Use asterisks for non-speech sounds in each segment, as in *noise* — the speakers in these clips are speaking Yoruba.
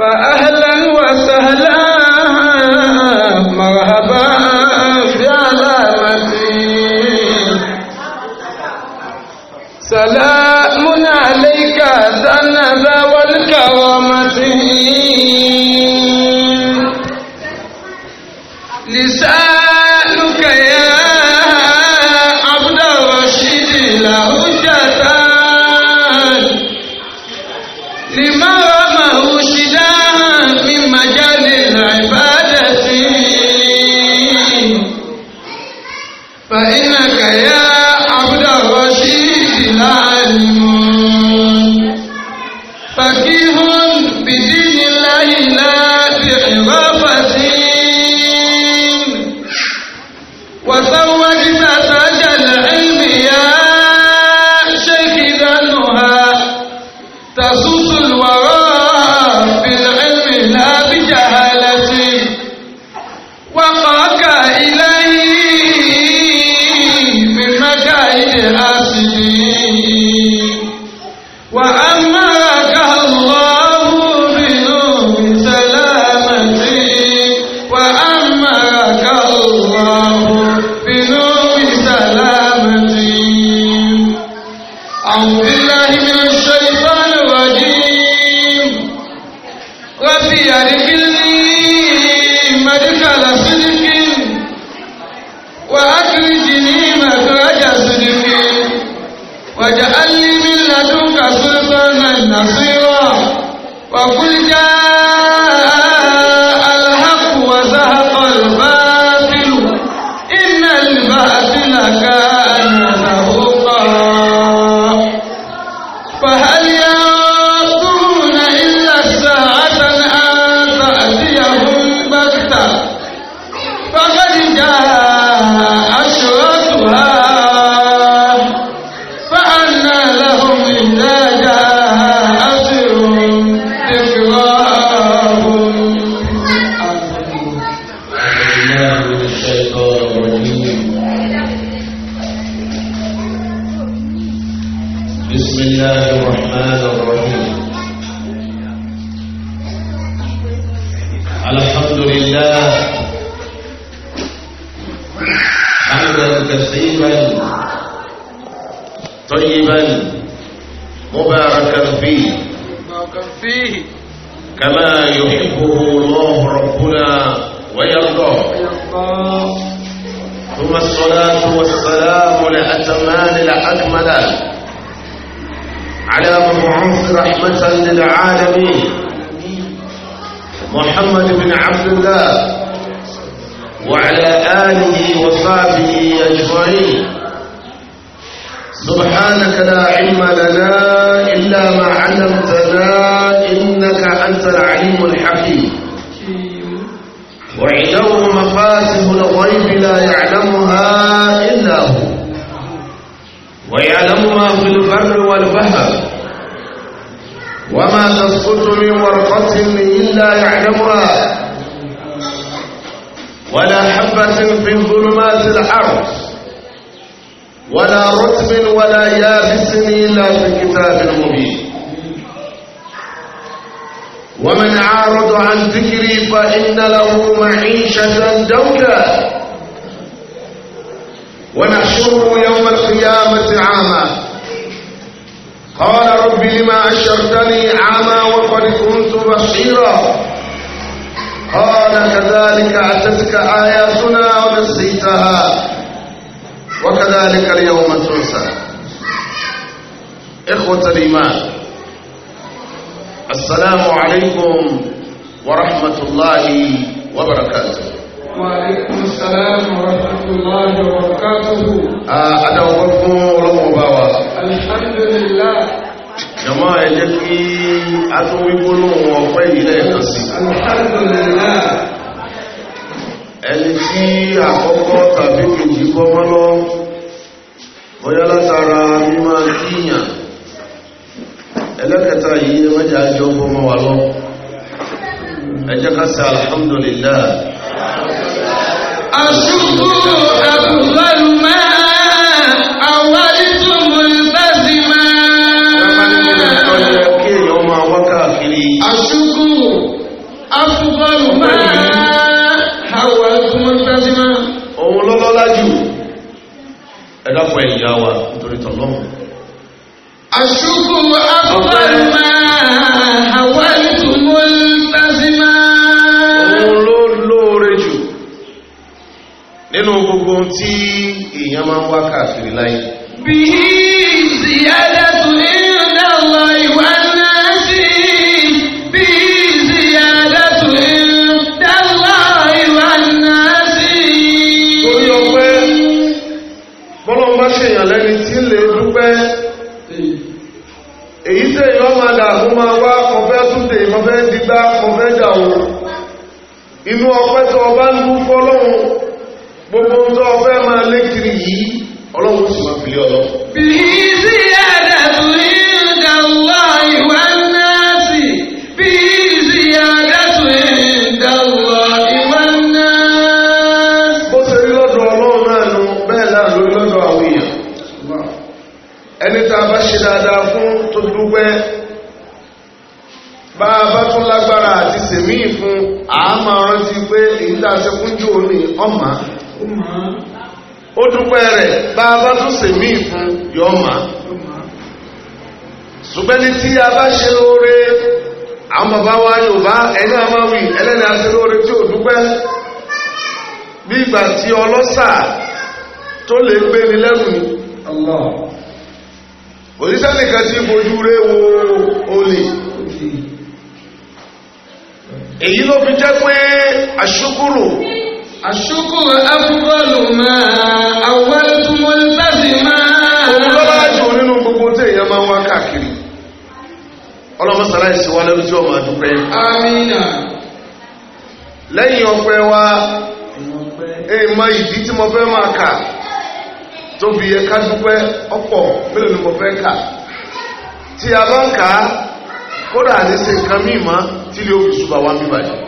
فأهلا وسهلا مرحبا tí èèyàn máa ń wá káàkiri láyé. bí ìsìyẹ́dẹ́. mí tí lè ó ṣùgbà wá bíbà yìí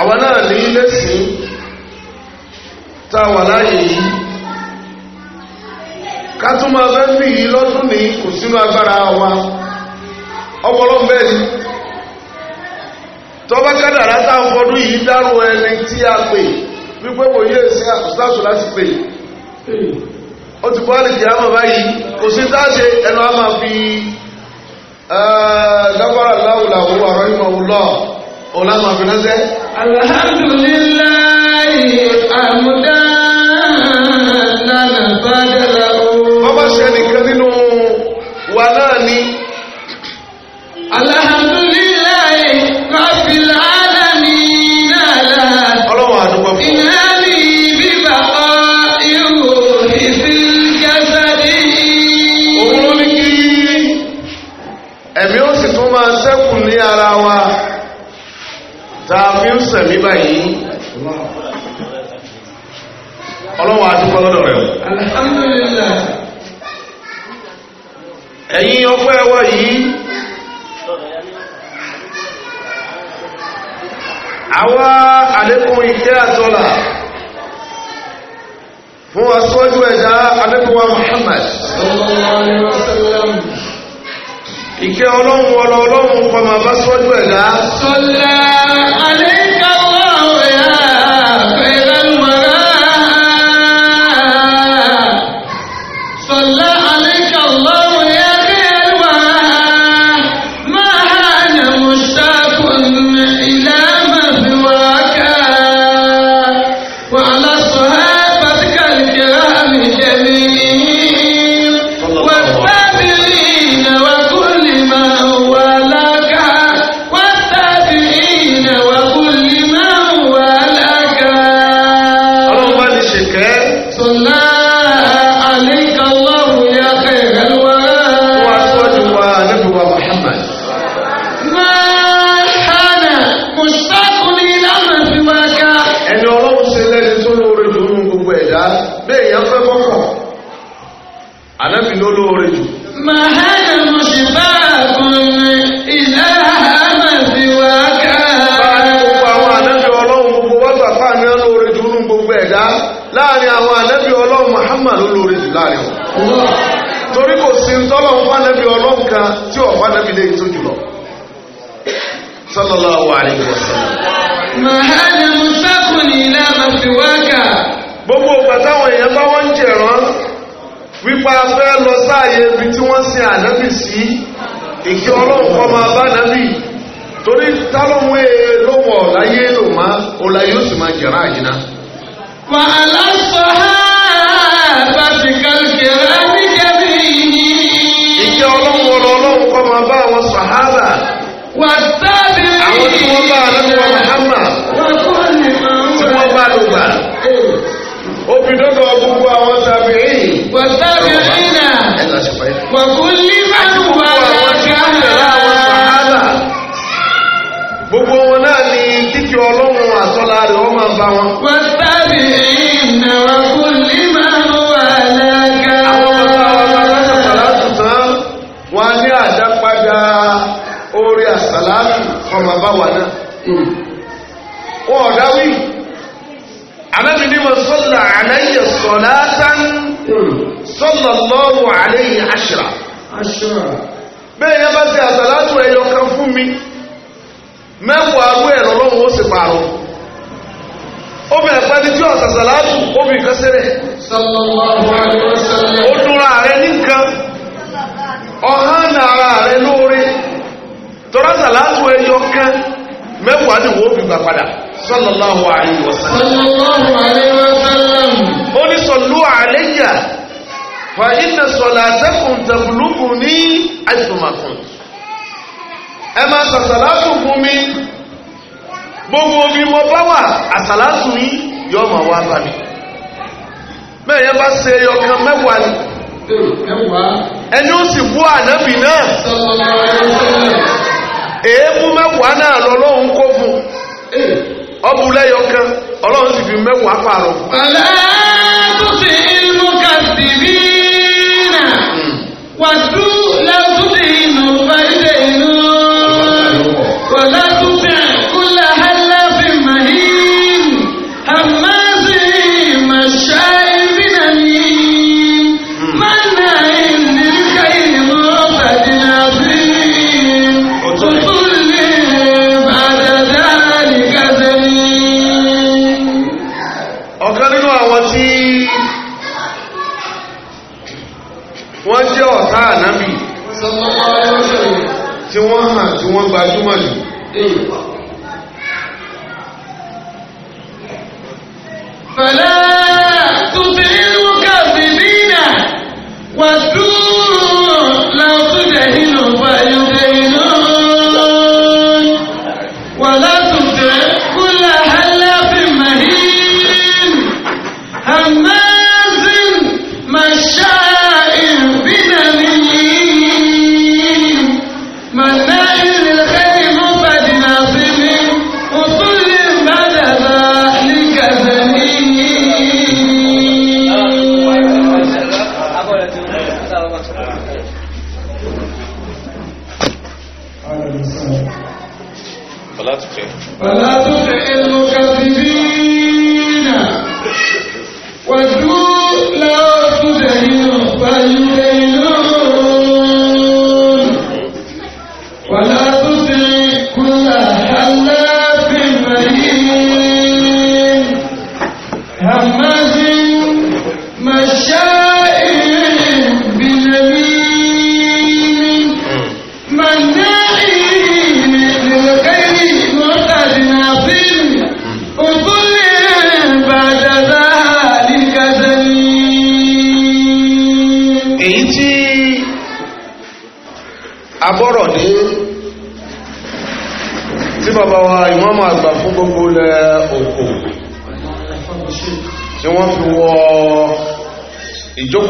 àwọn náà ní lẹ́sìn wà láàyè yìí ká fẹ́ fi yìí lọ́dún ní kò sínú agbára wa ọpọlọ́n bẹ́ẹ̀ ni tọ́ba kádàrá fọdún yìí dárò ẹni tí a pè wípé kò yé sí àkùsàtù láti pè ó ti bọ́ àlejò àmọ̀ báyìí kò sí Eh, dábàrà láwùláwù àwọn ìmọ̀ òwúlọ̀ ọ̀làmọ̀ àbẹ̀rẹ̀ sẹ́. alhamdulilayi amuda. báyìí ọlọ́wọ́ adúpọ̀ rẹ̀ ẹ̀yìn ọpẹ́ ẹwọ́ yìí àwa àlékún fún aṣọ́jú ẹ̀dá alẹ́kùnwà Muhammad ìkẹ́ ọlọ́run ọlọ́run kọmọ bá ṣọ́jú ẹ̀dá sọ́lá sin ànábì sí ìkẹ́ ọlọ́run máa bá ànábì torí tálọ́wọ́ lówó ọ̀láyé lò má ọ̀láyé ó sì máa jẹ̀rá àjìnà. wà á lásán bá ti kálukẹ̀rẹ́ wàkúlí mẹ́rùwà gbogbo wọn náà ni kíkí ọlọ́run àtọ́lá rẹ̀ wọ́n máa bá wọn. wọ́n sábì ìnà wàkúlí mẹ́rùwà lẹ́gà. àwọn bàbá wọn bá lọ́sọ̀ sàlátù tán wọn ní àdápadà orí àsàlátù ọmọ bá wà náà. sallallahu alayhi ashra bẹ́ẹ̀ yẹn bá ti àsàlátù ẹyọ kan fún mi mẹ́wàá agbó ẹ̀ lọ́lọ́run ó sì pààrọ̀ ó bẹ̀rẹ̀ tí àsàlátù ó fi nǹkan sẹ́rẹ̀ ó dúnra rẹ ní nǹkan ara lóore tọ́lá ẹyọ kan ni wọ́n fi gbà padà fa inna salatakum tablughuni haythuma kuntum ẹ máa sàṣàlátù gbogbo bí mo bá wà àṣàlátù yìí yọ máa wá bá mi bẹ́ẹ̀ yẹn bá ṣe ọkàn mẹ́wàá ni ẹni ó sì bú ànábì náà èébú mẹ́wàá náà lọ́lọ́run kó fún ọlọ́run sì fi mẹ́wàá pààrọ̀ Cuando فلا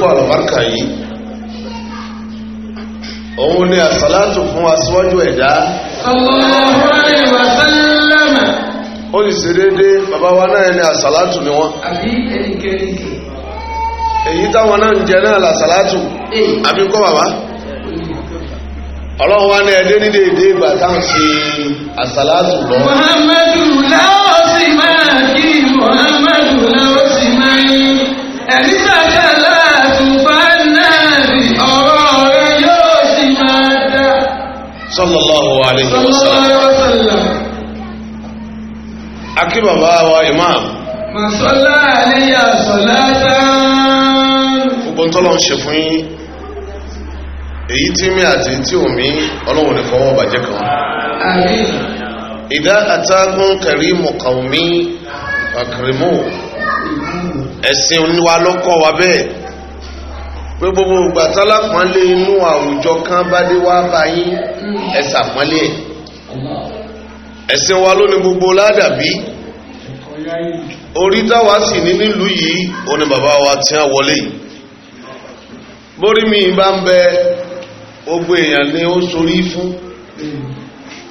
àkókò àlùbáríkà yìí òun ni àsàlátù fún aṣíwájú ẹ̀dá sallallahu alaihi wa sallam ó lè ṣe déédé bàbá wa náà ni àsàlátù ni wọ́n èyí táwọn náà ń jẹ náà làsàlátù àbí kọ́ bàbá ọlọ́run wa ní ẹdẹ́ nílé èdè ìgbà táwọn ṣe àsàlátù lọ. muhammadu láwọ́ sí máa kí muhammadu. sallallahu alaihi wasallam. sallam akíbà wa imam masọ́lá àníyà sọ̀látà gbogbo tọ́lọ́ ń ṣe fún yín èyí tí mi àti tí ò mí ọlọ́run ní fọwọ́ bàjẹ́ kan ìdá àtàkùn kẹrìmù kàwùmí àkìrìmù ẹ̀sìn wa lọ́kọ̀ wa bẹ́ẹ̀ pé gbogbo ìgbà tálápọ̀nlé inú àwùjọ kan bá dé wá bá yín ẹ ẹ̀ ẹ̀sìn wa ló ní gbogbo ládàbí orí táwa sì ní nílùú yìí ó ní bàbá wa tí wọ́n wọlé bórí mi bá ń bẹ gbogbo èèyàn ni ó sorí fún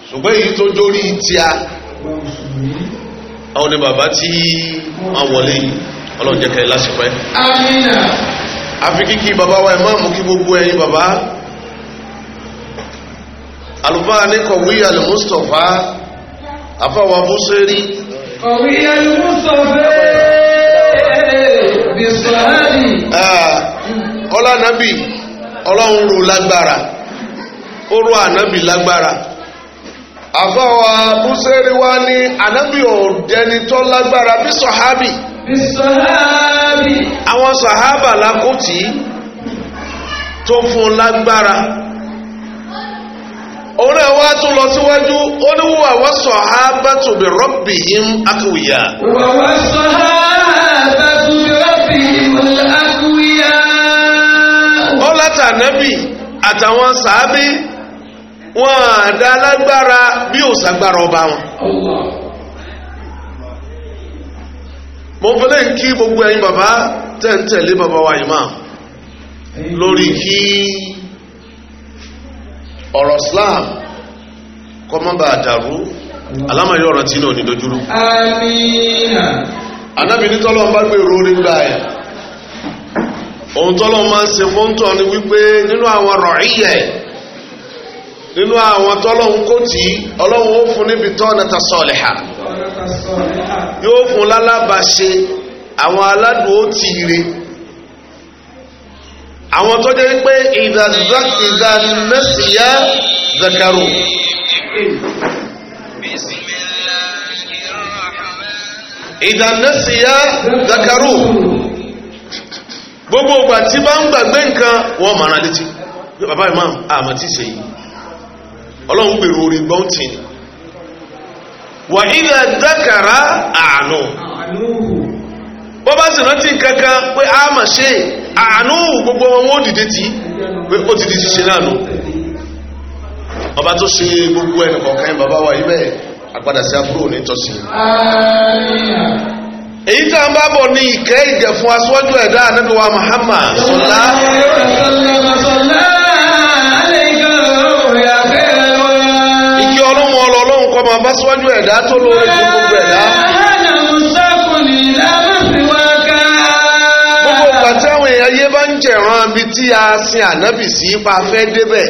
ṣùgbọ́n èyí tó jórí tí àwọn ni bàbá tí wọ́n wọlé ọlọ́run jẹ́ kẹ́ lásìkò ẹ̀. amina àfi kíkí bàbá wa ìmáàmù kí gbogbo ẹ̀yin bàbá àlùfáà ní kọ̀wé àlùmùsọ̀fà àfàwà búṣẹ́rí. kọ̀wé àlùmùsọ̀fà bìsọ̀hánì. ọlá nàbì ọlọ́run rò lágbára ó rò ànábì lágbára àfàwà búṣẹ́rí wa ní ànábì ò lágbára bí sọ̀hábì. So àwọn sàhábà lákòtì tó fún lágbára òun náà wá tún lọ síwájú ó ní wà wá sàhábà tó bi rabbihim aqwiya. wà wá sàhábà tó bi rabbihim aqwiya. àtàwọn sàábì wọn àdá lágbára bí òsàgbára ọba wọn. Allah. mo fẹ́lẹ́ kí gbogbo ẹ̀yin bàbá tẹ̀ǹtẹ̀lé bàbá wa imam lórí kí ọ̀rọ̀ Islam kọ́ má bàa dàrú alámàyé ọ̀rọ̀ tí náà ní dojúrú. anábì ní tọ́lọ́ ń bá gbé ro ẹ̀ ohun tọ́lọ́ máa ń nínú àwọn tọ́lọ́hún kò tí ọlọ́hún ó fún níbi tọ́ọ̀nà ta sọ̀lẹ̀hà yóò fún lálábàṣe àwọn aládùn ó ti ire àwọn tó jẹ́ pé ìdánilẹ́sìyá zakaru. ìdánilẹ́sìyá zakaru gbogbo ìgbà tí bá ń gbàgbé nǹkan wọ́n mọ̀ létí bàbá ìmáàmù àmọ́ tí ì ṣe ọlọ́run gbèrò orí gbọ́ǹtì ni wà ilẹ̀ dákàrá àánú bó bá sì rántí kankan pé a mà ṣe àánú gbogbo wọn ó dìde tí pé ó ti di ṣiṣẹ́ náà nù ọba tó ṣe gbogbo ẹnì kọ̀ọ̀kan bàbá wa yìí bẹ́ẹ̀ àpadà sí àbúrò nítòsí. èyí tá n bá bọ̀ ní ìkẹ́ ìjẹ̀ fún ẹ̀dá ànábì Muhammad sọlá. kọ́ máa bá síwájú ẹ̀dá tó lóore ju gbogbo ẹ̀dá. gbogbo ìgbà tí àwọn èèyàn ayé bá ń jẹ̀ràn bí tí a sin ànábì sí pa fẹ́ débẹ̀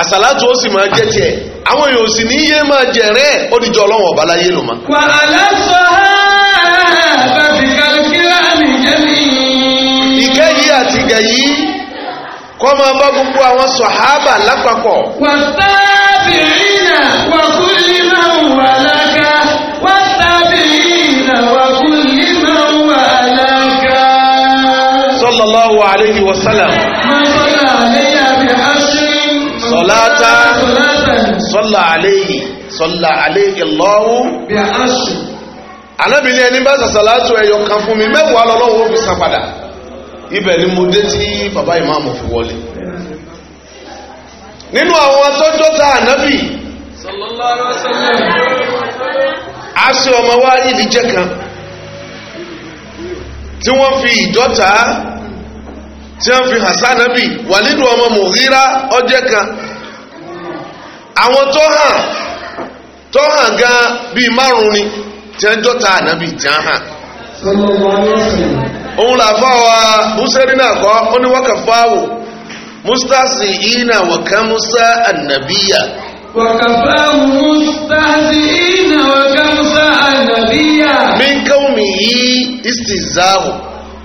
àsàlátù ó sì máa jẹ́ tiẹ̀ àwọn èèyàn ò sì ní yé máa jẹ̀rẹ́ ó dìjọ́ ọlọ́wọ̀n ọ̀bá láyé lò má. wàhálà sọ ha bàbí kàlùkìlà nìyẹn mi. ìkẹyìí àtìgẹyìí kọ́ máa bá gbogbo àwọn sọ̀hábà lápapọ̀. wà tábìrínà wà kúlí máa wà lága wà tábìrínà wà kúlí máa wà lága. sallallahu alayhi wa sallam. máa sọlá àlẹ́yà bí sọláta sọlá àlẹ́yì sọlá àlẹ́yì lọ́wọ́. bí a alábìlẹ̀ ẹni bá sàṣàlátù ẹ̀yọ̀ kan fún mi mẹ́wàá lọ́wọ́ fi san padà. ibẹ̀ ni mo dé tí bàbá ìmáàmù fi wọlé nínú àwọn tọ́jọ́ ta ànábì a ṣe ọmọ wa níbi kan tí wọ́n fi ìjọta tí wọ́n fi hàn sánábì wàlídù ọmọ mòhírá ọjẹ́ kan àwọn tó hàn tó hàn gan bíi márùn òun làfà wa húsẹ́rì náà kọ́ ó ní wákà fáwò mustasi ina wàkà musa ànàbíyà. wàkà fáwò mustasi ina wàkà musa ànàbíyà. min kawmi yi istizahu.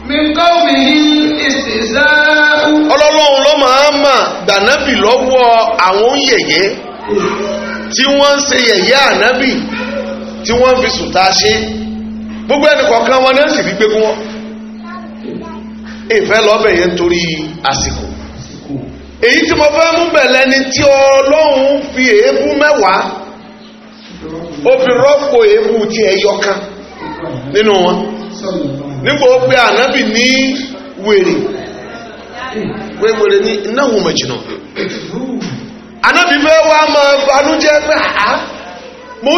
min kawmi yi istizahu. ọlọ́lọ́run ló máa ń mà gbànábì lọ́wọ́ àwọn yẹ̀yẹ́ tí wọ́n ṣe yẹ̀yẹ́ ànábì tí wọ́n fi sùn tá a ṣe gbogbo ẹnì kọ̀ọ̀kan wọn náà sì fi gbé fún wọn. ìfẹ́ lọ́bẹ̀ yẹn torí àsìkò èyí tí mo fẹ́ mú bẹ̀ lẹ́ni tí ọlọ́run fi èébú mẹ́wàá ó fi rọ́pò èébú ti ẹ̀yọ kan nínú wọn nígbà ó pe ànábì ní wèrè pé wèrè ní ànábì fẹ́ wá máa banújẹ́ pé àá mo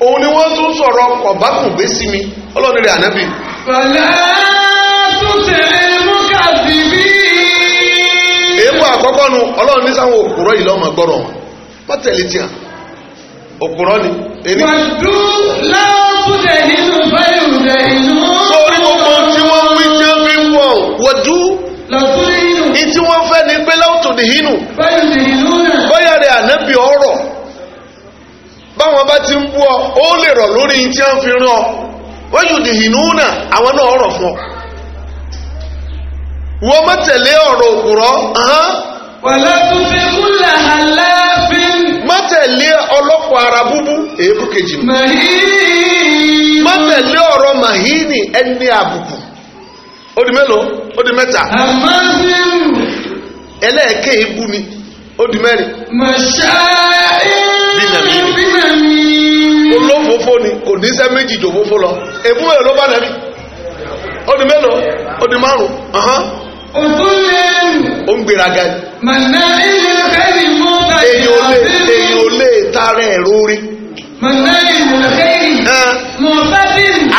òun ni wọ́n tún sọ̀rọ̀ kọ̀bákùngbé sí mi ọlọ́run rẹ̀ ànábì. pẹ̀lẹ́ tún ṣe mú kàbí bí. èèpo àkọ́kọ́ nu ọlọ́run ní sáwọn òkúrọ̀ yìí lọ́mọ gbọ́rọ̀ wọn bá tẹ̀lé tiẹ̀ òkúrọ̀ ni. wàdú láwùjẹ nínú báyìlúdẹ inú. sórí gbogbo tí wọ́n wí jẹ́ bí wọ́n wọ́dú. lọ́tún nínú. ìtí wọ́n fẹ́ ni pé láwùjọ dìhínù. báyìlúdẹ inú náà. báwọn bá ti ń ọ ó lè rọ̀ lórí tí wọ́n fi rán ọ wọ́n yóò dìhìn núnà àwọn náà rọ̀ fún ọ. wọ́n má tẹ̀lé ọ̀rọ̀ òkúrọ̀ wàlá tó fi kúlà aláàfin. tẹ̀lé ọlọ́pàá ara búbú èébú kejì. màhíìnì. tẹ̀lé ọ̀rọ̀ màhíìnì ẹni àbùkù. ó di mélòó ó di mẹ́ta. àmọ́ sí. ẹlẹ́ẹ̀kẹ́ ó di mẹ́rin. bínàmí olófófó ni kò ní sẹ́ méjì tó fófó lọ èbú mẹ́rin ló bá nàbí ó di mélòó ó di márùn. òtún lẹ́rù. ó ń gbéraga ni. màná ilé fẹ́ẹ́ ni mo bá èyí ò lè tara ẹ̀rú màná ilé fẹ́ẹ́ ni.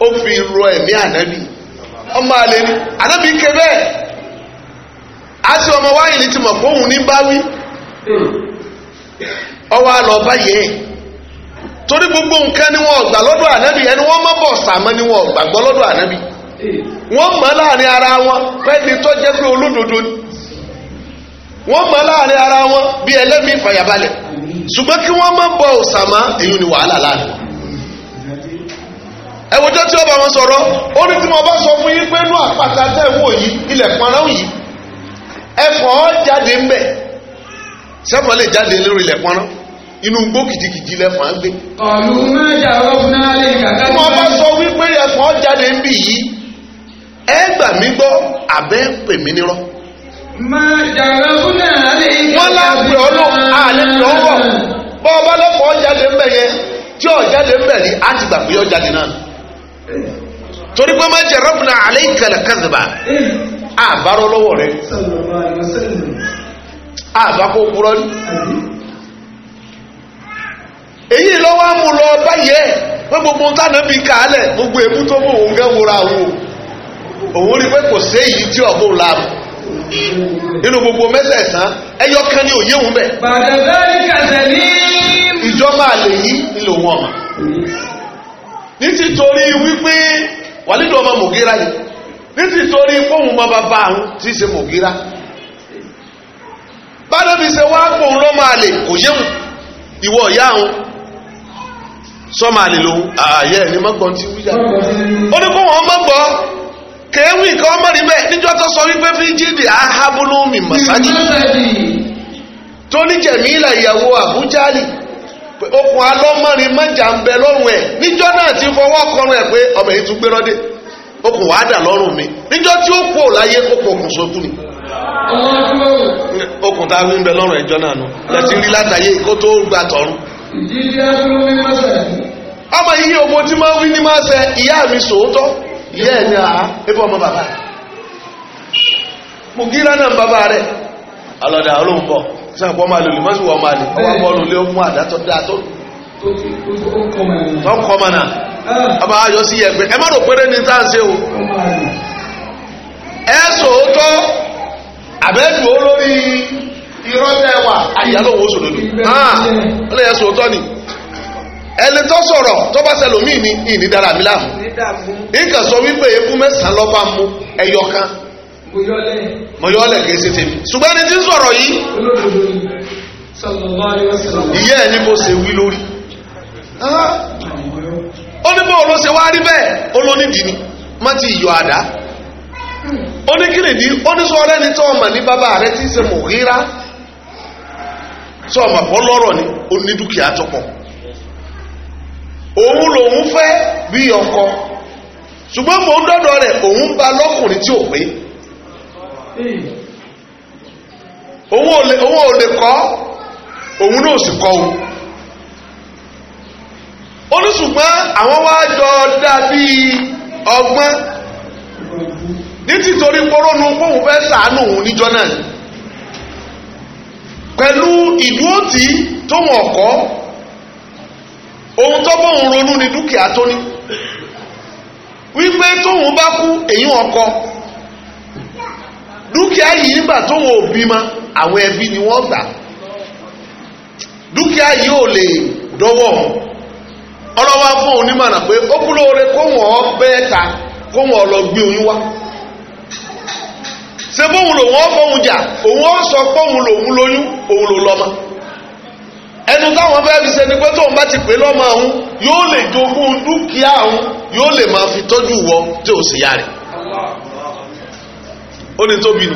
ó fi rọ ẹ̀mí ànábì ọmọ àlè ni ànábì ké bẹ́ẹ̀ á ọmọ wáyé ní ti mọ̀ pé ní bá wí ọwọ́ àlọ́ torí gbogbo nǹkan ni wọ́n gbà lọ́dọ̀ ànábì ẹni wọ́n mọ̀ bọ̀ sàmọ́ ni wọ́n lọ́dọ̀ ànábì wọ́n mọ̀ láàrin ara wọn pẹ́ẹ́ni tó jẹ́ pé olódodo ni wọ́n mọ̀ láàrin ara wọn bí ẹlẹ́mìí fàyàbalẹ̀ ṣùgbọ́n kí wọ́n bọ̀ sàmọ́ èyí ni wàhálà láàrin ẹwọjọ́ tí ọba wọn sọ̀rọ̀ ó ní tí mo bá sọ fún yín pé inú àpáta tẹ̀wọ̀n yìí ilẹ̀ pọnrán yìí ẹ̀fọ́ jáde ń bẹ̀ sẹ́fọ́ lè jáde lórí ilẹ̀ pọnrán inú gbó kìjikìji lẹ́fọ́ á gbé. ọ̀lùmọ́ ìjà ọ̀rọ̀ náà lè kàkà. tí mo bá sọ wípé ẹ̀fọ́ jáde ń bì yìí ẹ gbà mí gbọ́ àbẹ́ pè mí nírọ́. máa jàrá fún náà lè wọ́n láàpẹ̀ ọlọ́ àlẹ́ lọ́wọ́ bọ́ ọba lẹ́fọ́ jáde ń bẹ̀ yẹn tí ọ̀ jáde ń bẹ̀ rí á pé ọ jáde náà. torí pé má jẹ rọ́bùnà àlẹ́kẹ̀lẹ̀ a àbárò lọwọ rẹ̀ àbákò kúrọ́ ní. èyí lọ́wọ́ lọwa lọ báyẹ̀ pé gbogbo tánà bí gbogbo èmú tó mú òun gẹ́ wúra wò òun rí pé kò sí èyí tí gbogbo mẹ́sẹ̀ẹ̀sán ẹyọ kan ní òye òun bẹ̀. ìjọba àlè nítìtorí wípé wàlídìí ọmọ mògíra yìí nítìtorí fóun mọ bàbá àwọn tí ṣe mògíra bádọ́bí ṣe wá pòun lọ́mọ àlè kò yéwu ìwọ ìyá àwọn sọmọ àlè lòun ààyè ẹni mọ́gbọ́n ti ó ní bẹ́ẹ̀ níjọ́ tó sọ wípé fi jíde ahábólómi tó ní jẹ̀mí ìyàwó okùn alọ́mọ́rin mọ́jà ń bẹ lọ́rùn ẹ̀ níjọ́ náà ti fọwọ́ kọrùn ẹ̀ pé ọmọ yìí tún okùn wàá dà lọ́rùn mi níjọ́ tí ó kú láyé okùn okùn sókù ni okùn tá a fi ń bẹ lọ́rùn ẹjọ́ náà nù lẹ́tí rí kó tó gba tọ̀run. ọmọ yìí tí máa ń wí ní máa ìyá mi sòótọ́ ìyá ẹ̀ ní àá ebi ọmọ bàbá rẹ̀ bàbá rẹ̀ bọ̀ sẹ́pọ̀ máa lè lèmọ́sí wọ́n máa lè ọwọ́ bọ́ọ̀lù lé mú àdátọ́ dáa tó tọ́kọ̀ mọ̀nà ah. ọba ayọ́ sí ẹgbẹ́ ẹ má rò péré ní sáǹsẹ́ o ẹ sòótọ́ àbẹ́dù olórí irọ́tẹ́ wà àyàlówó sòdòdò ah. ó lè yẹ sòótọ́ ni ẹni tó sọ̀rọ̀ tó bá ṣẹlòmíì ní ìní dára mi láàmú ìkàsọ wípé eku mẹ́sàn-án lọ́ba mú ẹyọ kan mo yọ ọlẹ̀ kìí ṣe tèmi ṣùgbọ́n ẹni tí ń sọ̀rọ̀ yìí ìyá ẹ̀ ni mo ṣe wí lórí ó ní bó ló ṣe wá rí bẹ́ẹ̀ olónídìí ni má ti yọ àdá ó ní kí nìdí ó ní sọ ọlẹ́ni tó ọmọ ní bàbá rẹ tí ń ṣe mọ̀ híra tó ọmọ pọ̀ lọ́rọ̀ ni ó ní dúkìá tó pọ̀ òun lòun fẹ́ bí ọkọ ṣùgbọ́n mò ń dọ́dọ̀ rẹ̀ òun ba lọ́kùnrin tí ò pé òun ò lè kọ́ òun náà sì kọ́ òun olùsùgbọ́n àwọn wá jọ dàbí ọgbọ́n ní títorí pọ́rọ́nù pòun fẹ́ sàánù òun níjọ́ náà pẹ̀lú ìdúrótì tó wọn ọ̀kọ́ ohun tó bóun ronú ni dúkìá tó ní wípé tóun bá kú èyí ọkọ dúkìá yìí nígbà tó wọn ò ma àwọn ẹbí ni wọ́n gbà dúkìá yìí ò lè dọ́wọ́ ọlọ́wọ́ fún onímọ̀ràn pé ó kúrò lóore kó wọn ta kó wọ́n lọ gbé oyún wá fóun jà òun ó sọ lòun lóyún òun ẹnu táwọn fi ṣe ni pé tóun bá ti pè yóò lè fi wọ tí ò ó ní tóbi nù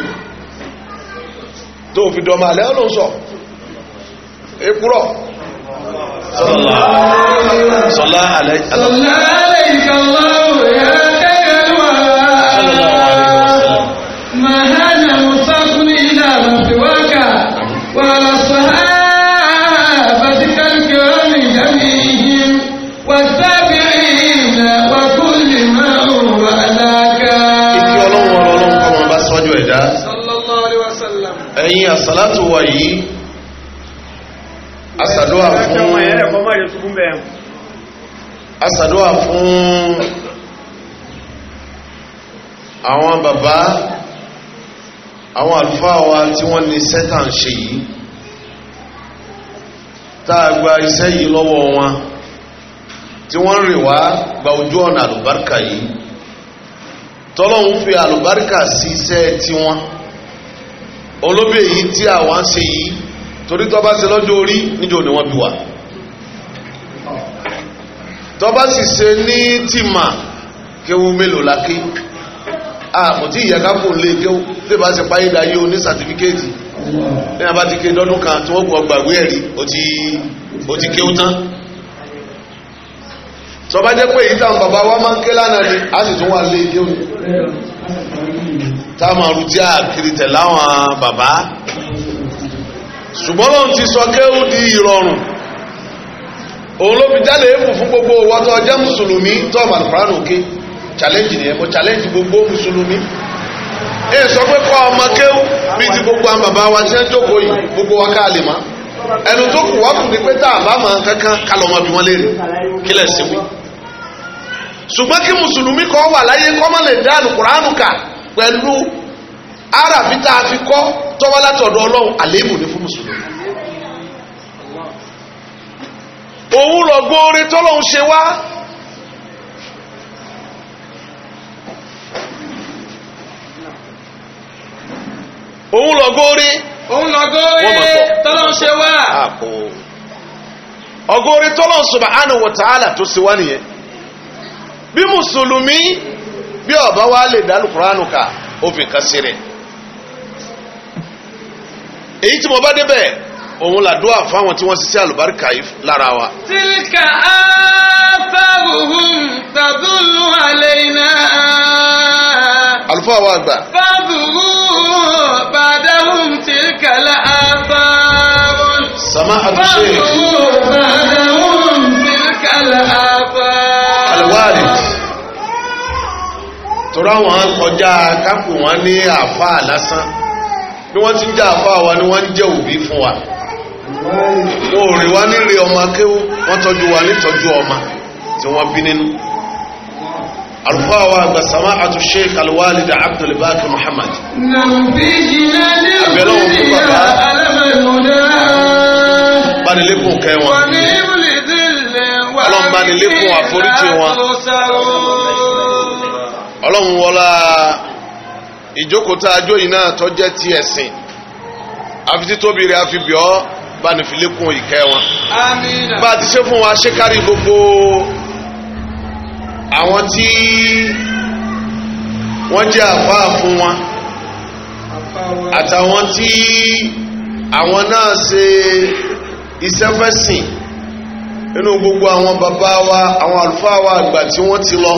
tó fi dọ̀mà alẹ́ ọ̀nà sọ èkúrọ̀ sọlá alẹ́ ìkàlá òwe Salatu wà yìí asàdúwà fún asàdúwà fún àwọn Baba, àwọn àlùfáà wa tí wọ́n ní sẹ́tà ń ṣe yìí táà gba iṣẹ́ yìí lọ́wọ́ wọn tí wọ́n rè wá gba ojú ọ̀nà àlùbáríkà yìí tọ́lọ́hun fi àlùbáríkà sí iṣẹ́ tiwọn. Si olóbì èyí tí àwọn ń ṣe yìí torí tó bá ṣe lọ́jọ́ orí níjọ́ ni wọ́n bí wa tó bá sì ṣe ní tìmà kéwu mélòó la ké àmọ̀tí ìyàgá kò lè kéwu lè bá ṣe páyé dayé o ní sàtífíkẹ́ẹ̀tì ní a bá ti ké lọ́dún kan tí wọ́n kọ́ gbàgbé ẹ̀rí o ti kéwu tán tó bá jẹ́ pé èyí táwọn bàbá wa máa ń ké lánàá ni a sì tún wà lé kéwu. tá a máa rutí àkiri láwọn bàbá ṣùgbọ́n ti sọ kéwù di ìrọ̀rùn òun ló fi jáde èèfù fún gbogbo wọ́tọ̀ ọjọ́ mùsùlùmí tó ọmọ àlùkùránù challenge nìyẹn mo challenge gbogbo mùsùlùmí èè sọ pé kọ́ ọmọ kéwù bíi ti gbogbo àwọn bàbá wa tí jókòó gbogbo wa ká lè ẹnu tó kù wá kù ní pé tá a bá máa kankan ká léèrè wí ṣùgbọ́n kí mùsùlùmí kọ́ wà pẹ̀lú arabi tá a fi kọ́ tọ́wọ́ ọlọ́run àléébù ni fún mùsùlùmí òun lọ gbóore ṣe wá òun lọ góore òun lọ góore tọ́lọ́run ṣe wá ọgóore tọ́lọ́run subhanahu wa tó wá nìyẹn bí bí ọba wa lè dá lùkùránù ká òfin kan sí èyí tí mo bá débẹ̀ òun làdúrà fáwọn tí wọ́n ṣiṣẹ́ àlùbáríkà yìí lára wa. tilka afaruhum tadullu alayna. àlùfáà wa gbà. fàbùrù bàdáhùn tilka la afarun. sàmà àtúnṣe. fàbùrù bàdáhùn tilka la tọ́rọ àwọn kọjá kápù wọn ní àfáà lásán bí wọ́n ti ń jẹ́ àfáà wa ni wọ́n ń jẹ́ òbí fún wa wọn ò rí wa nílé ọmọ akéwú wọ́n tọ́jú wa nítọ́jú ọmọ tí wọ́n bí nínú àlùfáà wa àgbà sàmá àtú sheikh alwalid muhammad àbẹ̀lẹ̀ òun fún bàbá banilẹ́kùn kẹwọn ọlọ́mbanilẹ́kùn àforíjì wọn ọlọ́run wọlá ìjókòóta ajó yìí náà tó jẹ́ ti ẹ̀sìn àfi títóbi rẹ̀ àfi bíọ́ bá ní filékun ìkẹ́ wọn. bá a ti ṣe fún wa ṣé kárí gbogbo àwọn tí wọ́n jẹ́ àfáà fún wọn àtàwọn tí àwọn náà ṣe iṣẹ́ fẹ́sìn nínú gbogbo àwọn bàbá wa àwọn àlùfáà wa àgbà tí wọ́n ti lọ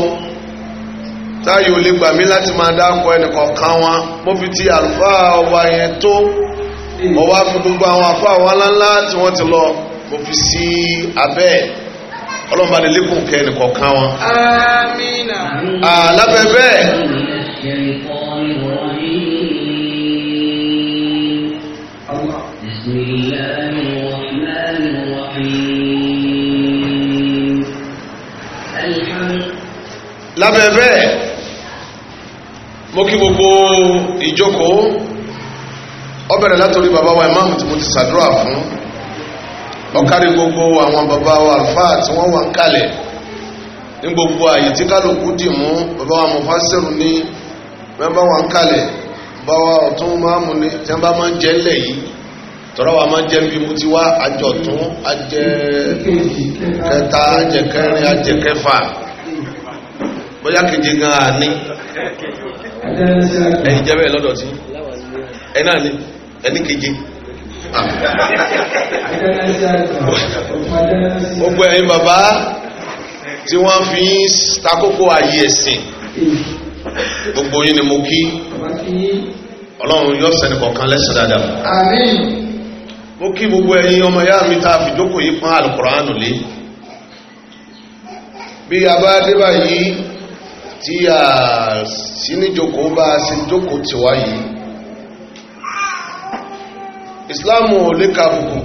táyé ò lè gbà mí láti máa dákọ ẹnìkọ̀ọ̀kan wọn mo fi ti àlùfáà wa yẹn tó mo wá fi gbogbo àwọn àlùfáà wa ńláńlá tí wọ́n ti lọ mo fi sí abẹ́ ẹ̀ lè lékún kẹ ẹnìkọ̀ọ̀kan wọn. amina. àlábẹ́ bẹ́ẹ̀ mo kí gbogbo ìjókòó ó bẹ̀rẹ̀ látòrí bàbá wa imáàmù tí mo ti ṣàdúrà fún ó kárí gbogbo àwọn bàbá wa àlùfáà tí wọ́n wà ń kalẹ̀ ní gbogbo àyè tí kálukú dì mú bàbá wa mufasiru ní mẹ́bà wà ń kalẹ̀ bàbá wa ọ̀tún máàmù ní tí wọ́n bá máa ń jẹ́ ńlẹ̀ yìí tọ́rọ wa máa ń jẹ́ bí mo ti wá àjọ̀tún ajẹ́ kẹta ajẹ́ kẹrin ajẹ́ kẹfà bóyá keje gan-an ní ẹ̀yìn jẹ́ bẹ́ẹ̀ lọ́dọ̀ tí ẹ̀nà ni ẹni keje gbogbo ẹ̀yin bàbá tí wọ́n fi ń takókò ayé ẹ̀sìn gbogbo yín ni mo kí ọlọ́run yóò sẹ́ni kọ̀ọ̀kan lẹ́sẹ̀ dáadáa àmín mo kí gbogbo ẹ̀yin ọmọ ìyá mi tá a fi jókòó yìí pọ́n àlùkùránù lé bí a bá dé tí a sí níjókòó bá a ṣe jókòó tí wá yìí ìsìláàmù ò lè ka bùkù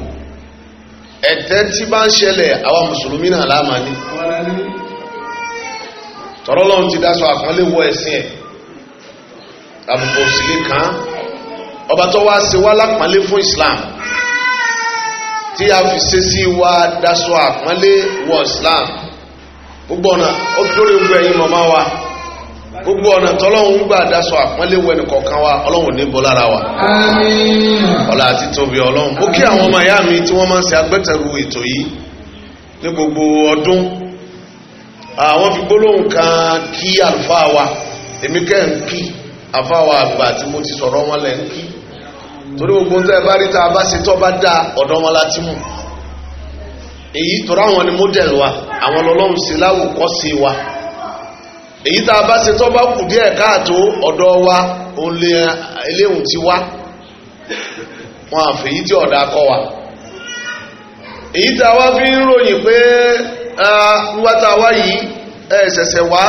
ẹ̀tẹ́ tí bá ń ṣẹlẹ̀ àwa mùsùlùmí náà láàmà ní tọ́rọ́lọ́run ti dáṣọ àpọ́nlé wọ ẹ̀sìn ẹ̀ àbùkù sì lè ọba tó wá ṣe wá lápọ́nlé fún islam tí a fi ṣe sí wa dáṣọ àpọ́nlé wọ islam gbogbo ọ̀nà ó fi lórí gbogbo mọ̀mọ́ wa gbogbo ọ̀nà tọ́lọ́hun ń gbà dáṣọ àpọ́nléwọ ẹnìkọ̀ọ̀kan wa ọlọ́hun ní bọ́ lára wa. àmín. àti tóbi ọlọ́hun ó kí àwọn ọmọ ìyá mi tí wọ́n máa ń ṣe agbẹ́tẹ̀rù ètò yìí ní gbogbo ọdún àwọn fi gbólóhùn kan kí àlùfáà wa èmi kẹ́ ń kí àlùfáà wa àgbà tí mo ti sọ̀rọ̀ wọn lẹ́ ń kí torí gbogbo ń tẹ́ bá rí tá bá ṣe tó bá dá ọ̀dọ́ wọn láti mú èyí tọ́ra àwọn ni mọ́dẹ̀lì wa àwọn lọ́lọ́run èyí tá a bá ṣe tó bá kù díẹ̀ káàtó ọ̀dọ̀ wa òun lè eléhùn ti wá wọn àfèyí tí ọ̀dà kọ́ wa èyí tá a wá fi ń ròyìn pé ńgbà tá a wá yìí ẹ ṣẹ̀ṣẹ̀ wá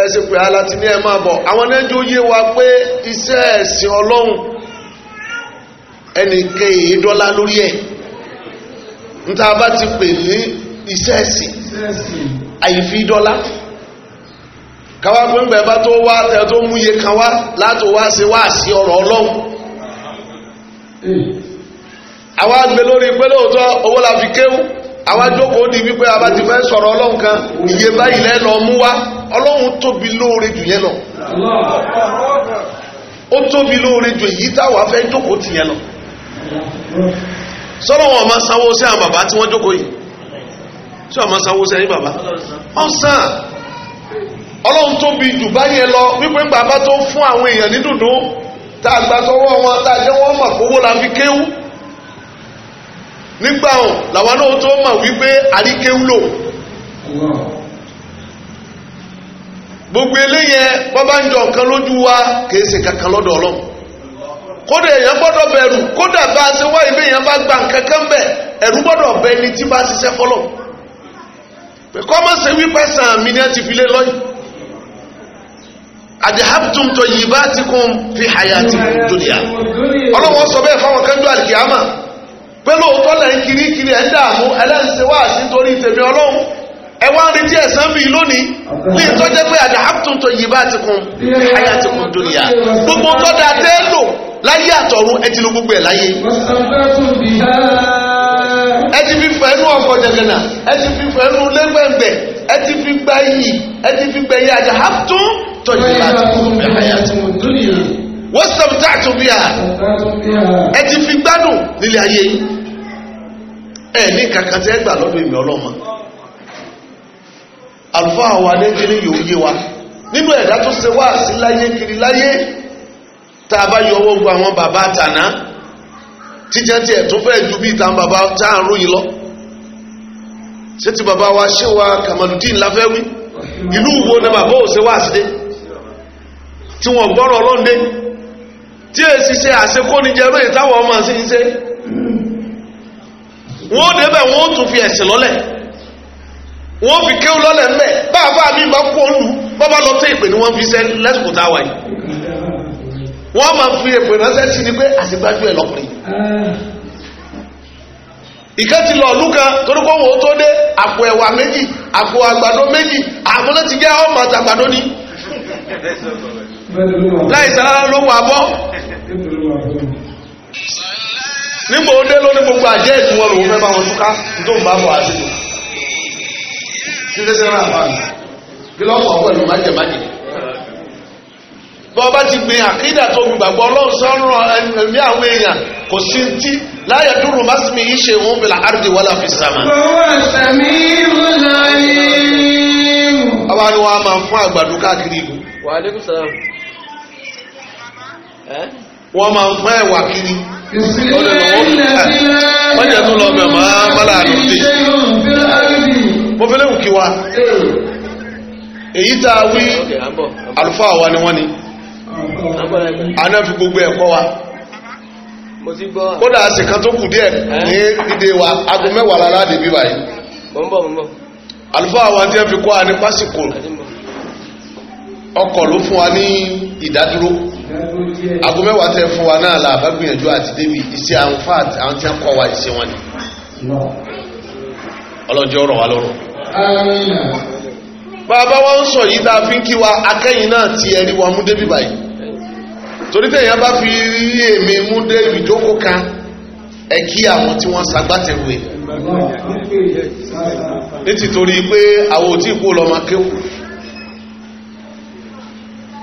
ẹ ṣe pé aláti ní ẹ máa bọ̀ àwọn ẹjọ́ yé wa pé iṣẹ́ ẹ̀sìn ọlọ́run ẹnìkan dọ́là lórí ẹ̀ níta bá ti pè ní iṣẹ́ ẹ̀sìn àyèfi dọ́là káwá pé ń bẹ̀rẹ̀ bá tó wá tẹ tó mú iye kan wá láti wá ṣe wá sí ọ̀rọ̀ ọlọ́run àwa gbé lórí pé lóòótọ́ owó la fi kéwù àwa jókòó di wípé a bá ti fẹ́ sọ̀rọ̀ ọlọ́run kan iye báyìí lẹ́nu ọmú wá ọlọ́run tóbi lóore jù yẹn lọ ó tóbi lóore jù èyí táwa fẹ́ jókòó tì yẹn lọ sọ́lọ́ wọn máa sanwó sí àwọn bàbá tí wọ́n jókòó yìí sí àwọn máa sanwó sí ẹ̀yin bàbá ọ̀sán ọlọ́run bi jù báyẹn lọ wípé ń bàbá tó fún àwọn èèyàn ní dùndún tá a gbà sọ́wọ́ wọn tá a jẹ́ wọ́n mọ̀ kówó la fi kéwú nígbà hàn làwọn náà tó mọ̀ wípé àríkéwú lò gbogbo eléyẹn wọ́n bá ń lójú wa kì í ṣe kankan lọ́dọ̀ ọlọ́run kódà èèyàn gbọ́dọ̀ bẹ̀rù kódà bá a ṣe wá ìbí èèyàn bá gba nǹkan kan bẹ̀ ẹ̀rù gbọ́dọ̀ bẹ ni tí bá ṣiṣẹ́ fọlọ́ kọ́mọ̀ṣe wípé sàn mí ni ẹ ti fi lé lọ́yìn adhabtum tayyibatikum fi hayatikum dunya ọlọ́wọ́ sọ bẹ́ẹ̀ fáwọn kẹ́ńdú àlìkìyàmà pé lóòótọ́ lẹ̀ ń kiri kiri ẹ̀ ń dààmú ẹlẹ́sìn wá sí torí tèmi ọlọ́run ẹ wá ń retí ẹ̀sán bíi lónìí ní ìtọ́jẹ́ pé adhabtum tayyibatikum fi hayatikum dunya gbogbo tọ́da tẹ́ẹ̀lò láyé àtọ̀run ẹ ti lo gbogbo ẹ̀ láyé ẹ ti fi fẹ́nu ọkọ̀ jẹ̀gẹ̀nà ẹ ti fi fẹ́nu lẹ́gbẹ̀ǹgbẹ̀ ẹ ti fi gba iyì ẹ ti fi gbẹ̀yẹ àjà haptun tọ́jú láti fún mi àyà tí mo bí a ẹ ti fi gbádùn nílé ayé yìí ẹ ní kankan tẹ́ gbà lọ́dọ̀ èmi ọlọ́mọ àlùfáà wa lẹ́gbẹ̀rẹ́ yóò yé wa nínú ẹ̀dá tó ṣe wá sí láyé kiri láyé tá a bá yọ owó gbọ́ àwọn bàbá àtàná jíjẹ tiẹ̀ tún fẹ́ ju bí ìtàn bàbá tá à ròyìn lọ ṣé ti bàbá wa ṣé wa Kamaludin la fẹ́ wí ìlú wo ni bàbá ò ṣe wá sí dé tí wọ́n gbọ́rọ̀ ọlọ́run dé tí èsì ṣe àṣekónijẹ lóye táwọn ọmọ sí ṣe wọ́n débẹ̀ wọ́n tún fi ẹ̀sìn lọ́lẹ̀ wọ́n fi kéwù lọ́lẹ̀ ńlẹ̀ bá a bá a ní olú bọ́bá lọ tẹ́ ìpè ni wọ́n fi ṣe lẹ́sùkúta wáyé wọ́n máa fi èpè ránṣẹ́ sí ni pé àṣìgbájú ẹ̀ lọ́kùnrin hmm. ìkẹ́ ti lọ ọ̀lú kan torí kó wọ́n tó dé àpò ẹ̀wà méjì àpò àgbàdo méjì àpò tó ti jẹ́ ọmọ àtàgbàdo ni láì sára ló wà bọ́ nígbà ó dé lórí gbogbo àjẹ́ ìlú wọn lòun fẹ́ bá wọn túká tó ń bá bọ̀ àṣìkò sílẹ̀ sí ra àbáyé kí lọ́pọ̀ ọ̀pọ̀ ìlú májèmájè bọ́ bá ti gbin àkídà tó gbin gbàgbọ́ ọlọ́run sọ́run ẹ̀mí àwọn èèyàn kò sí ti láyé dúró má sì mi yí ṣe òun bìlà àrùdì wọlé àfi owó sàmì ìlú yìí. àwa ni wọn máa fún àgbàdo káàkiri ìlú. wàhálẹ́kùn sàmà. wọ́n máa fún ẹ̀wà kiri. wọ́n jẹ́ tó lọ bẹ̀ mọ́ bọ́lá àdùnfẹ́. mo fẹ́ léwu kí wa. èyí tá a wí àlùfáà wa ni wọ́n ni. na gbogbo ẹ̀kọ́ wa kódà àsìkan tó kù díẹ̀ ní dídé wa aago mẹ́wàá bí báyìí àlùfáà wa ti wọ́n fi kọ́ wa ní pásíkò ọkọ̀ ló fún wa ní ìdádúró aago mẹ́wàá tẹ fún wa náà la bá gbìyànjú àti débi iṣẹ́ àwọn àwọn tí a fi ń kí wa akẹ́yìn ti ẹ̀rí wa mú débi torí téèyàn bá fi rí èmi mú dé ìjókòó kan ẹ kí àwọn tí wọ́n ṣagbátẹrù ẹ̀ nítìtorí pé àwọn ò tí ì kó lọ́mọ kéwù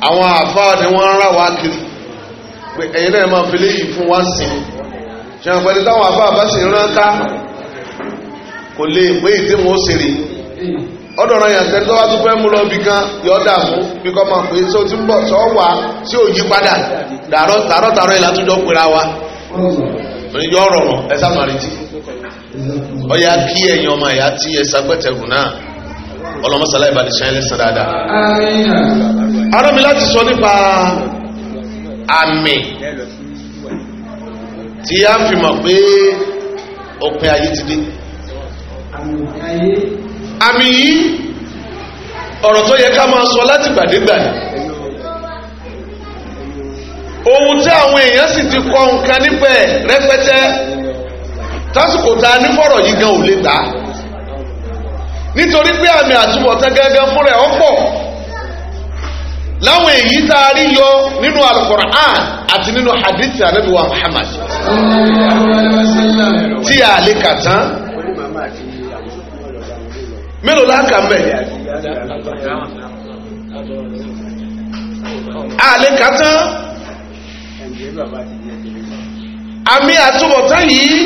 àwọn àfáà ni wọ́n ń rà wá kiri pé ẹ̀yin náà máa fi léyìí fún wá sí i ṣẹ̀wọ̀n pẹ̀lú táwọn àfáà bá sì ń rán kò lè pé ìdí wọn ó ṣe rèé. ọ dọrọ sẹni tó bá tún fẹ́ mú lọ kan yọ ọdà fún bí kọ máa pè ti padà tó jọ pera wa rọ ẹ kí ọmọ ẹyà ẹ sagbẹtẹgùn náà ọlọmọsálá ìbàdí sọ nípa àmì tí a fi mọ̀ pé òpin ayé ti dé. àmì yìí ọ̀rọ̀ tó yẹ ká máa sọ láti gbàdégbà ni ohun tí àwọn èèyàn sì ti kọ nǹkan nípa ẹ̀ rẹpẹtẹ tásìkò tá a ní yìí gan ò lè gbà nítorí pé àmì àtúbọ̀tán gẹ́gẹ́ fún ẹ̀ ọ̀pọ̀ láwọn èyí hadithi anabiwa muhammad tí a mélòó láàkà mẹ́ àlekàtán àmì àtúbọ̀tán yìí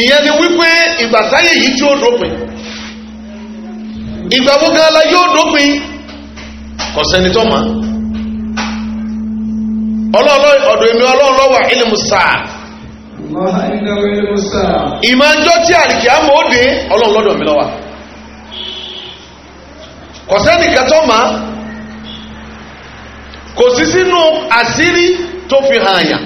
ìyẹn ni wípé ìgbàsáyé yìí tí ó dópin ìgbàwógánlá yóò dópin kọ̀sẹ́ni tó máa ọlọ́ọ̀lọ́ ọ̀dọ̀ èmi ọlọ́ọ̀lọ́wà ilẹ̀ musa ìmọ̀jọ́ tí àlìkí àmọ́ ó dín ọlọ́run lọ́dọ̀ mi lọ́wà kò sẹ́nìkan tó máa kò sí sínú àṣírí tó fi hàn àyàn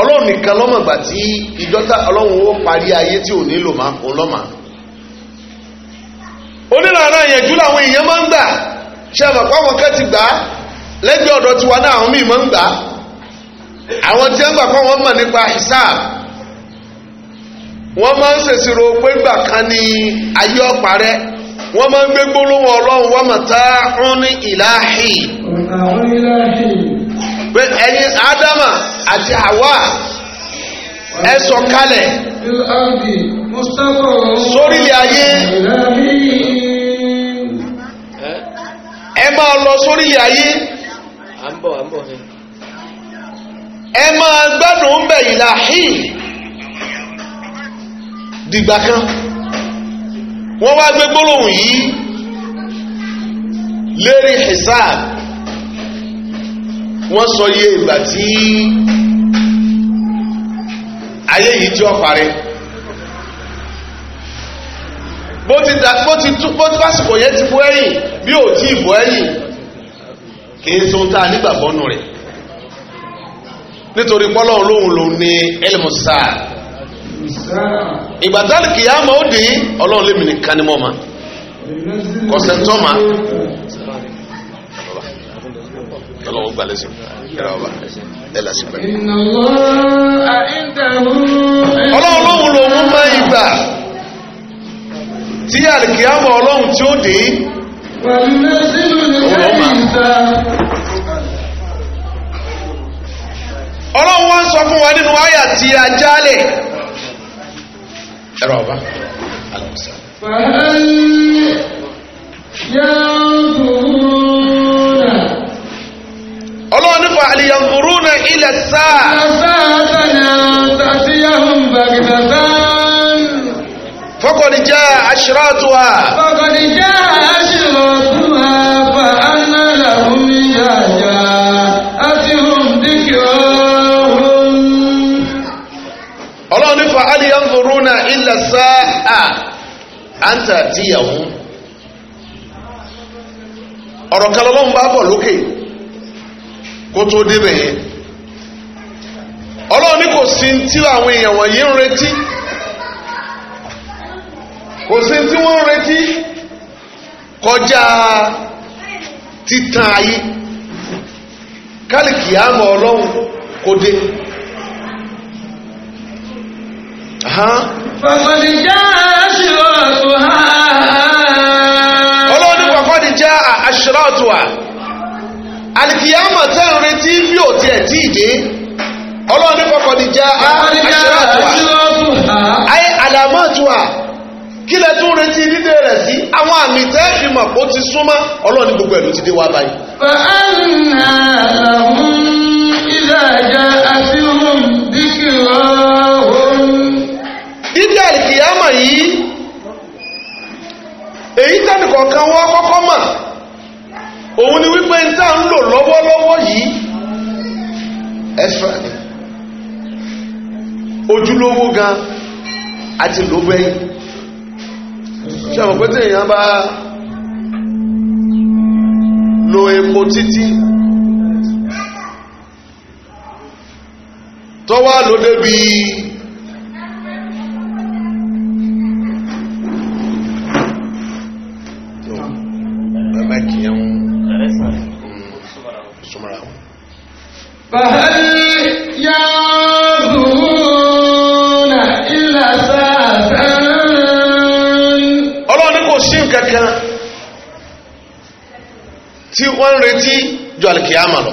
ọlọ́run nìkan lọ́mọ̀gbà tí ìjọ́ta ọlọ́run ó parí ayé tí ò nílò máa òun lọ́mà onílànà ìyẹ̀jú làwọn èèyàn máa ń gbà ṣe àmọ̀pá wọn kẹ́ ti gbà lẹ́gbẹ̀ẹ́ ọ̀dọ̀ tiwa náà àwọn míì máa ń gbà á àwọn tí wọ́n gbà kọ́ wọ́n mọ̀ nípa hisab wọn máa ń ṣèṣirò pé gbà kan ní ayé ọ̀parẹ́ wọ́n máa ń gbé gbólóhùn ọlọ́run wọ́n mọ̀ tá a ń ní ìláhì. pé ẹ̀yin ádámà àti àwa ẹ sọ kalẹ̀ sórílẹ̀ ayé ẹ máa lọ sórílẹ̀ ayé. ẹ máa gbádùn ń bẹ̀ ìlà hìn dìgbà kan wọ́n wá gbé gbólóhùn yìí lérí hisab wọ́n sọ iye ìgbà tí ayé yìí jọ parẹ́ bó ti dà bó ti tú bó ti pásìkò yẹn ti bọ́ ẹ̀yìn bí ò tí ì bọ́ ẹ̀yìn kì í sun tá a rẹ̀ nítorí pọ́lọ́run lóhun lòun ní elmosa ìgbà tá kìyàmọ́ ó dé ọlọ́run lèmi nìkan ni mọ́ ma kọ̀sẹ̀ntọ́ ma ọlọ́run gbalẹ̀ sí ẹ̀rọ ọba ẹ̀ lásì pẹ́. ọlọ́run lóhun lòun máa ìgbà tí àlìkìyàmọ́ ọlọ́run tí ó dé ọlọ́run máa. ọlọ́run wá ń sọ fún wa nínú àyà tí a jálẹ̀ ẹ̀rọ ọba alàmùsà. ọlọ́run nípa àlìyànfòrú na ilẹ̀ sáà. فقد جاء أشراطها فقد جاء أشراطها فأنا لهم يهجعون yanzuruna illa sáà àǹtà tíyàwó ọ̀rọ̀ kan lọ́wọ́ ń bá bọ̀ lókè kó tó débẹ̀ yẹn ọlọ́run ní kò sí tí àwọn èèyàn wọ̀nyí ń retí kò sí tí wọ́n ń retí kọjá títan ayé kálíkì àmọ́ ọlọ́run kò dé fàkọ̀dì já aṣírọ́tù ha olóòdì fàkọ̀dì já aṣírọ́tù ha alìkìyàmọ̀ tẹ́ ń retí bí ò tiẹ̀ tí ì dé olóòdì fàkọ̀dì já aṣírọ́tù ha ayé àlàmọ́tù ha kí lẹ tún retí dídé rẹ̀ sí àwọn àmì tẹ́ fi mọ̀ kó ti súnmọ́ olóòdì gbogbo ẹ̀ ló ti dé wá báyìí. fàánà làwọn ìlà ìjà àti kọ̀ọ̀kan wọ́n kọ́kọ́ mọ̀ òun ni wípé ń tá ń lò lọ́wọ́lọ́wọ́ yìí extra ni ojúlówó gan àti lóbẹ́yìn ṣe àwọn pété bá lo epo títí tọ́wọ́ lóde bíi فهل يعبدون إلا سافا ọlọ́run ní kò sí nǹkan kan tí wọ́n ń retí ju àlìkìyàmà lọ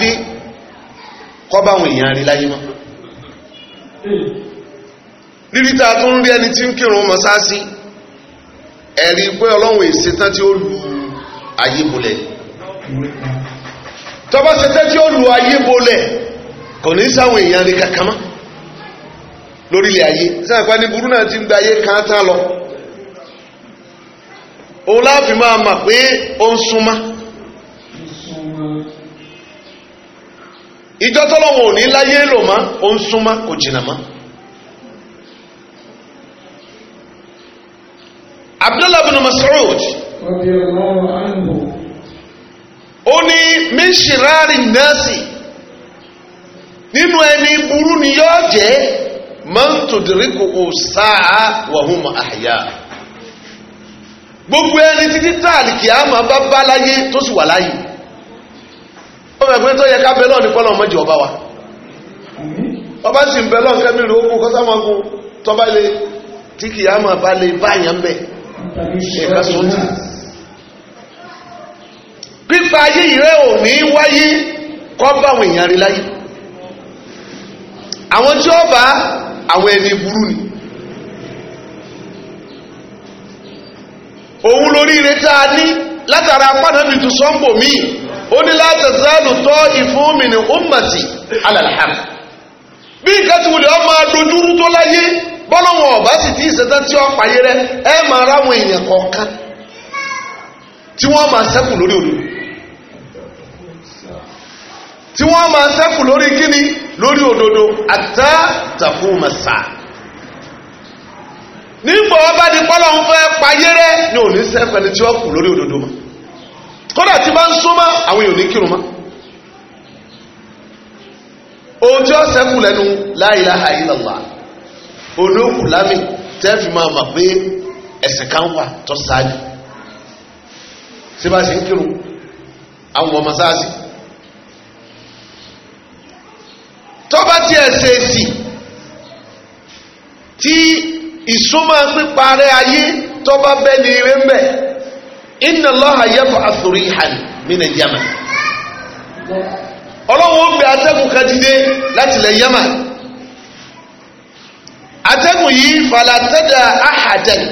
dé kọ́ báwọn èèyàn rí láyé mọ́ rírí rí ẹni tí ń kírun mọ́sáàsì ẹ̀rí pé ọlọ́run èsì tán tí ó lu ayé bolẹ̀ tọ́ba ṣe tán tí ó lu ayé bolẹ̀ kò ní sáwọn èèyàn rí kankan mọ́ ti ń gba ayé kan tán lọ òun láàfin máa mà pé ìjọ tọ́lọ́wọ̀n ò ní láyé lò mọ́ ó ń súnmọ́ kò jìnnà mọ́. Abdullah bin Mas'ud ó ní min shirari nasi nínú ẹni burú ni yóò jẹ́ man tudrikuhu sa'a wa gbogbo ẹni títí táàlì kìá máa bá bá láyé tó sì wà láyé. ó mẹ̀ tó yẹ ká bẹ́lọ̀ ní pọ́lọ̀ ọba wa ọba sì ń bẹ́lọ̀ nǹkan mìíràn ogun kọ́sá tiki gun tọ́ba lè tí kìí àmà bá lè bá àyàn bẹ̀ ẹ̀ka sọ́tì pípa ayé ìrẹ́ wáyé kọ́ bá àwọn èèyàn rí láyé ni òun lórí ire tá a ó ní láti zálù tọ́ ìfúnmìnì ọmọtì alàlhàm bí nǹkan ti wùlẹ̀ ọmọ adójúrú tó láyé bọ́lọ́wọ̀n ọ̀bá sì ti ìṣẹ́tẹ́ tí ọ̀pá yé rẹ ẹ máa ráwọn èèyàn kọ̀ọ̀kan tí wọ́n máa sẹ́kù lórí òdodo tí wọ́n máa sẹ́kù lórí kíni lórí òdodo àtà ọba di bọ́lọ́wọ̀n fẹ́ payé rẹ ni òní sẹ́fẹ̀ẹ́ ni tí kù lórí òdodo mọ́. kódà tí bá ń súnmọ́ àwọn èèyàn ní kírun mọ́ ohun tí ó sẹ́kù lẹ́nu la ilaha illallah olóòkù lámì tẹ́ẹ̀fì máa mọ̀ pé ẹ̀sìn kan wà tó ṣáájú tí bá ṣe ń kírun àwọn ọmọ sáàsì tó ti ẹ̀sẹ̀ èsì tí ìsúnmọ́ píparẹ́ ayé tó bẹ́ẹ̀ ni eré mẹ́ẹ̀ inna Allaha yab'athu rihan min al-Yaman ọlọ́wọ́ ó gbé atẹ́gùn kan dìde láti ilẹ̀ Yaman atẹ́gùn yìí fala tada ahadan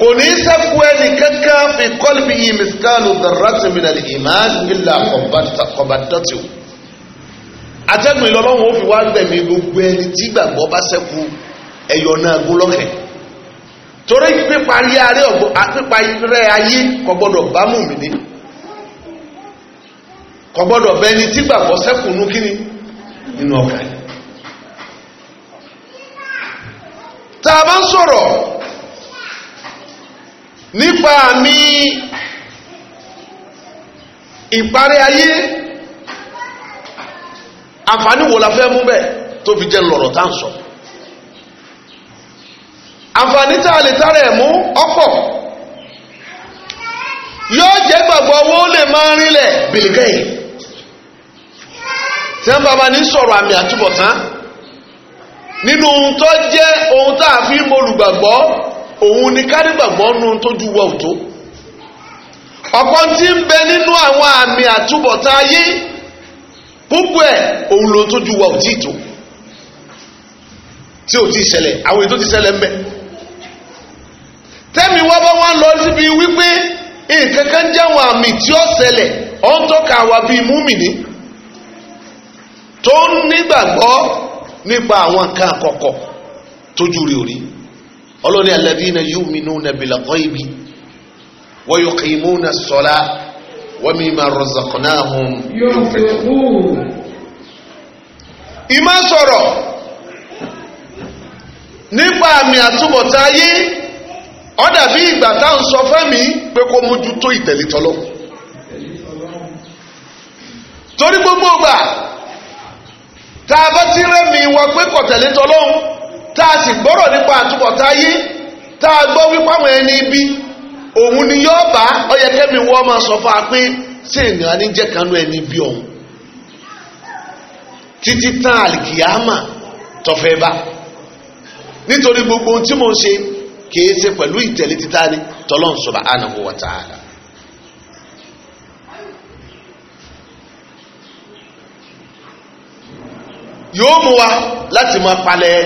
kò ní sẹ́kù ẹni kankan fi kọ́lùmí yìí mìsíkàlù dàrátì min al-iman illa kọ̀bàtọ́tì atẹ́gùn ìlọ́lọ́wọ́ ó fi wá gbẹ̀mí gbogbo ẹni tí gbàgbọ́ bá sẹ́kù ẹ̀yọ̀ náà gún torí píparí ayé píparí ayé kò gbọ́dọ̀ bá mú mi ní kò gbọ́dọ̀ bẹni tí gbàgbọ́ sẹ́kùnú kíni nínú ọkàn yìí tá a bá ń sọ̀rọ̀ nípa àmì ìparí ayé àǹfààní wo la fẹ́ mú bẹ́ẹ̀ tó fi jẹ́ lọ̀rọ̀ tá à ń sọ̀rọ̀ àǹfààní tá a lè tara ẹ̀ mú ọ̀pọ̀ yóò jẹ́ gbàgbọ́ owó lè máa rinlẹ̀ bìlìkẹ́yìn tí wọ́n bá ní sọ̀rọ̀ àmì àtúbọ̀tán nínú ohun tó jẹ́ ohun tá a fi mọ̀lùgbàgbọ́ òun ni kárígbàgbọ́ nu tó ju wọ òtó ọ̀pọ̀ tí ń bẹ nínú àwọn àmì àtúbọ̀tán ayé púpọ̀ ẹ̀ òun ló tó ju wọ òtí tó tí ò ti ṣẹlẹ̀ àwọn èyí tó ti ṣẹlẹ̀ ń bẹ. tẹ́mi wá bá bi lọ síbi wípé nǹkan kan jẹ́ àwọn àmì tí ó ṣẹlẹ̀ ó ń tọ́ka wá bíi múmìnì tó ń nígbàgbọ́ nípa àwọn nǹkan àkọ́kọ́ tójú rí orí ọlọ́ni alladhina yu'minuna bil ghaibi wa yuqimuna as-salata wa mimma razaqnahum yunfiqun. ìmọ̀ sọ̀rọ̀ nípa àmì ọ dàbí ìgbà tá à ń sọ fẹ́mi pé kó mójútó ìtẹ̀lé tọ́lọ́ torí gbogbo ọgbà tá a bá ti rẹ́mi wọ pé kò tẹ̀lé tọ́lọ́ tá a sì gbọ́rọ̀ nípa àtúbọ̀tá yé tá a gbọ́ wípé àwọn ẹni ibi òun ni yóò bá ọyẹ kẹ́mi wọ́n máa sọ fún wa pé ṣé ènìyàn ní jẹ́ kanú ẹni bí òun títí tán àlìkìyàmà tọ́fẹ́ bá nítorí gbogbo ohun tí mò ń ṣe kìí ṣe pẹ̀lú ìtẹ̀lé títà ní tọ́lọ́n subhanahu wa ta'ala. yóò wa láti máa palẹ̀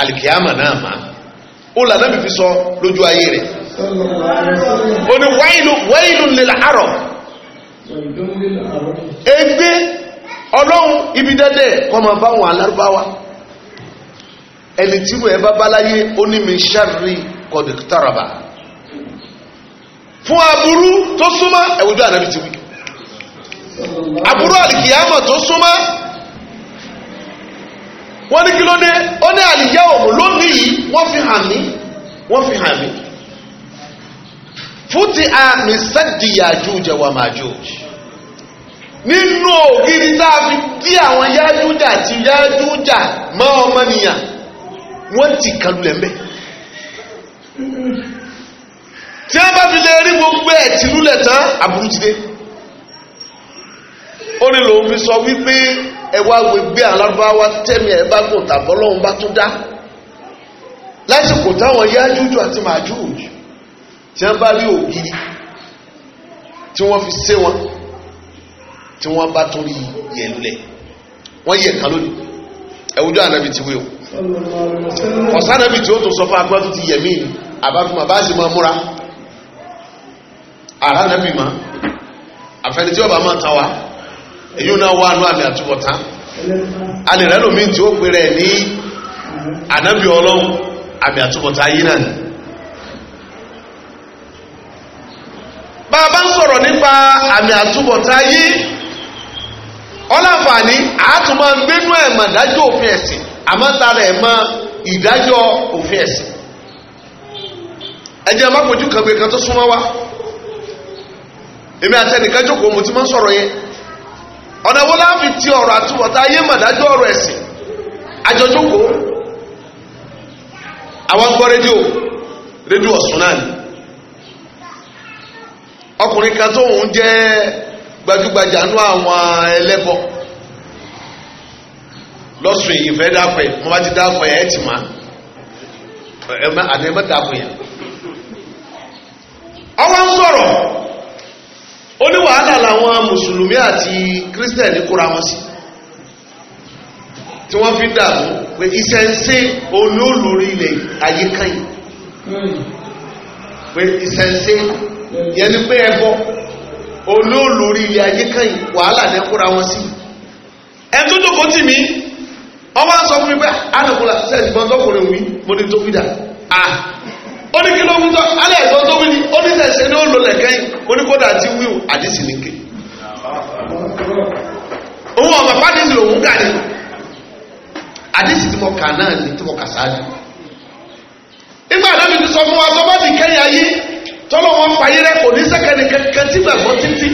alìkíyàmà náà máa ó lànà bí sọ lójú ayé rẹ̀ ó ní wailun wailun lil arab ibi alárúbáwá. ẹni tí wọ́n bá báláyé onímìíṣàrí kọ̀dùkítàràbà fún aburú tó súnmọ́ ẹ̀wùjọ ànábì ti wí aburú àlìkìyàmọ̀ tó súnmọ́ wọ́n ní kí ló dé ó ní àlìyá òun lónìí wọ́n fi hàn mí wọ́n fi hàn mí fún ti àmì sẹ́ẹ̀dì Yájúj wa Májúj nínú ògiri tá a fi dí àwọn Yájújà àti Yájújà mọ́ ọmọnìyàn wọ́n ti kàlùlẹ̀ mẹ́ tí a bá fi lè rí gbogbo ẹ̀ tí lúlẹ̀ tán àbúrú ti dé ó ní lòun fi sọ wípé ẹwà gbẹgbẹ alárúbáwá tẹ́mi ẹ̀ bá gùn tàbọ́ lọ́hun bá tún dá lásìkò táwọn Yájújù àti Májújù tí wọ́n bá rí ògiri tí wọ́n fi sé wọn tí wọ́n bá torí yẹ̀lẹ̀ wọ́n yẹ̀ kan lónìí ẹ̀wùjọ́ ànábi ti wé o. ọ̀sánàbì tí ó tó sọ fún agbátú ti yẹ̀mí àbátúmọ̀ bá sì máa múra àrá nàbì ma àfẹni tí ọba máa tàwa èyí náà wà nú àmì àtúbọ̀tá alẹ́ rẹ lómi tí ó pèrè ní ànábì ọlọ́run àmì àtúbọ̀tá yìí náà bàbá ń sọ̀rọ̀ nípa àmì àtúbọ̀tá yìí Amata tara ẹ̀ mọ ìdájọ́ òfin ẹ̀sìn ẹ̀jẹ̀ amákojú kan gbé kan tó súnmọ́ wa èmi àti ẹnìkan jókòó mo ti máa ń yẹn ọ̀nà wo ti ọ̀rọ̀ àtúbọ̀tá ayé màdájọ́ ọ̀rọ̀ ẹ̀sìn àjọjókòó àwọn gbọ́ rédíò rédíò ọ̀sùn náà ni ọkùnrin kan tó ń jẹ́ gbajúgbajà lọ́sùn èyí fẹ́ dàpọ̀ yẹn wọ́n bá ti dàpọ̀ yẹn ẹ̀ tì má àti ẹ̀ má dàpọ̀ yẹn. ọwọ́ ń sọ̀rọ̀ ó ní wàhálà làwọn mùsùlùmí àti kírísítẹ̀nì kóra wọn sí tí wọ́n fi dààmú pé iṣẹ́ ń ṣe olólùrí ilẹ̀ ayé kan yìí pé iṣẹ́ ń ṣe yẹn ni pé ẹbọ olólùrí ilẹ̀ ayé kan wàhálà ní kóra wọn sí ẹ tó jókòó tì mí ọwọ́ sọ fún mi pé alùpùpù láti sẹ́yìn ìbọn tọkùnrin wí mo ní tó fi dà á ah. ó ní kí ló ń tọ́ alẹ́ ẹ̀gbọ́n tó wí ni ó ní sẹ̀sẹ̀ ní ó lò lẹ́kẹ́yìn ó ní kódà tí wíwù àdìsí ni ké òun ọ̀mà pàdísì lòun kà ní àdìsí tí mo kà náà ní tí mo kà sáájú nígbà náà mi ti sọ fún wa tó bá ti kẹ́yìn ayé tọ́lọ́ wọn fàyè rẹ kò ní sẹ́kẹ̀ẹ́ nìkan kan tí gbàgbọ́ títí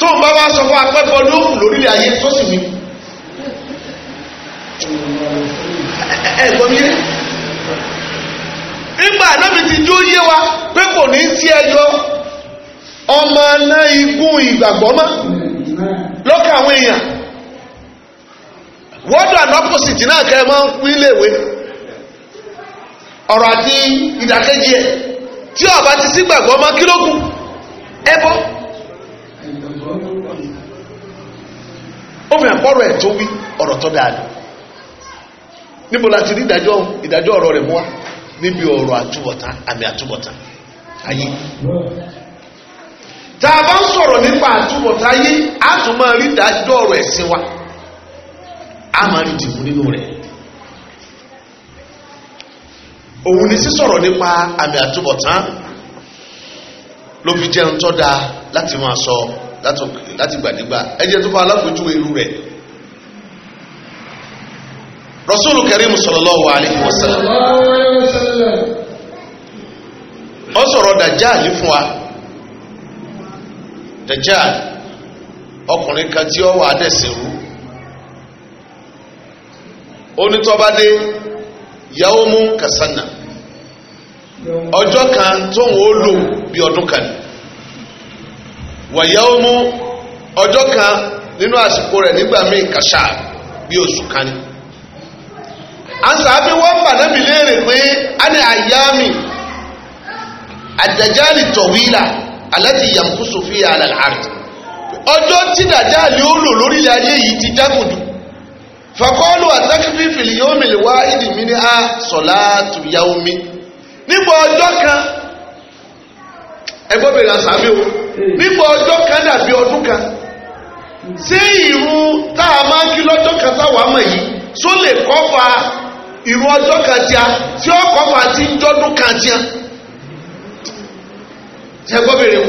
tó ń bá wa sọ fún akẹ́kọ̀ọ́ lóòkù lórílẹ̀ ayé tó sì wíwù ẹ̀gbọ́n yé nígbà anábì ti jó yé wa pé ní sí ẹjọ́ ọmọ náà igun lọka àwọn èèyàn wọ́dọ̀ ànọ́pọ̀sìtì náà kẹ́ ẹ máa ń pín léèwé ọ̀rọ̀ àti ọba ẹ níbo la ti rí ìdájọ́ ìdájọ́ ọ̀rọ̀ rẹ̀ mú wa níbi ọ̀rọ̀ àtúbọ̀tán àmì àtúbọ̀tán ayé tá a bá ń sọ̀rọ̀ nípa àtúbọ̀tán ayé a tún máa rí ìdájọ́ ọ̀rọ̀ ẹ̀sìn wa a máa rí dìbò nínú rẹ̀ òun ni sísọ̀rọ̀ nípa àmì àtúbọ̀tán ló fi jẹun tọ́ da láti máa sọ láti gbàdégbà ẹ jẹ́ tó bá alákòójú irú rẹ̀ rasulu karim sallallahu alayhi wa sallam ó sọ̀rọ̀ dajali fún wa dajali ọkùnrin kan tí ó wà dẹ̀sẹ̀rú onítọ́bádé yawmun kàsánà ọjọ́ kan tóun ó lò bí ọdún kan wàyáwómú ọjọ́ kan nínú àsìkò rẹ̀ nígbà míì kàṣà bí oṣù kan ansabi wọn bà nàbì léèrè pé ani àyàmì àdàjáàlì tọ̀wílà aláti yàmkú sofia alàlárì ọjọ́ tí dàjáàlì ó lò lórí ilẹ̀ ayé yìí ti jágùn jù fàkọ́lù àtàkìfì fìlìyómi lè wá ìdìmí ní a sọ̀lá tùyàómi nípa ọjọ́ kan ẹgbọ́n bèrè àsàbí o nípa ọjọ́ kan dàbí ọdún kan ṣé ìrun tá a máa ń kí lọ́jọ́ kan táwa mọ̀ yìí só lè kọ́ fa ìrù ọjọ́ kanti a ọkọ̀ fà ti ń jọ́dún ṣe gbọ́ bèrè o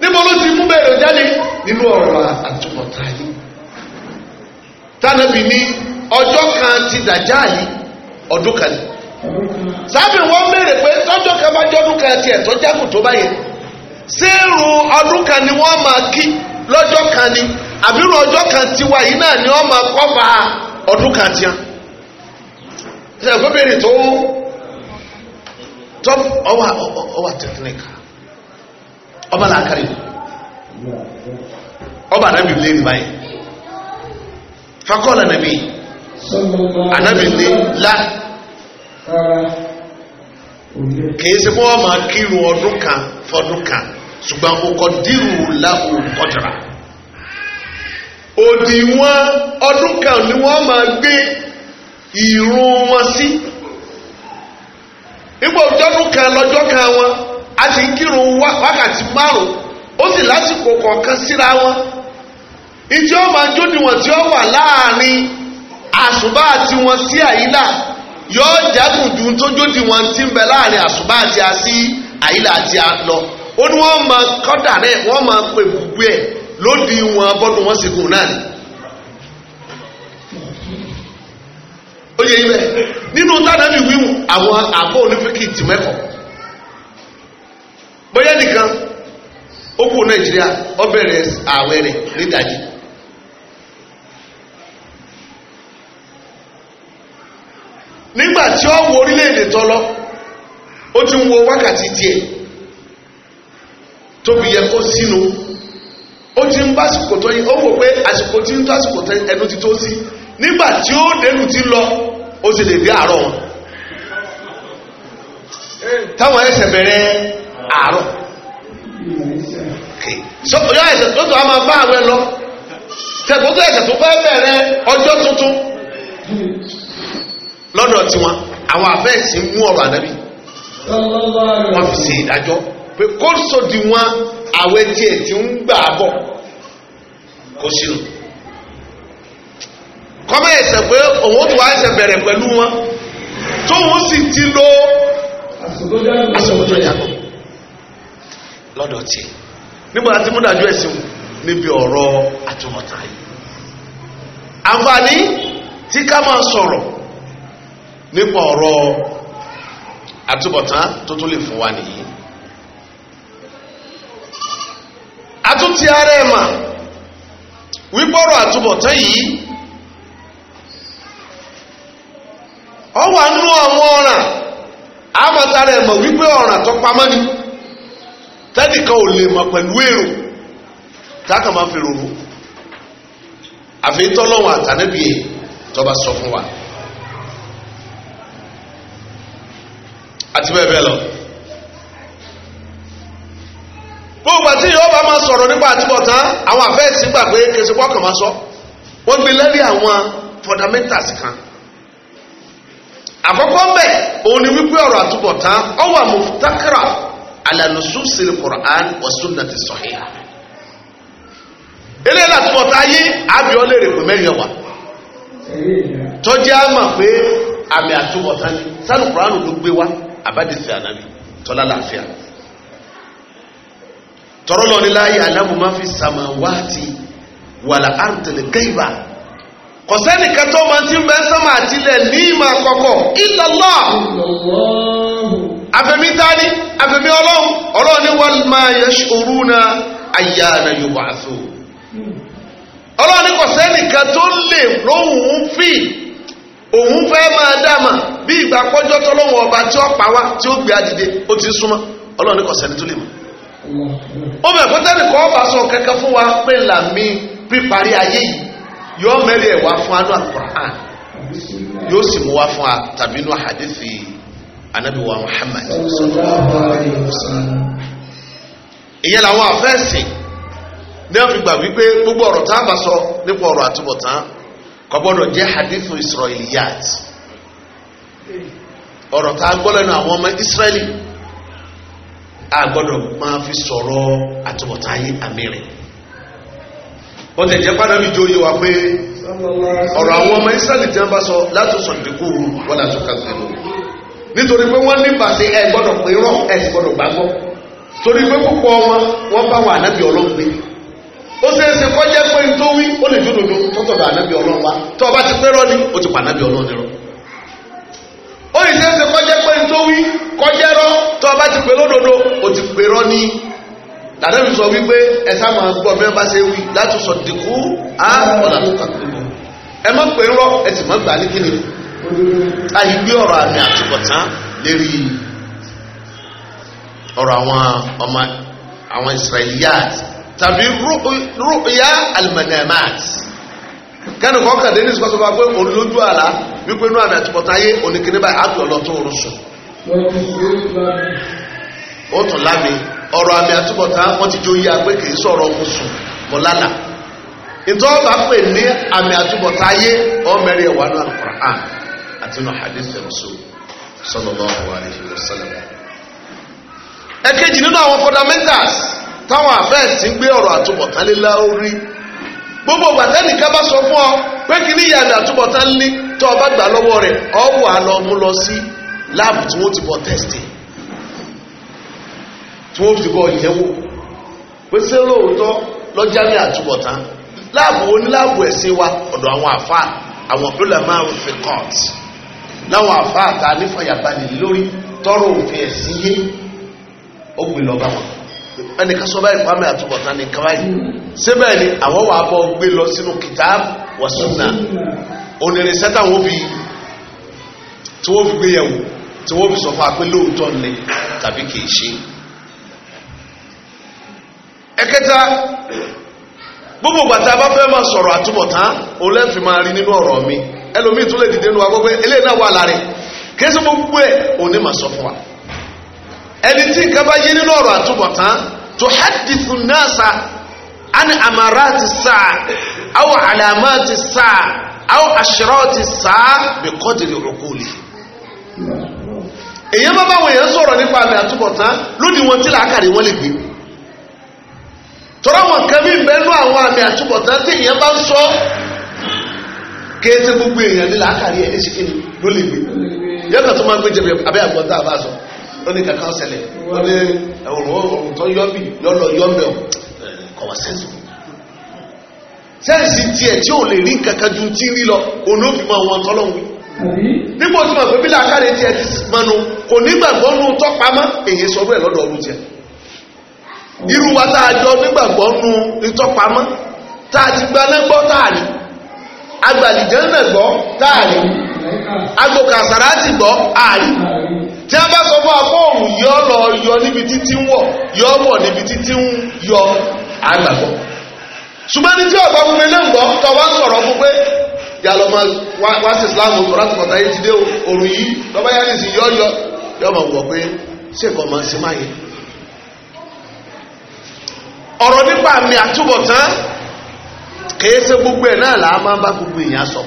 níbo ló ti mú bèrè jáde nínú ọ̀rọ̀ àtúbọ̀tá yìí tánàbì ní ọjọ́ kan ti dàjá yìí ọdún kan ni sábì wọ́n bèrè pé tọ́jọ́ kan bá jọ́dún kan jágùn tó ọdún kan ṣe ẹ̀kọ́ bèèrè tó top ọwà ọwà technique ọba làákàrí ọba anábì léèrè báyìí fakọ́ọ̀lá nàbí anábì lé lá kìí ṣe fún ọmọ kírun ọdún kan fọdún kan ṣùgbọ́n ọkọ̀ dírù láhùn kọjọra òdì wọn kan ni wọ́n máa gbé ìrun wọn sí ipò ọjọ́dún kan lọ́jọ́ kan wọn a sì ń kírun wákàtí márùn ó sì lásìkò kọ̀ọ̀kan síra wọn ìtí ó máa jódiwọ̀n tí ó wà láàrin àṣùbá àti wọn sí àyílà yóò jágùn ju tó jódiwọ̀n tí ń bẹ láàrin àṣùbá àti àṣì àyílà àti àlọ ó ní wọ́n máa kọ́dà náà wọ́n máa pè gbogbo ẹ̀ lódiwọ̀n bọ́dún wọn sì kù náà ni. ó yẹ ibẹ̀ nínú tánàbí wíwù àwọn àbó onífíkì tì mẹ́kọ̀ọ́ bóyá nìkan ó kú nàìjíríà ó bẹ̀rẹ̀ ààwẹ̀ rẹ̀ nídàjí nígbà tí ó wo orílẹ̀-èdè ó ti ń wo wákàtí díẹ̀ tóbi yẹ kó sínú ó ti ń bá àsìkò tó yẹ ó wò pé àsìkò tí ń tó àsìkò tó ẹnu ti tó sí. nígbà tí ó dẹnu ti lọ ó sì lè dé àárọ̀ wọn táwọn ẹsẹ̀ bẹ̀rẹ̀ àárọ̀ yọ ẹsẹ̀ tó tó a máa bá àwẹ̀ lọ tẹ̀gbọ́n tó ẹsẹ̀ tó fẹ́ bẹ̀rẹ̀ ọjọ́ tuntun lọ́dọ̀ tiwọn àwọn àfẹ́ẹ̀sì mú ọ̀rọ̀ ànábì wọ́n fi ṣe ìdájọ́ pé kó sódiwọ̀n àwẹ̀ tiẹ̀ ti ń gbà bọ̀ kó sínú. kọme ẹ̀sẹ̀ pé òun tó wá ẹ̀sẹ̀ bẹ̀rẹ̀ pẹ̀lú wọn tóun sì ti lo àsìkò tó lọ́dọ̀ tiẹ̀ nígbà tí mo dájú ẹ̀sìn níbi ọ̀rọ̀ àtúmọ̀tá yìí àǹfààní tí ká máa sọ̀rọ̀ nípa ọ̀rọ̀ àtúbọ̀tán tó tún lè fún wa nìyí àtúntì ara ẹ̀ ọ wà nú àwọn ọ̀ràn àmọ̀tara ẹ̀mọ̀ wípé ọ̀ràn tó pamọ́ ni tẹ́nìkan ò lè mọ̀ pẹ̀lú èrò táàkà máa fi ròrò àfi tọ́lọ́wọ̀n àtànẹ́bìyẹ tọba sọ fún wa àti bẹ́ẹ̀ bẹ́ẹ̀ lọ gbogbo àti yóò bá máa sọ̀rọ̀ nípa àtúbọ̀tán àwọn àfẹ́ẹ̀sì gbà kèsìpọ̀ kàn máa sọ wọ́n gbé lẹ́rí àwọn fundamentals kan àkọ́kọ́ ń bẹ̀ òun ni wípé ọ̀rọ̀ àtúbọ̀tán ọwà muftakra alanusu siri quran wa sunnati sahiha eléyìí àtúbọ̀tán ayé àbíọ́ lè rè pé mẹ́rin ọ̀wà tọ́jú àmà pé àmì àtúbọ̀tán ni sanu quran ló gbé wá àbádìsí ànábì tọ́lá làáfíà tọ́rọ́ lọ́ni láyé alámùmáfi sàmáwáàtì wàlà àrùtẹ̀lẹ̀ kẹ́yìbà kò sẹ́nìkan máa ti ń bẹ sọ́mà àtìlẹ̀ ní ìmọ̀ àkọ́kọ́ illallah àfẹ̀mí dání àfẹ̀mí ọlọ́run ọlọ́run ní wọ́n máa yashuruna ayyana yub'athu ọlọ́run ní kò sẹ́nìkan lè lóhùn fi òun fẹ́ máa dáàmà bí ìgbà tọ́lọ́wọ́ ọba tí ó pa wá tí ó gbé adìde ó ti súnmọ́ ọlọ́run ní kò tó lè mọ̀ ó bẹ̀ fún tẹ́nìkan ọba sọ kẹ́kẹ́ fún wa yóò mẹ́rin ẹ̀ wá fún anú alukur'an yóò sì mú wá fún a tàbí inú hadithi anabi wa muhammad ìyẹn làwọn afẹ́sìn ní wọ́n fi gbà wípé gbogbo ọ̀rọ̀ tá a bá sọ nípa ọ̀rọ̀ àtúbọ̀tán kò gbọ́dọ̀ jẹ́ hadithu israeliyat ọ̀rọ̀ tá a gbọ́ lẹ́nu àwọn ọmọ israeli a gbọ́dọ̀ máa fi sọ̀rọ̀ àtúbọ̀tán ayé amírin bọ́tẹ̀ jẹ́ pàdánù ìjòyè wa pé ọ̀rọ̀ àwọn ọmọ israẹli tí wọ́n bá sọ láti sọ ìdínkù wọn láti kàtẹ́ lò nítorí pé wọ́n ní pàṣẹ ẹ gbọ́dọ̀ pé rọ ẹ sì gbọ́dọ̀ torí pé púpọ̀ wọn wọ́n bá wà nábì ó ṣe é ṣe o bá ti pẹ́ rọ́ọ̀ni ó ti pa ànábì ọlọ́run rọ ó ṣe é ṣe kọjá pé n tó wí kọjá tó o bá ti pẹ́ lódodo ó ti tàdébí sọ wípé ẹ sá máa gbọ́ bí wọ́n bá ṣe wí láti sọ dìkú á ọ̀là tó kàkiri bọ̀ ẹ má pè rọ ẹ sì má gbà ní kíni àyè gbé ọ̀rọ̀ àmì àtúbọ̀tán lérí ọ̀rọ̀ àwọn ọmọ àwọn israeliyat tàbí rúkúyà almanamat kẹ́nu kọ́kàn dé ní ìsìnkọ́sọ́ bá pé òun lójú àlá wípé inú àmì àtúbọ̀tán ayé oníkíní báyìí á tọ̀ lọ tó orun sùn ó tún lábẹ́ ọ̀rọ̀ àmì àtúbọ̀tá wọ́n ti jó yí agbé kìí sọ̀rọ̀ oṣù kọ̀lálà ìtọ́ ọba pè ní àmì àtúbọ̀tá ayé ọmọrin ẹ̀wà náà Al-Qur'an àti nù hadith Rasul sallallahu alaihi gbogbo bá sọ fún ọ pé kí ní ọ wà lọ mú lọ sí láàbù tí tí wọ́n fi bọ́ ìyẹ́wò pé ṣé lóòótọ́ lọ́jà ní àtúbọ̀tán láàbù oníláàbù ẹ̀sìn wa ọ̀dọ̀ àwọn àfa àwọn pílẹ̀ máa ń fi court láwọn àfa àta nífàyàbalẹ̀ lórí tọrọ òfin ẹ̀sìn yé ó gbé lọ bá wọn sọ báyìí Kwame àtúbọ̀tán ní kaba yìí síbẹ̀ ni àwọn wàá bọ́ gbé lọ sínú kìtàb wa sunna onírìnsẹ́ táwọn fi tí wọ́n fi gbé yẹ̀wò tí wọ́n fi sọ fún wa lóòótọ́ ni tàbí kì ṣe ẹ̀kẹta gbogbo gbàtà bá fẹ́ máa sọ̀rọ̀ àtúbọ̀tán òun lẹ́fì máa rí nínú ọ̀rọ̀ mi ẹlòmíì tún lè dìde nínú agbọ́gbẹ́ eléyìí náà wà láre kéésì gbogbo ẹ̀ òun ní máa sọ fún wa ẹni tí nǹkan bá yé nínú ọ̀rọ̀ àtúbọ̀tán tó hadithu nasa ani amara ti sáà awo alama ti sáà awo aṣọrọ ti sáà bí kọ́dìrì òkúlì èyí bá báwọn èèyàn sọ̀rọ̀ nípa àmì àtúbọ̀tán lónìí wọn tí làákàrí wọn lè gbé tọ́lá wọn kan mí mẹ́nu àwọn àmì àtúbọ̀tán tí èèyàn bá ń sọ kéésì gbogbo èèyàn ní làákàrí ẹ̀ léṣe kíni ló lè gbé yọkàn tó máa ń gbé jẹ̀bi abẹ́ àgbọ̀tá àbá sọ ó ní kankan ṣẹlẹ̀ ó ní ọ̀rùn tó yọ bì yọlọ yọ mẹ́ ọ kọ́ wá sẹ́ǹsì sẹ́ǹsì tiẹ̀ tí ò lè rí kankan ju tí rí lọ òun àwọn tọ́lọ́hún nígbà tí wọn fẹ́ bí làákàrí tiẹ̀ ti mọnu kò nígbàgbọ́ tọ́pamọ́ èyí sọ irú wa tá a jọ nígbàgbọ́ nu ìtọ́pamọ́ tá a ti gba lẹ́gbọ́ táàrí agbàlìjẹ́ náà gbọ́ táàrí agbòkàsàrà ti gbọ́ ààrí tí a bá sọ fún yọ lọ yọ níbi títí ń yọ níbi títí ń yọ àgbàgbọ́ tí fún mi gbọ́ tó wá sọ̀rọ̀ fún pé wá sí Islam ti dé yọ ọ̀rọ̀ nípa mi àtúbọ̀tán kìí ṣe gbogbo ẹ̀ náà là á máa ń bá gbogbo èèyàn sọ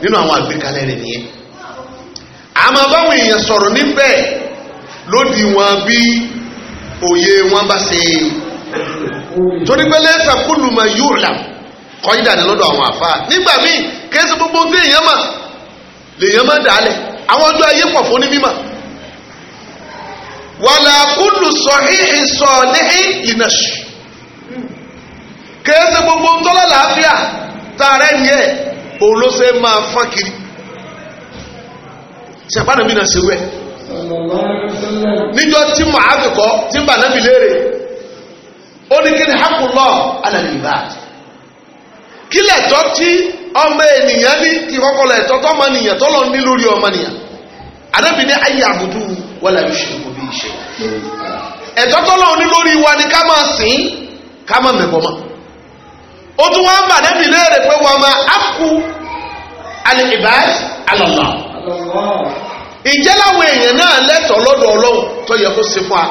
nínú àwọn àgbékalẹ̀ rẹ̀ nìyẹn a máa báwọn èèyàn sọ̀rọ̀ níbẹ̀ lódì wọn bí òye wọn bá ṣe torí pé lẹ́sà kúlù mà yóò là kọ́yí dàní lọ́dọ̀ àwọn àfáà nígbà míì kìí ṣe gbogbo tí èèyàn mà lèèyàn má dàálẹ̀ àwọn ọjọ́ ayé pọ̀ fún ní mímọ̀ wàlà sọ sọ̀híhì sọ̀líhì ìnàṣù kèése gbogbo ńtọ́lá làáfíà tààrẹ ni òun ló ṣe máa fọ́n kiri ṣàpánà mi náà ṣe wẹ̀ níjọ tí màáfi kọ́ tí ń bà náà léèrè ó ní kí ni hákùnlọ́ alàlè ìbá kí lẹ̀tọ́ tí ọmọ ènìyàn ní kí kọ́kọ́ ní lórí ọmọ wala yushriku bi shay'a ẹ̀tọ́ tọ́lọ́run ní lórí wa ni ká máa sìn ká máa mẹ̀bọ mọ́ ó tún wá ń bà nẹ́bì léèrè pé wọ́n máa ákú al-ibad ala ìjẹ́ láwọn èèyàn náà lẹ́tọ̀ọ́ lọ́dọ̀ ọlọ́run tó yẹ kó ṣe fún wa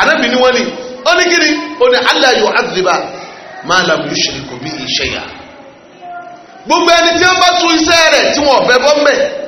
ànábì ni wọ́n ní ó ní kíni ó ní Allah yu'adhiba ma lam yushriku bi shay'a gbogbo ẹni tí wọ́n bá tún iṣẹ́ rẹ̀ tí wọ́n ọ̀fẹ́ bọ́ mẹ́ẹ̀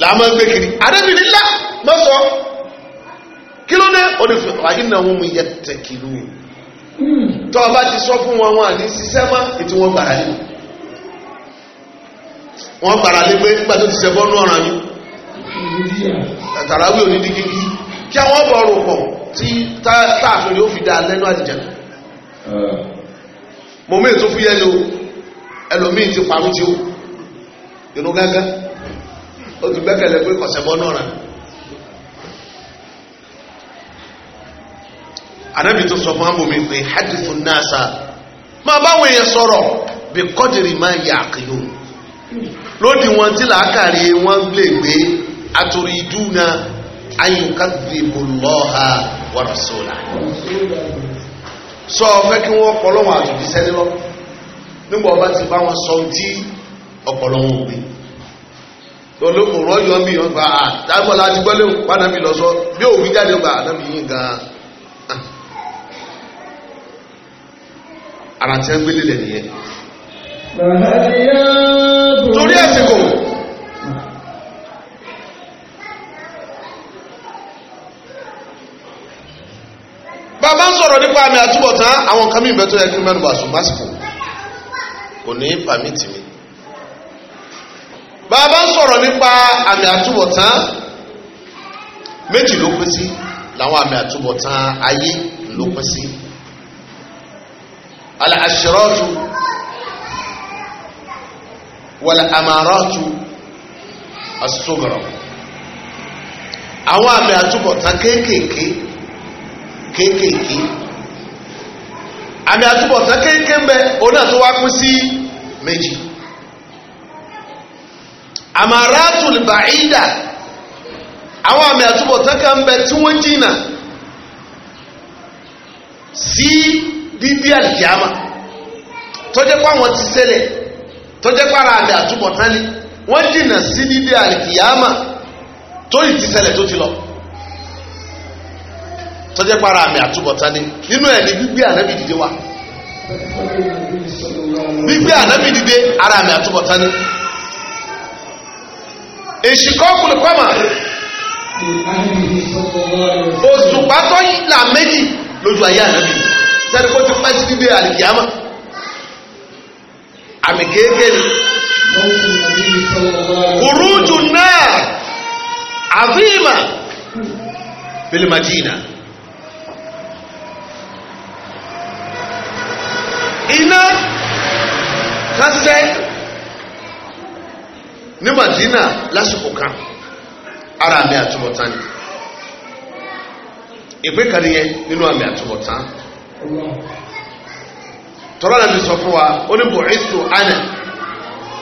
làá máa ń gbé kiri àdébì nílá má sọ kí ló dé ó lè ti sọ fún wọn wọn àní ma eti wọn gbàrà lé wọn gbàrà lé pé ti ṣe bọ́nú ọ̀ràn mi tàràwí òní di kíkí kí àwọn bọ̀ ọ̀rọ̀ tí táàfin yóò fi ètò ni o ẹlòmíì ti o gángan. ó ti gbẹ́kẹ̀lé pé kọ̀sẹ̀bọ́ náà rà anábì tó sọ fún abòmí pé hadithu nasa máa báwọn èèyàn sọ̀rọ̀ bí kọ́dìrì máa yà àkìlò lódì wọn tí làákàrí wọn lè gbé àtòrí ìdúnà ayùkàdìbòlọ́ha wàrasọ́là sọ fẹ́ kí wọ́n pọ̀ lọ́wọ́ àtòjíṣẹ́ nílọ nígbà ọba ti bá wọn sọ tí ọ̀pọ̀lọ́wọ́ gbé olóhùn rọ́yọ̀ mi yàn gba àtàbọ̀ ah, láti gbọ́ léwu pàdánù lọ sọ bí òwú jáde gba àdánù yín gan. Ah. ara tí wọ́n gbélé lẹ̀ nìyẹn. torí ẹ̀sìn kò. bàbá ń sọ̀rọ̀ nípa àmì àtúbọ̀tán àwọn kan mi ìbẹ́tọ̀ yẹ kí mẹ́nu bá sùn básìkò kò ní pàmìtì mi bàbá ń sọ̀rọ̀ nípa àmì àtúbọ̀tán méjì ló pín sí làwọn àmì àtúbọ̀tán ayé ló pín sí al-ashratu wal-amaratu as-sughra àwọn àmì àtúbọ̀tán kéékèèké kéékèèké àmì àtúbọ̀tán kéékèèké ń bẹ òun náà tó wá pín sí méjì. amaratul ba'ida àwọn àmì àtúbọ̀tán kan ka tí wọ́n na si dídí àlìkíyàmà tọ́jẹ́ pé àwọn ti ṣẹlẹ̀ tọ́jẹ́ pé atubo ni wọ́n jìnnà si dídí àlìkíyàmà tóyì ti sele to ti atubo ni ninu ẹ̀ ní gbígbé wa ara àmì ni. èṣìkọ́kùnrin kọ́mà òṣùpá tó là méjì lójú ayé ànábì sẹ́ni kó ti pẹ́ sí dídé àlìkìyàmà àmì kéékèèrè kùrújù náà àfihàn bílí iná kásẹ̀. ní Madina lásìkò kan ara àmì àtúbọ̀tán ni ìpín kan nìyẹn nínú àmì àtúbọ̀tán tọ́lá nàbí sọ fún wa ó ní bọ̀ẹ́sù ánà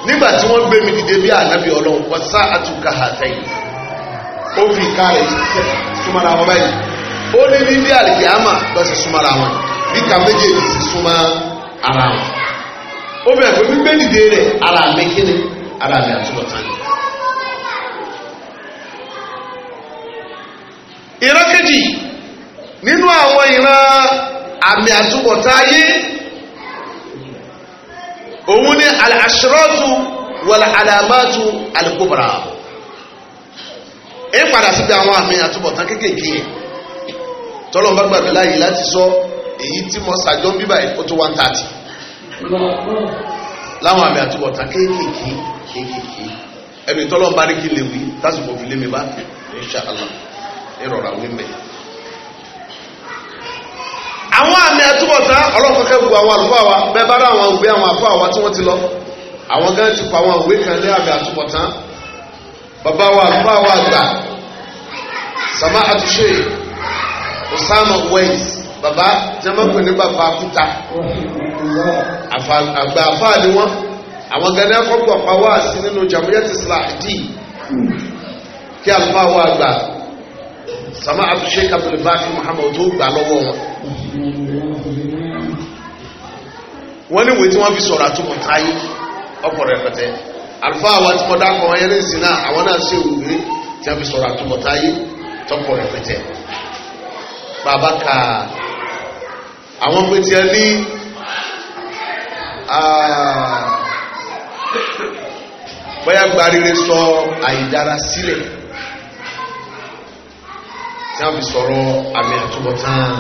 nígbà wọ́n gbé mi dìde bí ànábì ọlọ́run wọ́n sá àtúkà ó fi súnmọ́ra wọn báyìí ó ní ní bí lọ sí súnmọ́ra wọn bí ká méjèèjì sí súnmọ́ ara wọn ó bẹ̀rẹ̀ pé gbígbé dìde rẹ̀ ara rẹ̀ àtúbọ̀tán ni. ìran kejì nínú àwọn ìran àmì àtúbọ̀tán ayé òun ni al-ashratu wal-alamatu al-kubra èyí padà síbi àwọn àmì àtúbọ̀tán kéékèèké yẹn tọ́lọ́ bá gbàgbé láàyè láti sọ èyí tí mo ṣàjọ bíbá ẹ̀ ó tó one thirty láwọn àmì àtúbọ̀tán kéékèèké kéékèèké ẹni tọ́lọ́ bá rí kí lè wí tásìkò fi lé mi bá insha Allah ìrọ̀rà wí mẹ́. àwọn àmì àtúbọ̀tán ọlọ́kọ̀ọ́kẹ́ bu àwọn àlùfáà wa bẹ́ẹ̀ bá rà àwọn òwe àwọn àfáà wa tí wọ́n ti lọ àwọn gan ti pa àwọn òwe kan lé àmì àtúbọ̀tán bàbá wa àlùfáà wa gbà sàmá àtúnṣe Osama Wẹ́ẹ̀sì bàbá jẹ́mọ́pẹ̀ ní bàbá kúta àgbà àfáà ni wọ́n àwọn gani akọ́gbọ̀ pàwọ́ àti nínú jamiyat islahdi kí àlùfáà wà gbà sama abdulsheik abdulbaki muhammad tó gbà lọ́wọ́ wọn. wọ́n ní ìwé tí wọ́n fi sọ̀rọ̀ àtúbọ̀ táyé ọ̀pọ̀ rẹpẹtẹ àlùfáà wa ti kọ́ dákọ̀ wọn yẹn ní ìsìn náà àwọn náà ṣe òwúrẹ́ tí wọ́n fi sọ̀rọ̀ àtúbọ̀ táyé tọ́pọ̀ rẹpẹtẹ. bàbá ka àwọn pé ní. Ah. bóyá gbarire sọ àìdára sílẹ̀ tí a fi sọ̀rọ̀ àmì àtúbọ̀tán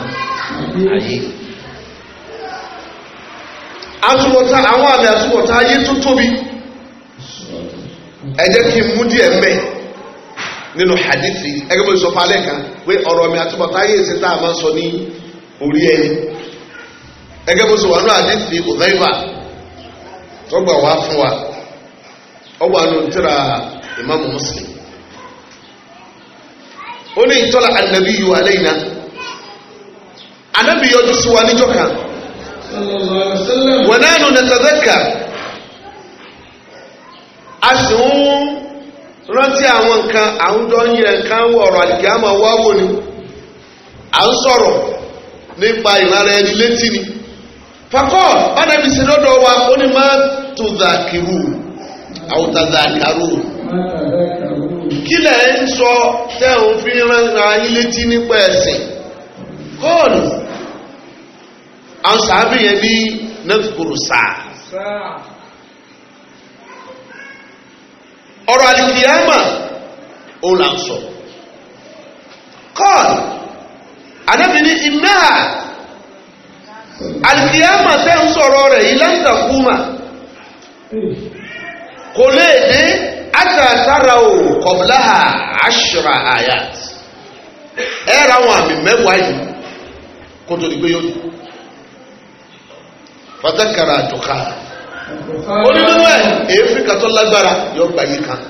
ayé àtúbọ̀tán àwọn àmì àtúbọ̀tán ayé tó tóbi ẹ jẹ́ kí n mú díẹ̀ nínú hadithi ẹgbẹ́ bó sọ falẹ̀ kan pé ọ̀rọ̀ mi àtúbọ̀tán ayé ìsìn tá a máa sọ ní orí Ege ẹgbẹ́ bó sọ wà ní hadithi tọgbà wá fún wa ọgbà ló ń tẹ̀ra ìmáàmù Muslim ó ní ìtọ́lá ànábì yìí wà lẹ́yìn náà ànábì yọjú sí wa níjọ́ kan wọ́n náà nù nàtàdẹ́kà a sì ń rántí àwọn nǹkan à ń yẹ nǹkan wọ ọ̀rọ̀ àlìkàmọ̀ wá wò ni à ń sọ̀rọ̀ nípa ìlara ẹni létí ni. fakọl banabi si wa ó ní má tuzakirun àwòtazakaru kílẹ̀ ń sọ tẹ́ ò fi ránra yín létí nípa ẹ̀sìn kọ́ọ̀lù àwọn sàábì yẹn ní nẹ́fùkúrú sáà ọ̀rọ̀ àlìkìyàmà ó là ń sọ alkiyama tẹ́ ń sọ̀rọ̀ rẹ̀ ìlànà kúmà kò lè dé àtàtàrà ò kọ̀bláhà àṣírà àyàt ẹ ra àwọn àmì mẹ́wàá yìí kó tó di pé yóò dùn fatakara àjọká onímọ̀ ẹ̀ èéfín kan tó lágbára yóò gbà yìí kan.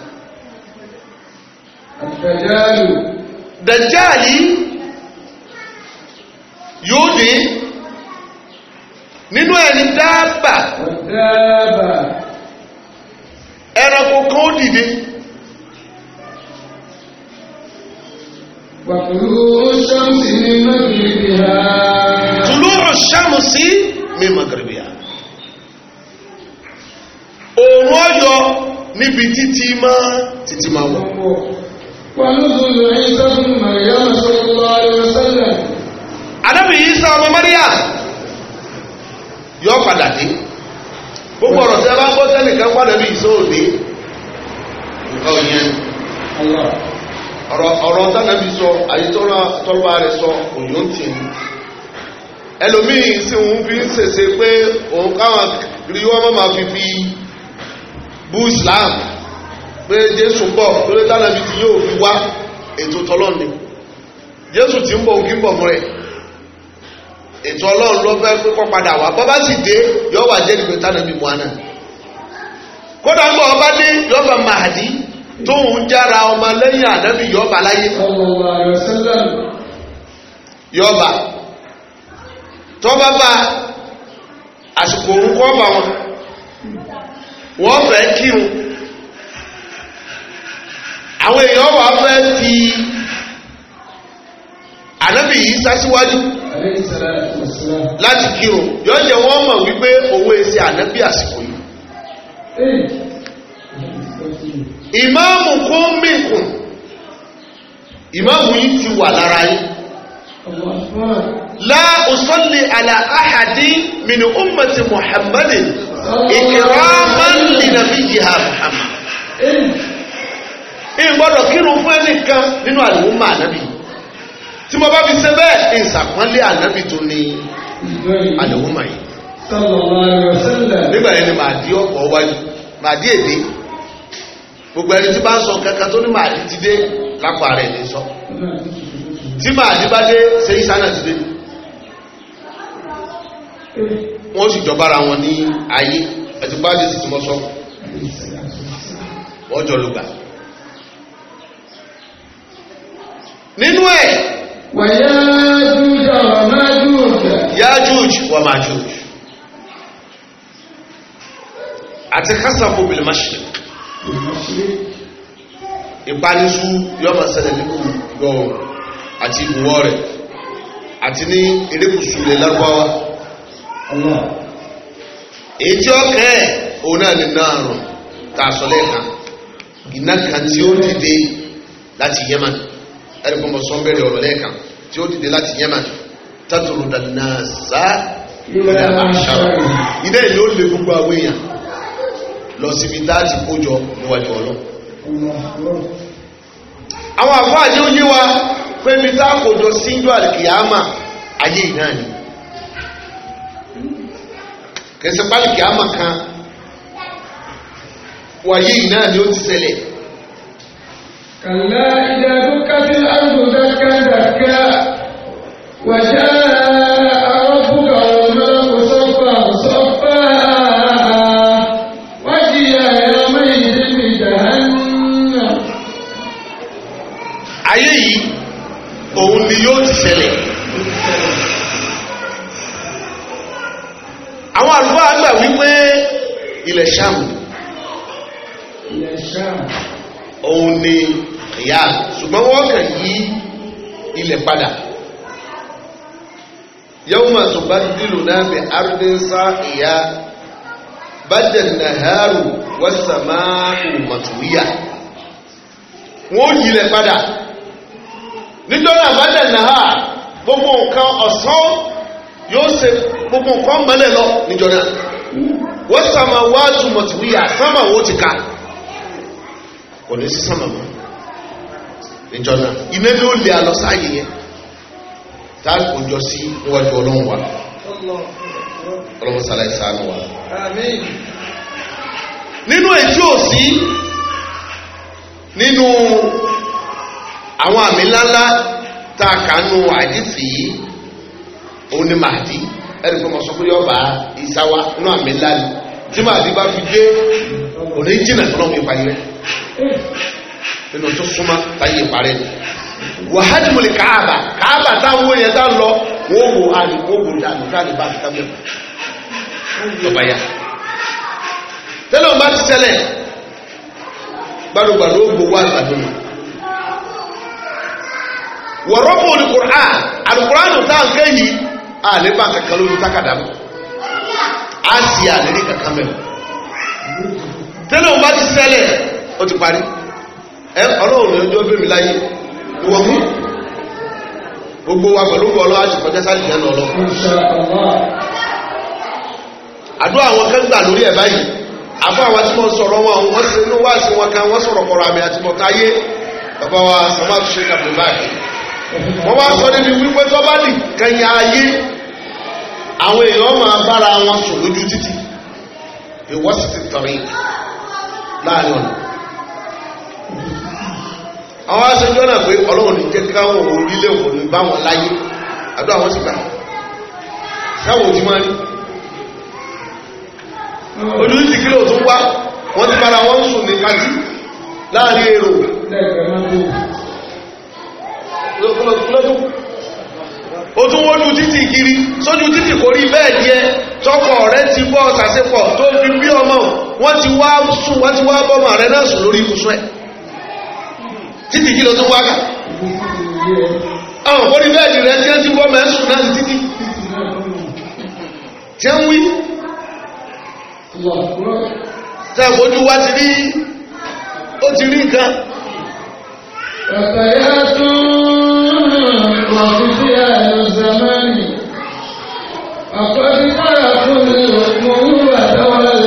dàjáàlì yóò dé nínú ẹni dáàbà ẹranko kan ó dìde. Tùlú ṣàmùsí ní Màgìrìbìyà. Tùlú ṣàmùsí ní Màgìrìbìyà. Òòrùn ọyọ níbi títí máa títí máa wọ̀. Wàlúùdùlù Ìsá ọmọ Màríyá yọ padà dé gbogbo ọ̀rọ̀ tí a bá ń gbọ́ sẹ́nìkan padà bí ìsóòdé nǹkan òyìn ọ̀rọ̀ tánàbí sọ àyítọ́lá rẹ̀ sọ òyìn tì ní ẹlòmíì sí òun fi ń ṣèṣe pé òun káwọn rí wọ́n máa fi fi bú Islam pé Jésù bọ̀ lórí tánàbí tí yóò fi wá ètò tọ́lọ́ni Jésù ti ń bọ̀ òkú ń bọ̀ mọ́ rẹ̀ ètò ọlọ́run ló fẹ́ kó padà wá bọ́ bá sì dé yọ wà jẹ́ nípa tánà bí kódà ń bọ̀ ọba dé yọ bá tóun jára ọmọ lẹ́yìn ànábì yọ bá láyé yọ bá tọ́ba bá ọba wọn wọ́n fẹ́ kírun àwọn èèyàn wà fẹ́ fi yìí láti kírun yóò jẹ́ wọ́n mọ̀ wípé owó ẹsẹ̀ ànábì àsìkò yìí ìmáàmù kún mìkùn ìmáàmù yìí ti wà lára yìí la usalli ala ahadi min ummati in gbọ́dọ̀ kírun fún ẹnìkan nínú tí mo bá fi ṣe bẹ́ẹ̀ ìṣàpọ́nlé ànábì tó ní àdéhùnmá yìí. nígbà yẹn ni màá di ọ̀pọ̀ wájú màá di èdè gbogbo ẹni tí bá ń sọ kankan tó ní màá di ti dé lápò ara ẹ̀ ní sọ tí màá di bá dé ṣe ìṣáná ti dé wọ́n sì jọba ara wọn ní ayé ẹ̀tí bá dé sí tí mo sọ wọ́n jọ lùgbà nínú ẹ̀ Yajuj wa Majuj àti kásàfò bil mashriq ìpanisú yóò máa ṣẹlẹ̀ ní gbogbo àti ìbúwọ́ rẹ̀ àti ní erékùsù lè lárúbáwá èyí tí ó kẹ́ ẹ̀ òun náà lè náà rùn tààsọ lẹ́ẹ̀kan iná tí ó dìde láti Yemen ẹni kò mọ̀ sọ́n bẹ̀rẹ̀ ọ̀rọ̀ lẹ́ẹ̀kan tí ó dìde láti yemen tátùrù dànà sá ìdá àṣàrò ilé ìlú ó lè gbogbo àwọn èèyàn lọ síbi láti kójọ níwájú ọlọ àwọn àfáà tí ó yé wa pé mi tá àkójọ síjọ àlìkìyàmà ayé náà ni kẹsẹ̀ pálíkìyàmà kan wàyé náà ni ó ti ṣẹlẹ̀ كلا إذا دكت الأرض دكا دكا وجاء ṣùgbọ́n wọ́n kàn yí ilẹ̀ padà yawma tubaddilu náà bẹ ardin sa'iya badan naharu was-sama'u matwiya wọ́n yí ilẹ̀ padà nítorí àbádàn náà gbogbo nǹkan ọ̀sán yóò ṣe gbogbo nǹkan mọ́lẹ̀ lọ níjọ́ náà wọ́n sàmà wá túmọ̀ tìwíyà sàmà wọ́n ti ka kò ní sí sàmà níjọ́ náà iná ló lè alọ sáàyè yẹn tá a kò jọ sí níwájú ọlọ́run wa ọlọ́run sálẹ̀ sànù wa. nínú ètí òsì nínú àwọn àmì ńláńlá tá a kà nù àdìsí yìí òun ni màdí ẹni fún ọmọ sọ pé yọba ìsáwá nínú àmì ńláńlá tí màdí bá fi dé òní jìnnà tó náà mi pa yẹn nínú tó súnmọ́ láyé parẹ́ ni wàhálìmùlì káàbà káàbà táwọn yẹn tá lọ wọ́n wò àlè wọ́n wò dànù káàlì bá fi kábíyà lọ́ba yá tẹ́lẹ̀ ọba ti ṣẹlẹ̀ gbàdúgbàdú ó gbowó àgbàdúrà wọ̀rọ̀bù olùkùrá alùkùránù tá ń kẹ́yì àlébà kankan lórí tákàdá mọ́ á sì àlérí kankan mẹ́rin tẹ́lẹ̀ ọba ti ṣẹlẹ̀ O ti parí ọlọ́run ló jọ bèèrè láyé wọ́n mú gbogbo wa pẹ̀lú bọ́ọ̀lọ́ àṣìkọjẹ́ sáàdìyà náà lọ àdúrà àwọn kẹ́gbà lórí ẹ̀ báyìí àfọ́ àwọn tí wọ́n sọ̀rọ̀ wọn wọ́n sí inú wá sí wọn kan wọ́n sọ̀rọ̀ kọ̀rọ̀ àmì àti mọ̀táyé bàbá wa samad sheikh abdullahi wọ́n wá sọ níbi wípé tó bá lì kẹyìn ayé àwọn èèyàn máa bára wọn sùn lójú títì ìwọ́sì ti láàrin ọ̀nà àwọn aṣojú ọ̀nà pé ọlọ́run ní jẹ́ káwọn orílẹ̀ òun ní bá wọn láyé àdó àwọn sì gbà káwọn òjú máa rí ojú ti kí ló tún wá wọ́n ti padà wọ́n ń sùn ní kájú láàrin èrò o tún wọ́n ju títì kiri sójú títì kò rí bẹ́ẹ̀ díẹ̀ tọkọ rẹ ti bọ́ ṣàṣepọ̀ tó fi bí ọmọ wọ́n ti wá bọ́mọ rẹ náà sùn lórí ibùsùn ẹ̀ títí kí ló tó wákà àwọn òkúrí bẹ́ẹ̀dì rẹ̀ tí ó ti wọ́n mẹ́sùn náà títí tí ń wí tẹ́kọ̀ọ́jú wá ti rí ó ti rí nǹkan tún sí zamani fún mi ń wà táwọn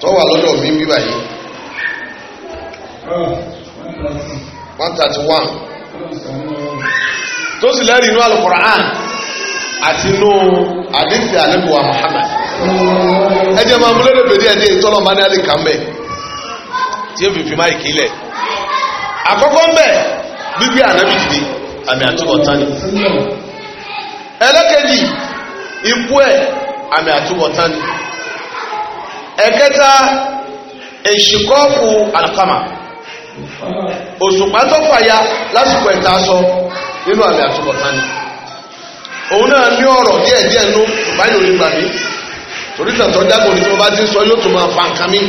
tó wà lọ́dọ̀ mi bí báyìí one thirty one tó sì lẹ́rìí inú alukur'an àti inú àdìsí àlẹ́bùwà Muhammad ẹ jẹ́ máa múlẹ̀ lẹ́bẹ̀ẹ́ díẹ̀ díẹ̀ tọ́lọ́ máa ní ń bẹ̀ tí ó fi fi máa ìkílẹ̀ àkọ́kọ́ ń bẹ̀ gbígbé ànábì dìde àmì àtúbọ̀tán ẹ̀kẹta èṣìkọ́ọ̀fù àlùfàmà òṣùpá tó fàya lásìkò ẹ̀ta sọ nínú àmì àtúbọ̀tán ni òun náà ní ọ̀rọ̀ díẹ̀ díẹ̀ nú báyìí òní gbàgbé torí tàtọ́ jágò ní tí wọ́n bá ti ń sọ yóò tún máa fa nǹkan mi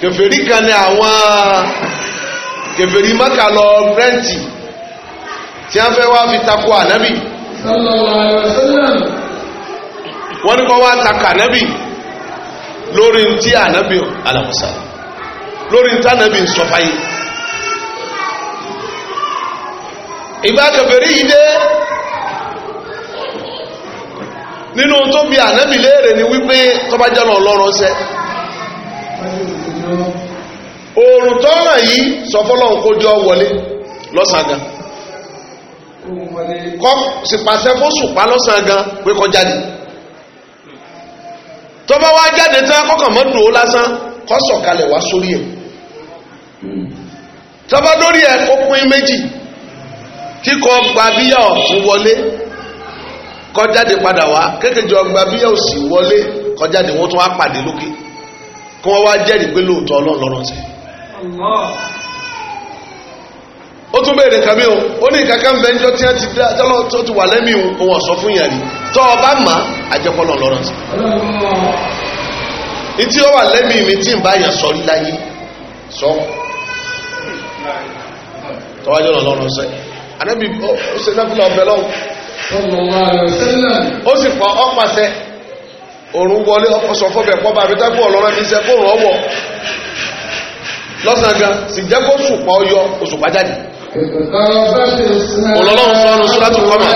kèfèrí kan ní àwọn kèfèrí mọ́kà lọ rẹ́ǹtì tí wọ́n fẹ́ wá fi takò ànábì. sallallahu alaihi wasallam wọ́n ní kọ́ wá takà ànábì lórí ntí ànábì alamusa lórí ntí ànábì nsọfáyé ìgbà kẹfẹ́rí yìí dé nínú tó bí ànábì léèrè ni wípé tọ́bajẹ́ lọ lọ́rọ́ sẹ́ oòrùn tọ́nà yìí sọ fọ́lọ́hun kó jọ wọlé lọ́sàn-án gan kọ́ sì pàṣẹ fún sùpá lọ́sàn pé kọjá ni tó bá wá jáde tán kọ́kàn mọ́ dùn ó lásán kó sọ̀kalẹ̀ wá sórí ẹ̀ tó bá lórí ẹ̀ kó pín méjì kíkọ́ gba bíyà ọ̀tún wọlé kó jáde padà wá kékejì ọgbà bíyà òsì wọlé kó jáde wọ́n tún wá pàdé lókè kí wọ́n wá jẹ́rìí pé lóòótọ́ ọlọ́run lọ́rọ̀ sí i ó tún béèrè nǹkan mi o ó ní kankan bẹ́ẹ̀ níjọ́ tí wọ́n ti dá tọ́lọ́ tó ti wà lẹ́mí òun ọ̀sọ́ fún yàrá tọ́ ọ bá mà á àjẹpọ́lọ́ lọ́rọ̀ sí. ìtí ó wà lẹ́mí mi tí ń bá yàn sọ rí láyé sọ tọ́wájú lọ́rọ̀ sẹ́ anábì ó ṣe náà fúnra ọbẹ̀ lọ́wọ́ ó sì fọ ọ́pàṣẹ òrùn wọlé ọ̀pọ̀sọ̀ fọ́bẹ̀ pọ́ bá abẹ́tẹ́ fún ọlọ́rọ̀ mi sẹ́ fóònù ọwọ́ lọ́sàn-án gan sì jẹ́ kó sùpà ọyọ òṣùpá jáde. Olọ́lọ́run sọ ọ́nà Súrátù Kọ́mà.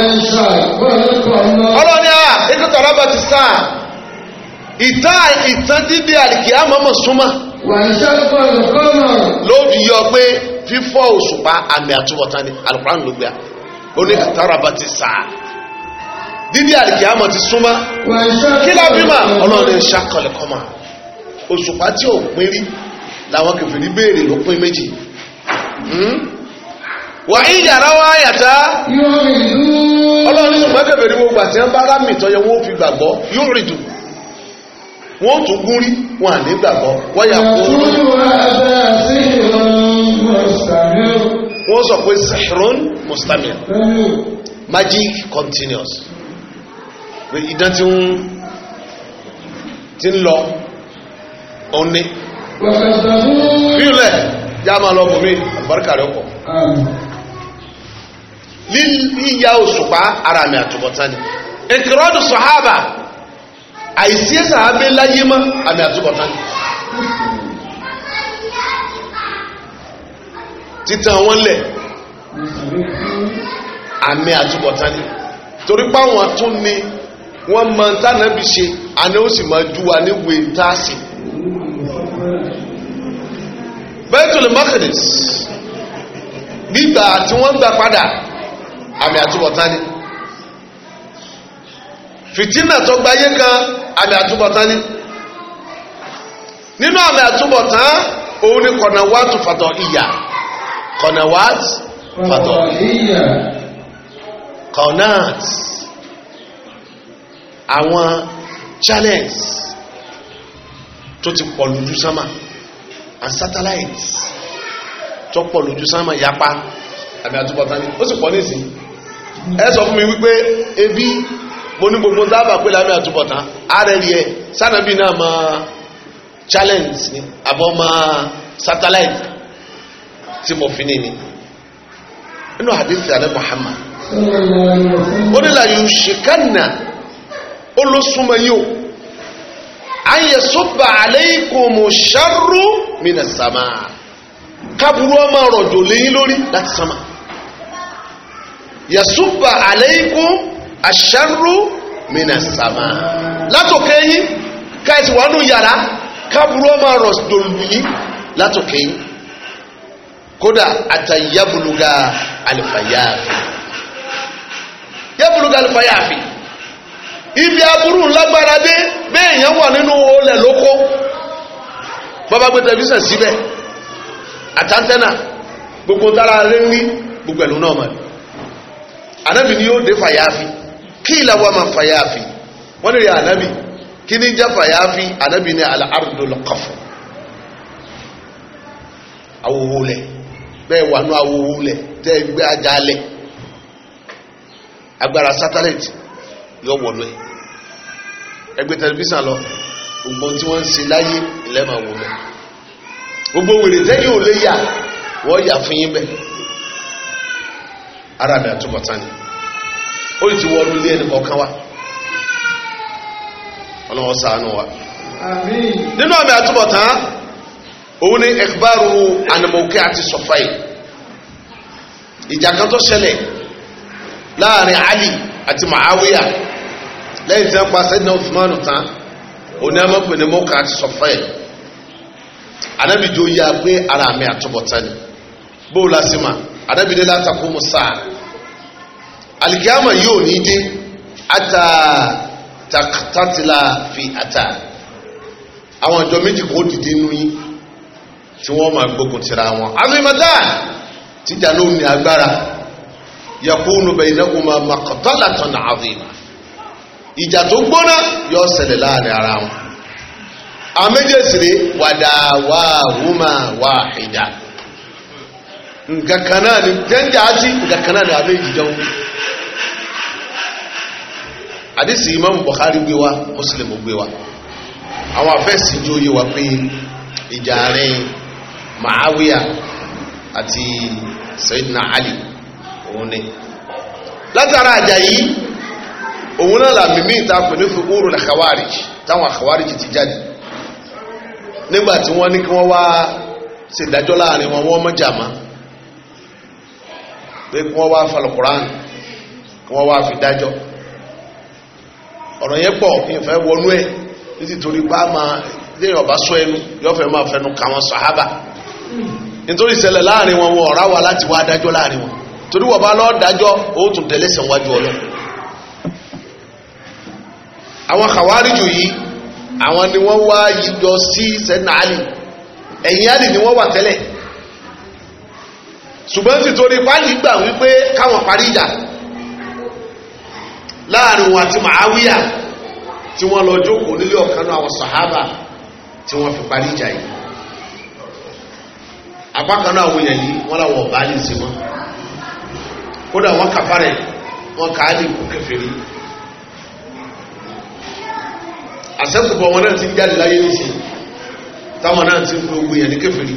Ọlọ́ni à, ah, ètò tọ̀rọ̀ bá ti sáà. Ìta ìtàn dídí àlìkì àmọ́mọ̀ súnmọ́. Ló fi yọ pé fífọ́ òṣùpá àmì àtúbọ̀tán ni Alukuraani ló gbé a. Ó ní àtàrà ah, bá ti sáà dídí àdìkì àmọ̀ ti súnmá kí lábímà ọlọ́rin ṣàkọlẹ̀ kọmà òṣùpá tí ò pín rí làwọn kèfèrí béèrè ló pín méjì hmm? wà á yàrá wá yàtá. ọlọ́run ní ṣùgbọ́n kẹfẹ́ ní gbogbo àti ẹnbá rámì tọ́yẹ wọn ò fi gbàgbọ́ yóò rìn dùn wọn ò tún gún rí wọn à ní gbàgbọ́ wọ́n yà kó. wọ́n sọ pé sihrun mustamir magic continuous ìdán tí ń ti ń lọ òun ni. fílẹ̀ yá máa lọ bùnmí àbáríkà rẹ̀ pọ̀ yíya òṣùpá ara mi àtúbọ̀tán ni ìkìrọ́dù sọ̀hábà àìsí sàábé láyé mọ́ àmì àtúbọ̀tán ni títan wọn lẹ̀ àmì àtúbọ̀tán ni torí páwọn tún ni wọ́n mọ tánàbí ṣe àná ó sì máa ju wa níwèé táàsì Baitul Maqdis gbígbà tí wọ́n gbà padà àmì àtúbọ̀tán ni fìtínà tó gbayé kan àmì àtúbọ̀tán ni nínú àmì àtúbọ̀tán òun ni kọ̀nàwátù fàtọ̀ ìyà kọ̀nàwátù fàtọ̀ ìyà kọ̀nàt àwọn channels tó ti pọ̀ lójú sánmà and satellites tó pọ̀ lójú sánmà yapa àmì àtúbọ̀tán ni ó sì pọ̀ nísìnyí ẹ sọ fún mi wípé ebi mo ní gbogbo dábàá pé lámì àtúbọ̀tán ààrẹ rí ẹ sànàbí náà máa challenge ni àbọ̀ máa satellite tí mo fi ní ni nínú hadith alẹ́ Muhammad ó ní láyé ṣìkánná ó ló súnmọ́ yìí o ayé sọ́bà alaykum sharru minas kábúrú ọmọ ọ̀rọ̀ jò léyìn lórí láti sama yasuba aleikum asharu minasama látòkè yín káyìtì wà nù yàrá kábùrú ọmọ rọ dòlù yín látòkè yín kódà yabuluga àlìfàyàfi Yabuluga àlìfàyàfi ibi aburú ńlágbára dé bẹ́ẹ̀ yẹn wà nínú olè lóko bàbá gbé tẹlifíṣàn síbẹ̀ àtàntẹ́nà gbogbo tára rẹ̀ ń rí gbogbo ẹ̀lú náà mọ̀ ní anabi ni yóò dé fàyàfi kí ìlà wà máa fàyàfi wọ́n lè anabi kí ní jẹ́ fàyàfi anabi ní al-ardu al-qafu awowo lẹ̀ bẹ́ẹ̀ wà ní awowo lẹ̀ tẹ́ gbé ajá satellite yọ wọ̀lú ẹ̀ ẹgbẹ́ tẹlifíṣàn lọ gbogbo tí wọ́n ń ṣe láyé ilẹ̀ máa wọ̀ gbogbo wèrè tẹ́yìn ò lè yà wọ́n yà fún yín bẹ́ẹ̀ ara mi àtúbọ̀tán ni ó ti wọ ọdún ilé ẹni kọ̀ọ̀kan wa ọlọ́wọ́ ṣàánú wa nínú àmì àtúbọ̀tán òun ni ẹ̀kbárù ànàmọ̀kẹ́ àti sọ̀fàì ìjà kan tó ṣẹlẹ̀ láàrin Ali àti Muawiya lẹ́yìn tí wọ́n pa Sayyidina Uthman tán òun ni a pè ní mọ́kà àti sọ̀fàì anábìjọ́ yá pé ara mi àtúbọ̀tán ni bóòlù àti máa anábìdé látàkó musa alikiyama yóò ní dé ata takitatila fi ata àwọn àjọ méjì kò dìde nù yín tí wọ́n máa gbógun tira wọn. àmìmọ́tà tíjà ló ní agbára yakunu baynahuma maqtalatan azima ìjà tó gbóná yóò ṣẹlẹ̀ láàrin ara wọn. àméjèsìrè wàdà wàhùmà wàhìdà. Wa nǹkan kan ni jẹ́ǹjà á sí nǹkan ni àbẹ́ ìjọun àdìsí Imam Bukhari gbé wa Muslim gbé wa àwọn afẹ́sì jó yé wa pé ìjà àárín Ma'awiya àti Sayyidina Ali òun ni látara àjà yìí òun náà làmì míì ta pè ní fukuru na khawarij táwọn khawarij ti jáde nígbà tí wọ́n ní kí wọ́n wá ṣèdájọ́ láàrin wọn wọ́n mọ́jà máa pé kí wọ́n wá falọ̀kùránì kí wọ́n wá fi dájọ́ ọ̀rọ̀ yẹn pọ̀ kí n fẹ́ wọnú ẹ̀ nítorí bá máa léèyàn ọba sọ ẹnu yọfẹ máa fẹnu ka wọn sàhábà nítorí ìṣẹ̀lẹ̀ láàrin wọn wọn ọ̀rá wa láti wá dájọ́ láàrin wọn torí wọ́n bá lọ́ọ́ dájọ́ ó tún tẹ̀lé sẹ̀wájú ọlọ́ àwọn kàwáríjù yìí àwọn ni wọ́n wá yíjọ sí sẹ́nà ẹ̀yìn àlì ni wọ́n wà tẹ́lẹ̀ ṣùgbọ́n sì torí pálí gbà wípé káwọn parí ìjà láàrin wọn àti màáwíyà tí wọ́n lọ jókòó nílé ọ̀kan náà àwọn sàhábà tí wọ́n fi parí ìjà yìí apá kan náà àwọn èèyàn yìí wọ́n làwọn ọ̀bá lè ṣe mọ́ kódà wọ́n kàfàrẹ̀ wọ́n kàá lè kú kèfèrí àṣẹ́kùbọ̀ wọn náà ti ń jáde láyé níṣẹ́ táwọn náà ti ń gbogbo èèyàn ní kèfèrí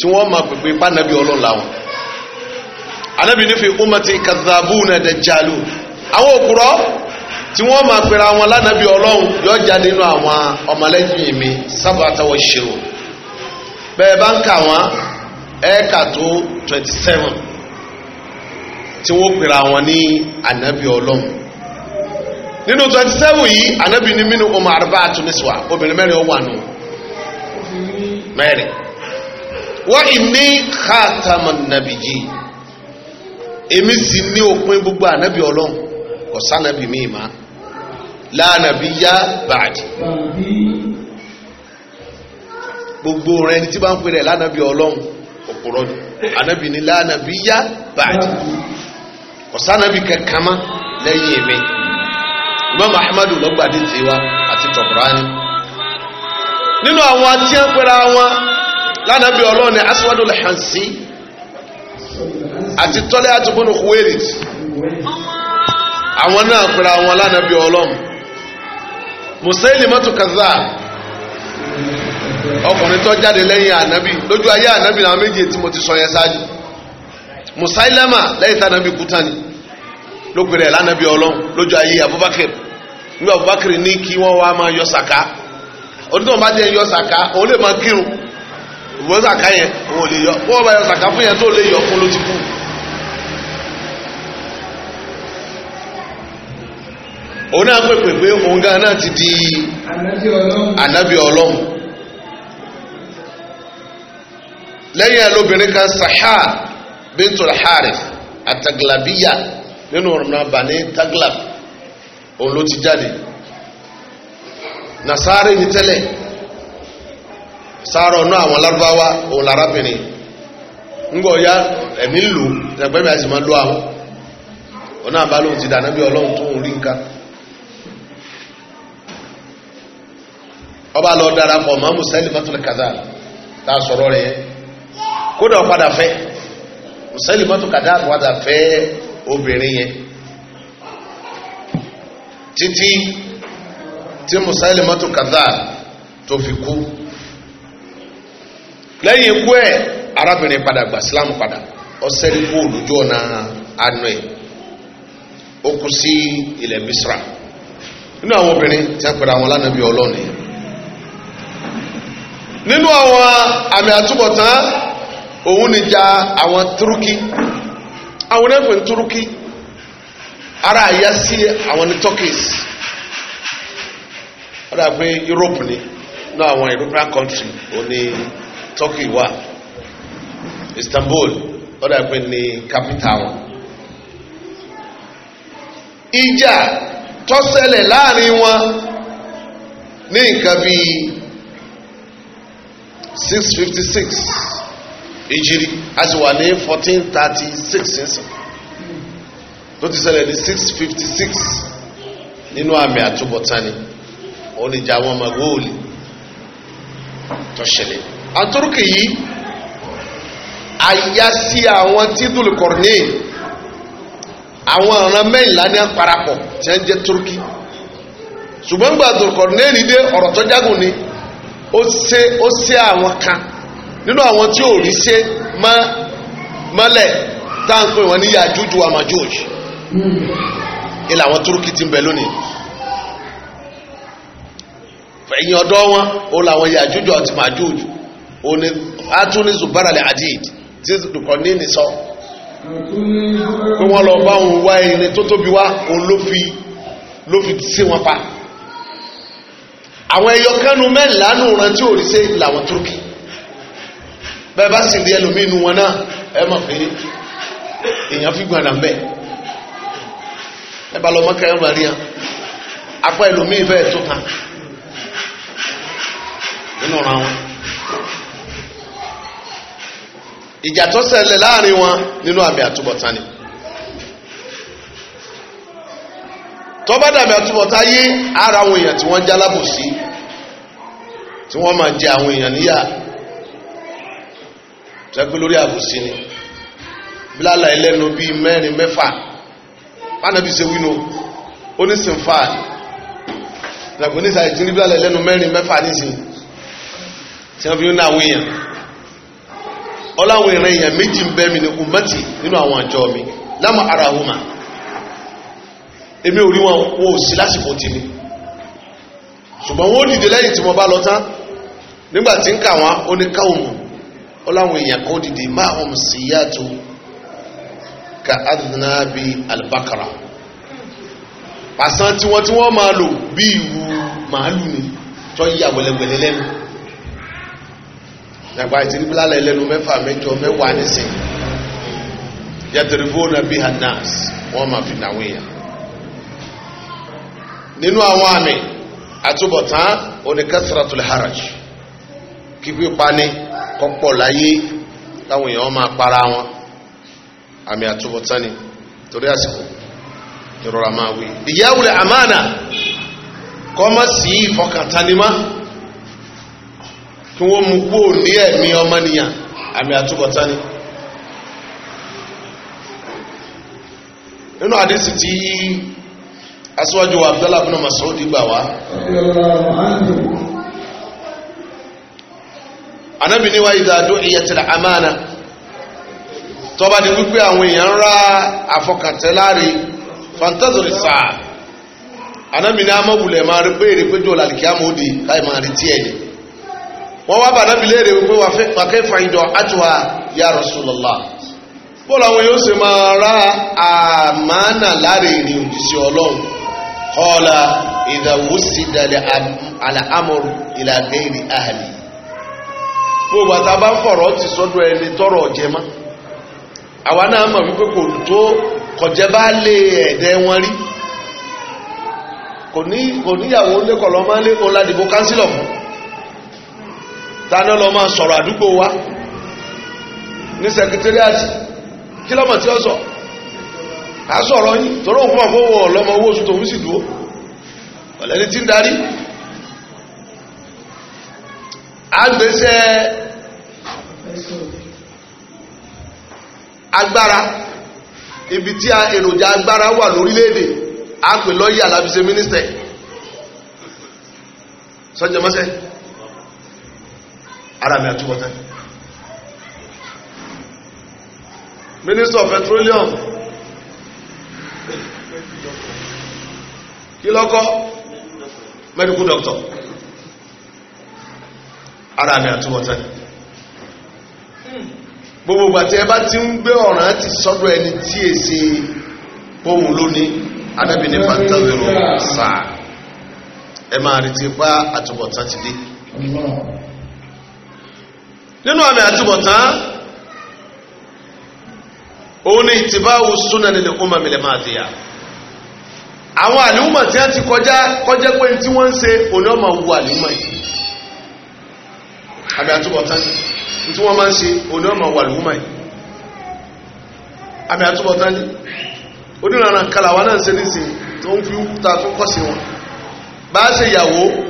tí wọ́n máa pèpè pànàbí ọlọ́run làwọn anabi nífi umati kadhabuna dajjalu àwọn òkúrọ tí wọ́n máa pèrè àwọn lánàbí ọlọ́run yọ jáde nínú àwọn ọmọlẹ́yìn mi sábà àtàwọn ìṣirò bẹ́ẹ̀ bá ń kà wọ́n ẹ̀ẹ́kà tó twenty seven tí wọ́n pèrè àwọn ní ànábì ọlọ́run nínú twenty seven yìí ànábì ní mímú ọmọ àrùbá àtúnisùwà obìnrin mẹ́rin ó wà nù mẹ́rin. Wa emy ha tama na Emi si mi okpu ebubo ana bi olonwu osa mi ma. Laa na bi ya baadị. Gbogboore n'etiba nkwere laa na bi olonwu okporo n'enye. Ana bi ni lanabi ya baadị. Osana bi kakama na iye mee. N'oge mahamadu n'ogba adi ntị wa ati chobriani. Ninu awa nche nkwere awa. lánàbí ọlọ́run ní aswadul hansi àti tọ́lẹ́ àtúbọ̀nù kuwait àwọn náà pèrè àwọn lánàbí ọlọ́run musailimatu kazzab ọkùnrin tó jáde lẹ́yìn ànábì lójú ayé ànábì làwọn méjì tí mo ti sọ yẹn ṣáájú musailama lẹ́yìn tànábì kútani ló pèrè ẹ̀ lánàbí ọlọ́run lójú ayé abubakar ní abubakar ní kí wọ́n wá máa yọ sàká onídọ̀ọ́ bá jẹ́ yọ sàká òun lè máa kírun. ìwé zaka yẹn wọn ò lè yọ wọn bá yọ zaka fún yẹn tó lè yọ fún ló ti kú. òun náà pèpè pé òun gan náà ti di anabi ọlọ́run lẹ́yìn ẹ̀ lóbìnrin kan Sahha bintul taglab òun ló ti sáárà ọ̀nà àwọn lárúbáwá òun lárábìnrin ńgbọ̀ ya ẹ̀mí lò ẹgbẹ́ mi àti lọ àwọn ọ̀nà ti dànà bí ọlọ́run tó ń rí nǹkan ọba lọ darapọ̀ mọ́ Musailatul Kadhab tá a sọ̀rọ̀ rẹ̀ kódà padà fẹ́ padà fẹ́ obìnrin yẹn títí tí tó fi kú. lẹ́yìn ikú ẹ̀ arábìnrin padà gba islam padà ọsẹ́ ní kó lójú ọ̀nà àánú ẹ̀ ó kú sí ilẹ̀ misra nínú àwọn obìnrin tí a pèrè àwọn lánàbí ọlọ́ọ̀ni nínú àwọn àmì àtúbọ̀tán òun ni ja àwọn àwọn ara àyà sí àwọn ní turkeys ó Europe ni Turkey wà Istanbul ó dà pé ní capital wọn. ìjà tó ṣẹlẹ̀ láàrin wọn ní nǹkan bíi six fifty six ìjìrì a sì wà ní fourteen thirty six sísìn tó ti ṣẹlẹ̀ ní six fifty six nínú àmì àtúbọ̀tán ni òun ìjà àwọn ọmọ góòlì tó ṣẹlẹ̀ àtúrùkì yìí àyà sí àwọn tídùlù kọ̀rọ̀nì àwọn ọ̀ràn mẹ́yìnlá ní parapọ̀ tí wọ́n jẹ́ Turki ṣùgbọ́n gbà tó kọ̀rọ̀nì ní dé ọ̀rọ̀ tó jágùn ni ó ṣe ó ṣe àwọn kan nínú àwọn tí ò rí ṣe mọ́lẹ̀ tá à ń pè wọ́n ní Yájújù wa Májújù àwọn Turki ti ń bẹ lónìí ẹ̀yìn ọ̀dọ́ wọn ó làwọn Yájújù àti Májújù òní atuni zubara le adid tí dùkọ̀ní ní sọ pé wọ́n lọ bá òun wá irin tó tóbi wá òun ló fi ló fi sí wọn pa àwọn ẹyọ kánú mẹ́ńlá nù rán tí òrì sí làwọn Turkey bẹ́ẹ̀ bá sì rí ẹlòmíì nu wọn náà ẹ mọ̀ pé èèyàn fi gbọ̀nà mbẹ́ ẹ bá lọ mọ́kà ẹ̀rọ àríyàn apá ẹlòmíì fẹ́ẹ̀ tó kan nínú ọ̀ràn wọn. ìjà tó ṣẹlẹ̀ láàrin wọn nínú àmì àtúbọ̀tán ni tó bá dàmì àtúbọ̀tán yé ara àwọn èèyàn tí wọ́n jálábò sí tí wọ́n máa jẹ àwọn èèyàn níyà tẹ́gbẹ́ lórí àbòsí ni bílálà ẹlẹ́nu bíi mẹ́rin mẹ́fà pánàbí ṣe wínú onísìnfà ìlàgbọ́n nísàlẹ̀ tí ní bílálà ẹlẹ́nu mẹ́rin mẹ́fà nísìn tí wọ́n fi ń ná àwọn èèyàn ọláwọn ìran èèyàn méjì ń bẹ́ mi ní ummati nínú àwọn àjọ mi lámà ara huma èmi ò rí wọn wọn ò sí lásìkò tèmi ṣùgbọ́n wọn ó dìde lẹ́yìn tí mo bá lọ tán nígbà tí ń kà wọn ó ọláwọn èèyàn kó dìde máa hàn sí yàtọ̀ ka adùnábi albakara pàṣán tiwọn tí wọ́n máa lò bí ìwú màálù ni tó yà wẹ̀lẹ̀wẹ̀lẹ̀ lẹ́nu nàgbà ìtì níbílà lẹ́lẹ́nu mẹ́fà mẹ́jọ mẹ́wàá nísìn yàtẹ̀rẹ̀fọ́ nàbí hanas wọ́n máa fi nàwé yà nínú àwọn àmì àtúbọ̀tán oníkẹ́sìràtúlẹ̀ haraj kíkípani kọ́pọ̀ láyé táwọn èèyàn máa para wọn àmì àtúbọ̀tán ni torí àsìkò ìrora máa wí ìyáwó lẹ́ àmàna kọ́mọ́ ìfọkàntánimá kí wọ́n mú kú ní ẹ̀mí ọmọnìyàn àmì àtúbọ̀tán ni nínú àdísì tí aṣíwájú wa Abdullahi bin Mas'ud gbà wá anábì níwá ìdádó ìyẹtìlá amánà tọ́ba di wípé àwọn èèyàn ń ra àfọkàntẹ́ láre fantazori sáà anábì ní amọ́bùlẹ̀ máa rí pé èrè péjọ làlìkí àmọ́ òde láì máa rí wọ́n wá bàdá bilé rẹ̀ wípé wàkẹ́ fàyìndọ̀ àtúwà ya Rasulullah bọ́ọ̀lù àwọn yóò ṣe máa ra àmánà láre ní òjíṣẹ́ ọlọ́run kọ́ọ̀lá ìdàwùsídàlẹ̀ àlàámọ̀rù ìlàgbé ìrì àhàlì gbogbo àtà bá ń fọ̀rọ̀ ti sọ́dọ̀ ẹni tọrọ ọ̀jẹ́ má àwa náà mọ̀ wípé kò tó kọ̀jẹ́ bá lé ẹ̀dẹ́ wọn rí kò níyàwó lẹ́kọ̀ọ́ lọ́ máa ń lé kó ládìbò kánsílọ̀ fún un tani lọ máa sọ̀rọ̀ àdúgbò wa ní secretariat kí lọ́mọ̀ tí ó sọ a sọrọ yìí tọ́rọ òun fún ọ̀fọ́wọ́ ọ̀lọ́mọ owó oṣù tòun sì dúó ọ̀lẹ́ni tí ń darí agbésẹ́ agbára ibi tí a èròjà agbára wà lórílẹ̀èdè a pè lọ́yà lábíṣẹ́ mínísítẹ̀ sọ́jọ́mọ́sẹ́ ara mi àtúbọ̀tán minister of petroleum kí lọ́kọ́ medical doctor ara mi gbogbo ẹ bá ti ń gbé ọ̀ràn ti sọ́dọ̀ ẹni tí lónìí adábìnrin sáà ẹ máa retí pa àtúbọ̀tán ti dé nínú àmì àtúbọ̀tán òun ni ìtìbáwò súnà nílẹ̀ kó máa mílẹ̀ máa dìyà àwọn àlùmọ̀ tí a ti kọjá kọjá pé tí wọ́n ń ṣe òní ọmọ wu àlùmọ̀ yìí àmì àtúbọ̀tán tí wọ́n máa ń ṣe òní ọmọ wu àlùmọ̀ yìí àmì àtúbọ̀tán ni onírànà kalawa náà ń ṣe nísìnyí tó ń fi ta tó kọ́ sí wọn bá a ṣe ìyàwó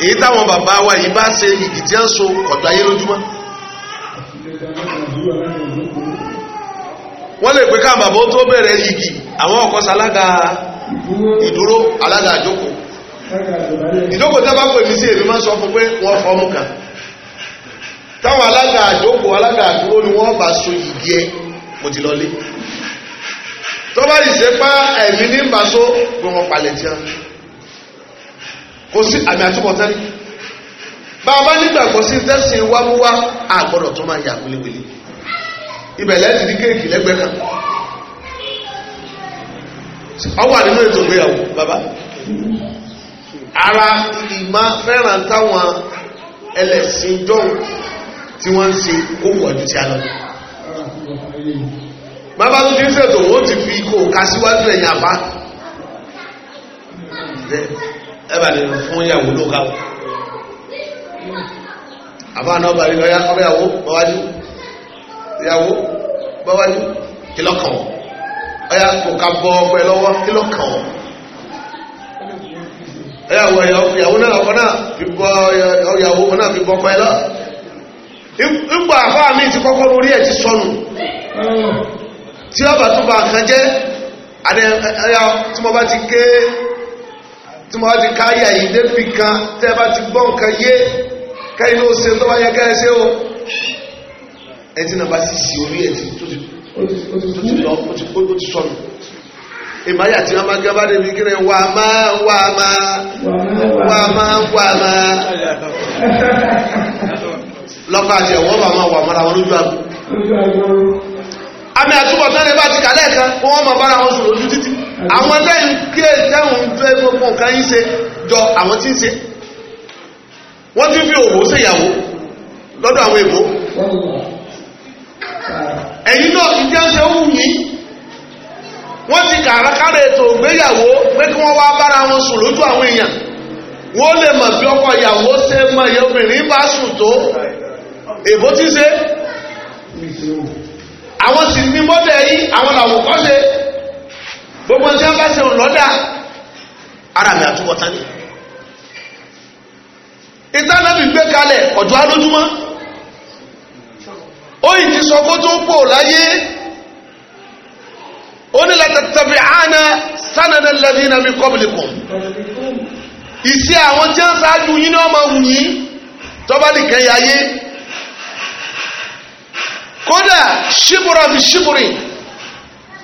èyí táwọn bàbá wa yìí bá ṣe igi tí ń so ọ̀dọ̀ ayé lójúmọ́ wọ́n lè pé káà bàbá ó tó bẹ̀rẹ̀ igi àwọn ọkọ̀ sálága ìdúró alága àjókò ìjókò tí a bá pè mí sí èmi máa sọ fún pé wọ́n fọ́ mú kan táwọn alága àjókò alága àdúró ni wọ́n bá so igi ẹ mo ti lọlé tó bá yìí ṣe pa ẹ̀mí ní ìbáṣó gbọ́n palẹ̀ tí kò sí àmì àtúbọ̀tán bàbá nígbàgbọ́ sí tẹ́sìn wáwúwá àgbọ̀dọ̀ tó máa yà wíléwílé ibẹ̀ lẹ́yìn ti di kéèkì lẹ́gbẹ̀ẹ́ kan ọwọ́ àdínú ètò ìgbéyàwó bàbá ara ìmá fẹ́ràn táwọn ẹlẹ́sìn jọ́hùn tí wọ́n ń ṣe ó wọ̀ ju ti alọ́ bàbá tó ti ń ṣètò wọ́n ti fi kó o ká síwájú ẹ̀yìn àbá ẹbà lè fún ìyàwó ló ká àbáàná ọba rí ọya ọba ìyàwó bọ́wájú ìyàwó bọ́wájú kìlọ́kàn ọya kò ká bọ́ ọpẹ lọ́wọ́ kìlọ́kàn ẹyàwó ìyàwó náà ọkọ náà fi bọ́ ìyàwó náà fi bọ́ ọpẹ lọ ipò àfáà mi ti kọ́kọ́ lórí ẹ̀ ti sọnù tí ọba tó ba tí mo bá ti ké tí mo bá ti ká yà yìí débì kan tẹ́ bá ti gbọ́ nǹkan yé kẹ́yìn ló ṣe tó bá yẹ kẹ́yìn ṣe o ẹ ti nàbà sì sí orí ẹ tó ti lọ ó ti kókó ti sọnù ìmáyà tí wọn máa gbé abáde mi kíni wà máa wà máa wà máa wà máa *laughs* lọ́kọ̀ àti ẹ̀wọ́ bá máa wà máa làwọn lójú àgbò àmì àtúbọ̀tán lè bá ti kà lẹ́ẹ̀kan kó wọ́n mọ̀ bára wọn sùn lójú títì àwọn lẹ́yìn kí ẹ̀tẹ́hùn fẹ́ gbogbo nǹkan yín ṣe jọ àwọn tí ń ṣe wọ́n ti fi òwò ṣèyàwó lọ́dọ̀ àwọn èbó ẹ̀yìn náà ti jẹ́ ṣe wù yín wọ́n ti kàrà kárẹ̀ ètò ìgbéyàwó pé kí wọ́n wá bára wọn sùn lójú àwọn èèyàn wọ́n lè mọ̀ bí ọkọ ìyàwó ṣe mọ ìyẹn àwọn sì ní mọ́tẹ̀ yìí àwọn làwọn kọ́ ṣe gbogbo tí wọ́n bá ṣe lọ́dà ara mi àtúbọ̀ tán ni. ìtànàbì gbé kalẹ̀ ọ̀dọ́ alójúmọ́ ó yìí ti sọ kó tó ń pò láyé ó ní látàtàbí àná sánàdà lẹ́bìnrin mi kọ́bìlìkùn ìṣe àwọn tí wọ́n ṣáájú yín ni wọ́n máa wù yín tọ́ba nìkan yà yé. kódà ṣíbùrọ̀ bí ṣíbùrì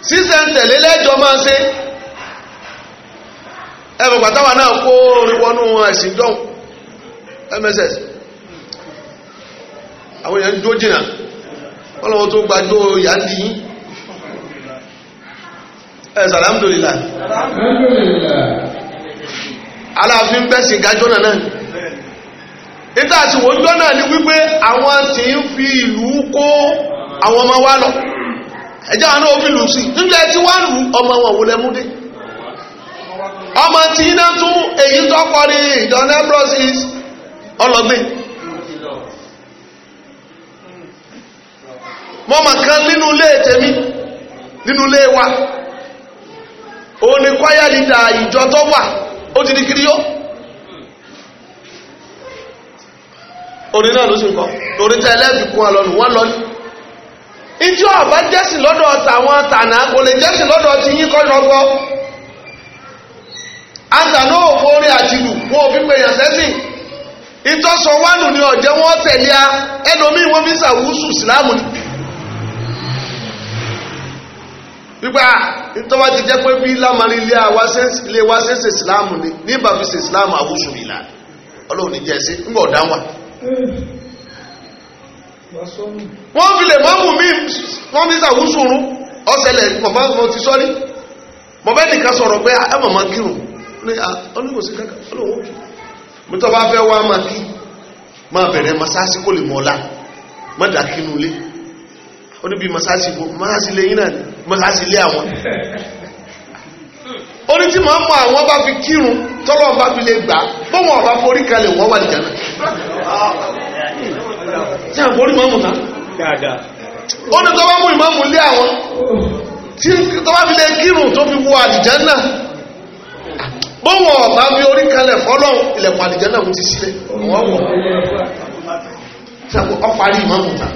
sísẹ̀ntẹ̀lé lẹ́jọ́ máa ṣe ẹ̀bùn pàtàwà náà kó wọnú mss àwọn èèyàn dó jìnà wọ́n lọ́wọ́ tó gbàjó ìyá ń dìyín ẹ̀sà nígbà tí wọ́n náà ni wípé àwọn tí ń fi ìlú kó àwọn ọmọ wa lọ ẹjọ́ àwọn náà ó si sí nígbà tí wọ́n lù ọmọ wọn wò lẹ́múdé ọmọ tí iná tún èyí tó kọrí ìjọ nebrosis ọlọ́gbìn mọ́mọ̀ kan nínú ilé tèmi nínú ilé wa òun ni kwaya leader ìjọ tó wà ó orin náà ló sì ń kọ́ orin tẹ́ ẹlẹ́sìn kún ọlọ́nu wọ́n lọ lọ́dọ̀ tàwọn tànà kò lè lọ́dọ̀ ti yín kọ́ lọ́gbọ́. àtàná òfò orin àti wọn tẹ̀lé a ẹlòmíì wọn fi ni. gbígbà ìtọ́wá ti jẹ́ pé bí ilé wa ṣe ń ni ní ọlọ́run ní jẹ́ sí wọ́n fi lè mọ́mù mí wọ́n ní sàwúsùrù ọ̀sẹ̀lẹ̀ mọ̀fá mo ti sọ́rí mọ̀fẹ́ nìkan sọ̀rọ̀ pé ah, ẹ mọ̀ máa kírun ní ọlọ́gbọ̀sí ah, kankan ọlọ́wọ́ kí mo tọ́ bá fẹ́ wá máa kí máa bẹ̀rẹ̀ masáàsì kò lè mọ̀ọ́lá má dàkínú lé ó níbi masáàsì bò masáàsì lé yín náà masáàsì lé àwọn ó ní tí màá mọ àwọn bá fi kírun tọ́lọ́ bá fi lè gbà bóun ọ̀bá forí kalẹ̀ wọ́n wà nìjànà tí a kò rí mọ́mù náà dáadáa ó ní tọ́wọ́ mú ìmọ́mù lé àwọn tí tọ́wọ́ fi lè kírun tó fi wọ àlìjánà bọ́wọ̀ ọ̀bá fi orí kalẹ̀ fọ́lọ́ ilẹ̀kùn àlìjánà ń ti sílẹ̀ wọ́wọ́ tí a kò ọ parí ìmọ́mù náà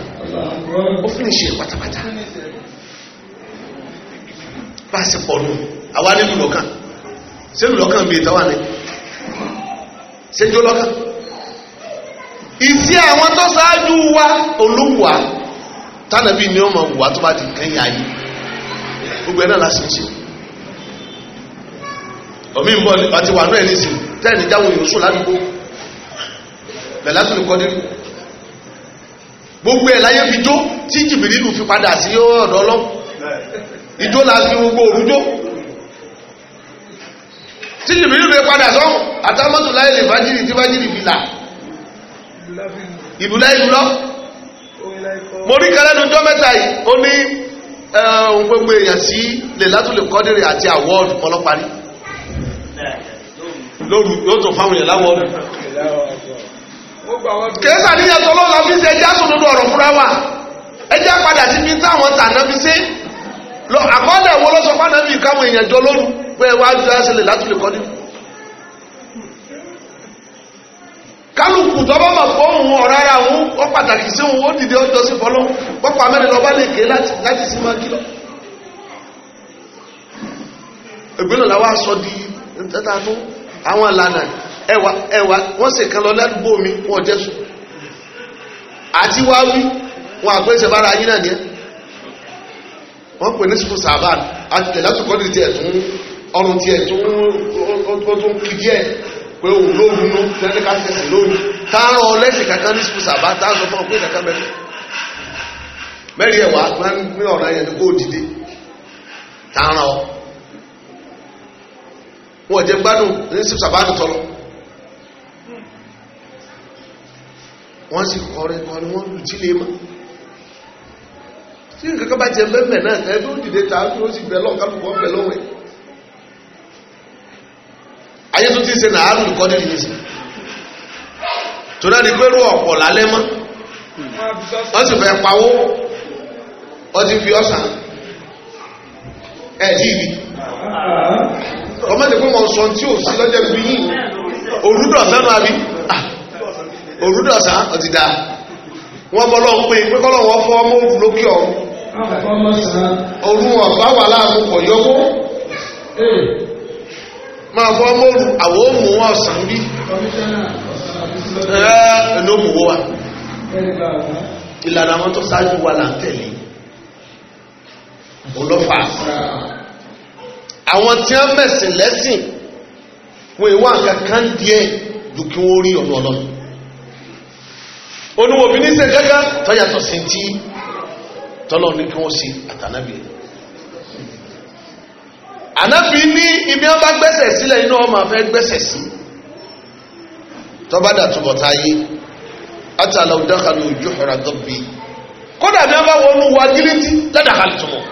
ó fi lè ṣe pátápátá lọ́kàn ìsí àwọn tó ṣáájú wa olówùwà tánàbí ni ó mọ wùwà tó bá ti kẹ́yìn ayé gbogbo ẹ̀ náà la ṣe ń ṣe omi ń bọ̀ àti wà náà ní sìn tẹ́ẹ̀ni jáwọ́ èèyàn sùn ládùúgbò bẹ̀lá tún ní kọ́dé gbogbo ẹ̀ láyé fi jó tí jìbìrìlù fi padà sí ọ̀dọ̀ ọlọ́ ìjó la fi gbogbo òru jó tí jìbìrìlù padà sọ́hùn àtàmọ́tò láyé lè fájìrì tí fájìrì fi là ìbúlẹ̀ ìbúlọ́ mo rí kẹlẹ́ nu jọ́mẹ́ta yìí ó ní ohun gbogbo èèyàn sí lè látúlè kọ́dìrì àti àwọ́ọ̀dù kọlọ́parí lóru yóò tó fáwọn èèyàn láwọ́ọ̀dù kèésà níyà tó lọ́la fi ṣe ẹjẹ́ àsòdodo ọ̀rọ̀ fúnra wa ẹjẹ́ padà sí fi táwọn tàná fi ṣe àkọ́dẹ̀ wo lọ́sọ̀kọ́ náà fi káwọn èèyàn jọ lóru pé wájú ẹsẹ̀ lè látúlè kọ́dìrì kálukú tọ́bọ̀ mọ̀ pọ̀ òun ọ̀rọ̀ ara òun ó pàtàkì sí òun ó dìde ọjọ́ sí fọlọ́ pọ́pọ́ amẹ́rin lọ́ba lè ké láti sí máa kìlọ̀ ìgbélò làwọn aṣọ di tẹ́ta fún àwọn ìlànà ẹwà ẹwà wọ́n sì kan lọ lẹ́dùgbò mi wọ́n jẹ́ sùn àti wá wí wọn àpèsè bára yín náà nìyẹn wọ́n pè ní sùkúl sàbàn àti tẹ̀lẹ́tùkọ́ di tiẹ̀ tún ọrùn tiẹ̀ tún ó tún kí díẹ̀ pé òun ló runú tẹ́lẹ̀ ká tẹ̀sí lónìí táàrọ̀ ọlẹ́sìn kankan ní sùkúl sàbá táàrọ̀ fún ọkùnrin kankan mẹ́rin mẹ́rin ẹ̀wà máa ń ní ọ̀rọ̀ yẹn kó dìde táàrọ̀ wọn jẹ gbádùn ní sùkúl sàbá tó tọ̀lọ̀ wọ́n sì kọrin kọrin wọ́n lù tí lè mọ́ tí nǹkan kan bá jẹ mẹ́mẹ́ náà ẹgbẹ́ òdìdé tààrọ̀ ó sì bẹ̀ lọ́ọ̀ kálukú bẹ̀ lọ́wọ́ ẹ̀ ayé tó ti na nàárù nìkan ní ìyẹn sí tòun àti pẹ̀lú ọ̀pọ̀ lálẹ́ mọ́ wọ́n sì fẹ́ pawó wọ́n ti fi ọ̀sán ẹ̀ sí ibi ọmọdé pé wọ́n sọ tí ò sí lọ́jọ́ ìbí yìí òrùdọ̀sán náà bí ah, òrùdọ̀sán ọ̀tí dáa wọ́n bọ́ lọ́wọ́ máa fọ́ mọ́rù àwọ̀ òmù wọn ọ̀sán bí ẹ́ ló mú wa ìlànà àwọn tó ṣáájú wa là ń tẹ̀lé olófà àwọn tí wọ́n mẹ̀sìn lẹ́sìn wọn ìwà kankan díẹ̀ ju kí wọ́n rí ọ̀nà ọlọ́run oníwòbí ní sẹ́gẹ́gá tọ́yàtọ̀ sí ti tọ́lọ́ ní kí wọ́n ṣe àtànábìrì ànáfi ní ibi wọn bá gbẹ́sẹ̀ sílẹ̀ inú ọmọ afẹ́ gbẹ́sẹ̀ sí tọ́ba dàtúbọ̀ ala àtàlà òdàkàlù ojú ọ̀rà gọ́bì kódà wọn bá wọnú wa gíríntì ládàkàlù tùmọ̀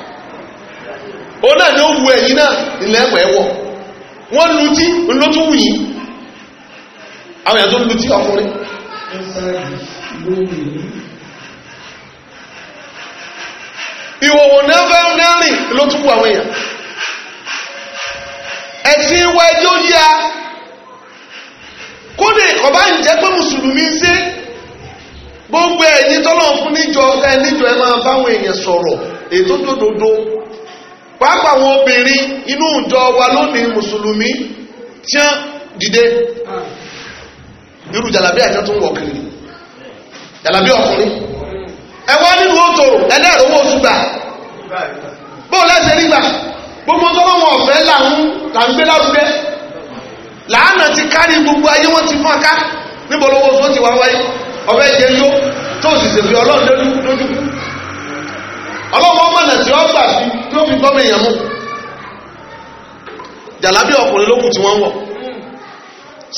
òun náà ni ó wu ẹ̀yìn náà ilẹ̀ ẹ̀wọ̀ ẹ̀wọ̀ wọ́n lutí ńlọ́tú wù yìí àwọn lu ọkùnrin náà fẹ́ ló tún wù àwọn èèyàn ẹ̀sìn wa ẹjọ́ yíya kódé ọba ń pé mùsùlùmí sí gbogbo tọ́lọ̀ fún níjọ ẹ níjọ ẹ máa èèyàn sọ̀rọ̀ ètò dòdòdó pàápàá àwọn obìnrin inú ìjọ wa lónìí mùsùlùmí tiẹ́ dìde irú kiri ọkùnrin ẹ wá nínú ẹlẹ́rọ owó oṣù gbà gbogbo ọlọ́wọ́ ọ̀fẹ́ làwọn làgbé lárugẹ làánà ti kárí gbogbo ayé wọn ti fún aká níbo ti wá wáyé ọbẹ̀ jẹ yó tó sì ṣèfì ọlọ́run lójú ọlọ́wọ́ mọ̀nà tí wọ́n gbà fi tí ó fi gbọ́ mi yàn mú jàlábí ọkùnrin lókùn tí wọ́n wọ̀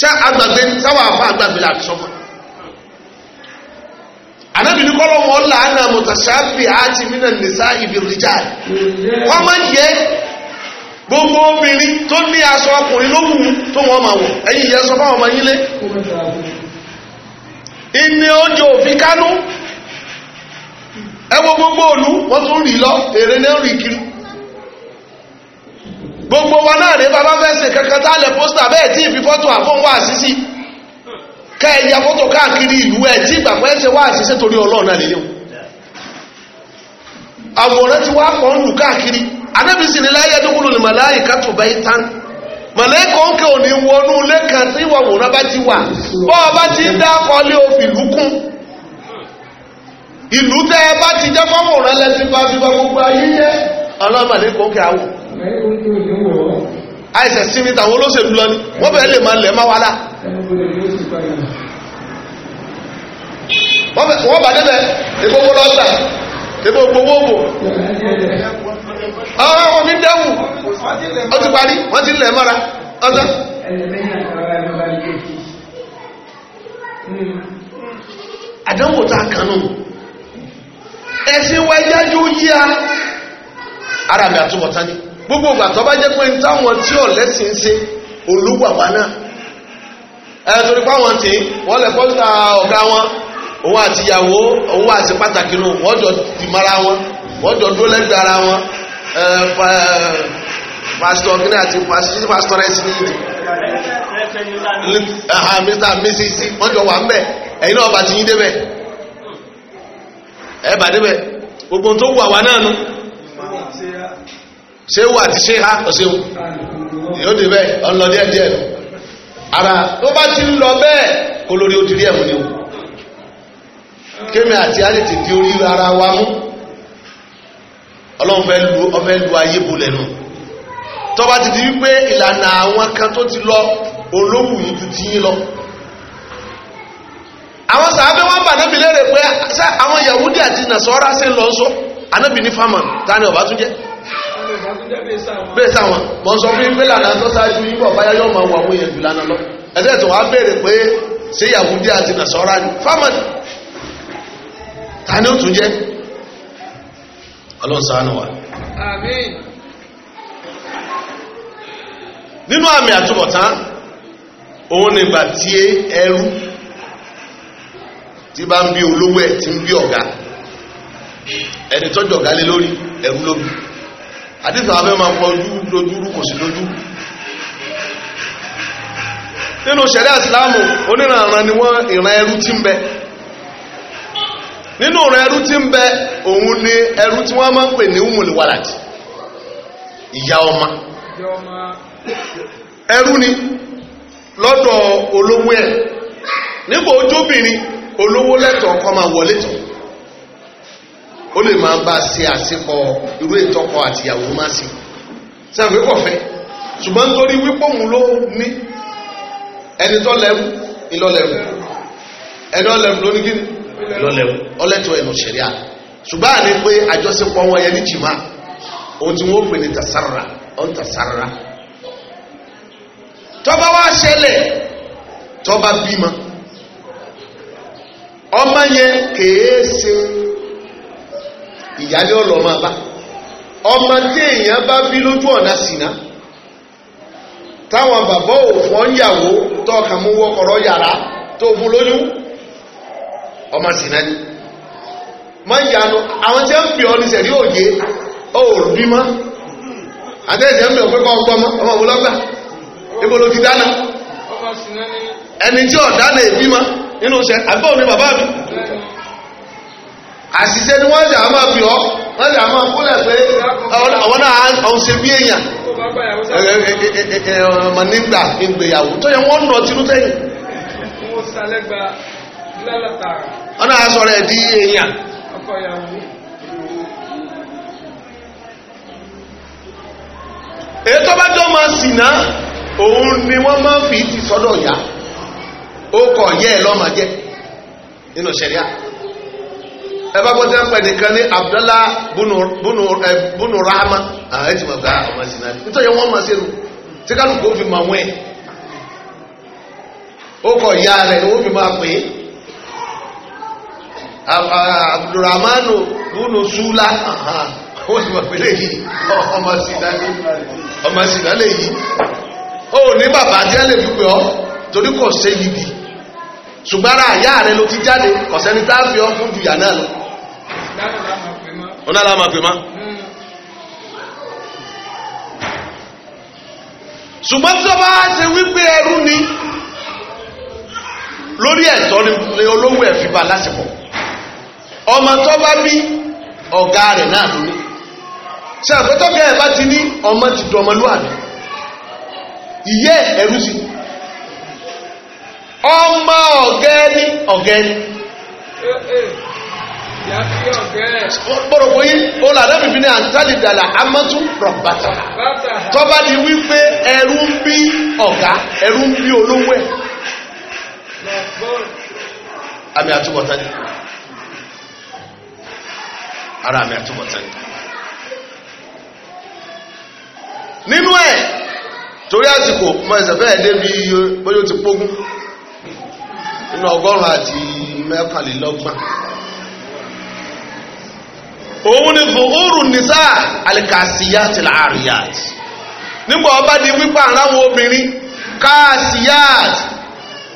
ṣé agbàgbé sáwà àfa agbàgbé anabini mọtàṣáfì àti mínà nìsa ìbìrìjà wọn máa ń gbogbo obìnrin tó ní aṣọ ọkùnrin ló wù tó wọ́n máa wọ̀ ẹ̀yìn ìyẹn sọ fáwọn ọmọ yín lé ìní oúnjẹ òfin kánú gbogbo òlu wọ́n tún rí lọ èrè náà rí kiri gbogbo wa náà rí bàbá fẹ́ kankan tá a lẹ̀ pósítà bẹ́ẹ̀ tí ìfi fọ́tò àfọ̀nwá àṣìṣì ká ẹ ya fọ́tò káàkiri ìlú ẹ̀ tí ìgbà ṣe torí anábì sì ní láyé dúkúrú ní màláìka tó bá yí tán màláìka òǹkè òní wọnú ilé kan tí ìwà wòrán bá ti wà bọ́ ọ bá ti ń dá kọ́lé òfin lùkún ìlú tẹ́ ẹ bá ti jẹ́ fọ́wọ́rán lẹ́sìn bá fi bá gbogbo ayé jẹ́ ọlọ́màdé kò kí àwọ̀ àìsẹ̀ sí ní tàwọn olóṣèlú lọ ní wọ́n bẹ̀rẹ̀ lè máa lẹ̀ máa wá láà wọ́n bá débẹ̀ ìgbogbo lọ́gbà ebó gbowó bò ọ̀rọ̀ wọn mi dẹ́wù ó ti parí wọ́n ti lẹ̀ mọ́ra ọjọ́. àdánwò tá a kan nù ẹ̀sìn wa yájú yíya ara mi àtúbọ̀tán ni gbogbo ìgbà tó bá jẹ́ pé táwọn tí ò lẹ́sìn ṣe olúwàwá náà ẹ̀ torí pé tí wọ́n lẹ̀ kọ́ta ọ̀gá wọn òun àti pàtàkì nù jọ wọn jọ dúró ara wọn pastor àti pastor ní ìdí mr mrs jọ wà náà bá ti yín débẹ̀ ẹ bá gbogbo tó wù àwa náà ṣé wù àti ṣé ha yóò ara tó bá ti lọ bẹ́ẹ̀ kó lórí odiri ẹ̀mú ni kémi àti àti di orí ara wa mú ọlọ́run fẹ́ lu ọfẹ́ lu ayé bolẹ̀ nù tọ́ba ti di wípé ìlànà àwọn kan tó ti lọ olóhùn yìí ti tiyín lọ àwọn sàábẹ́ wọn pé ṣé àwọn Yahudi àti lọ sọ anábì ní fámà tani ọba tún jẹ bẹ́ẹ̀ mọ̀ sọ fún pé lànà tó ṣáájú yíbọ̀ báyá ma wà wọ́n yẹn jù lọ ẹ̀dẹ́ wá béèrè pé ta ni ó jẹ? jẹ́ ọlọ́run nínú àmì àtúbọ̀tán òun nígbà tí ẹrú tí bá ń bí olówó ẹ̀ ń bí ọ̀gá ẹni tọ́jú ọ̀gá lé lórí ẹrú ló abẹ́ máa ojú ni wọ́n ìran ẹrú nínú ọ̀rọ̀ ẹrú tí ń bẹ òun ni ẹrú tí wọ́n máa ń pè ní umul walad ìyá ọmọ ẹrú ni lọ́dọ̀ olówó ẹ̀ nígbà ojóbìnrin olówó lẹ́tọ̀ ọkọ máa wọlé tán ó lè máa bá ṣe àṣepọ̀ irú ìtọ́kọ àtìyàwó máa ṣe sẹ́wọ̀n pípọ̀ ṣùgbọ́n nítorí wípé òun ló ní ẹni tó lẹ́rú ìlọ́lẹ́rú ẹni ọlẹ́rú ló ní kíni ọlẹtọ ọlẹ́tọ̀ ẹ̀nu ṣẹ̀ríà ṣùgbọ́n àní pé àjọṣepọ̀ wọn yẹn ní jìmá ohun tí wọ́n pè ní tasarra ọ tasarra tọ́ba wá ṣẹlẹ̀ tọba bímọ ọmọ yẹn kèé ṣe ìyálé ọlọ́mọ ọmọ tí èèyàn bá bí lójú ọ̀nà sínà táwọn bàbá òfò ń yàwó yàrá tó fún lóyún. ọmọ náà ìyanu àwọn tí ń pè ọ ní sẹ̀rí òye ó Ma mọ́ àtẹ́sẹ̀ ń bẹ̀ ọ̀pẹ́ kọ́ ọgbọ́n mọ́ ọmọ lọ́gbà ibo ló dáná ẹni tí ọ̀ dáná mọ́ nínú sẹ àbẹ́ òní bàbá mi àṣìṣe ni wọ́n jà á máa ọ́ wọ́n jà á máa pé náà àwọn ṣe bí èèyàn ọmọ nígbà ìgbéyàwó tó yẹ Ọ na-azọrọ di èèyàn èyí tó bá jọ máa sì náà òun ni máa fi ti sọ́dọ̀ yá ó kọ̀ yẹ́ ẹ̀ lọ́mà jẹ́ nínú ṣẹ̀ríà ẹ bá gbọ́dọ̀ pẹ̀ nìkan ní Abdallah bunu Rahma àwọn ẹ̀ tí ọmọ sí náà nítorí wọ́n máa ṣe nù tí kálukú fi máa abdulrahmanu bùnú sula ó sì mọ̀ pé léyìí ọmọ sílálẹ̀ ọmọ sílálẹ̀ yìí ó ní bàbá jẹ́ lè fi pè ọ́ torí kò ṣe yìí ṣùgbọ́n ara rẹ ló ti jáde kọ̀sẹ́ni tá a fi ọ́ fún jùyà náà lọ. onára máa pè má. ṣùgbọ́n tí wọ́n bá ṣe wípé ẹrú ni lórí ẹ̀tọ́ ni olówó ẹ̀ fi bá lásìkò ọmọ tó bá bí ọ̀gá rẹ̀ náà ló ní ṣe àpótọ́gẹ́ ẹ̀ bá ti ní ọmọ ti dùn ọmọlúwàbí ìyẹ́ ẹ̀rú sí ọmọ ọ̀gẹ́ni ọ̀gẹ́ni pọ̀rọ̀pọ̀ yìí ó làdá bìbí ní àǹtálìdàlà amátú rọ̀bàtà tó bá di wípé ẹ̀rú ń bí ọ̀gá ẹ̀rú ń bí olówó ẹ̀ àmì àtúbọ̀tá ni ara mi àtúbọ̀tán ni. nínú ẹ̀ torí àsìkò mọ ẹsẹ̀ fẹ́ẹ̀ débi iye bóyá ó ti pógún nínú ọgọ́rùn-ún àti mẹ́kànlélọ́gbọ̀n òun ni fòórù nìsá alikasiya ti láàrìyàt nígbà ọba di pípa àwọn obìnrin kaasiyat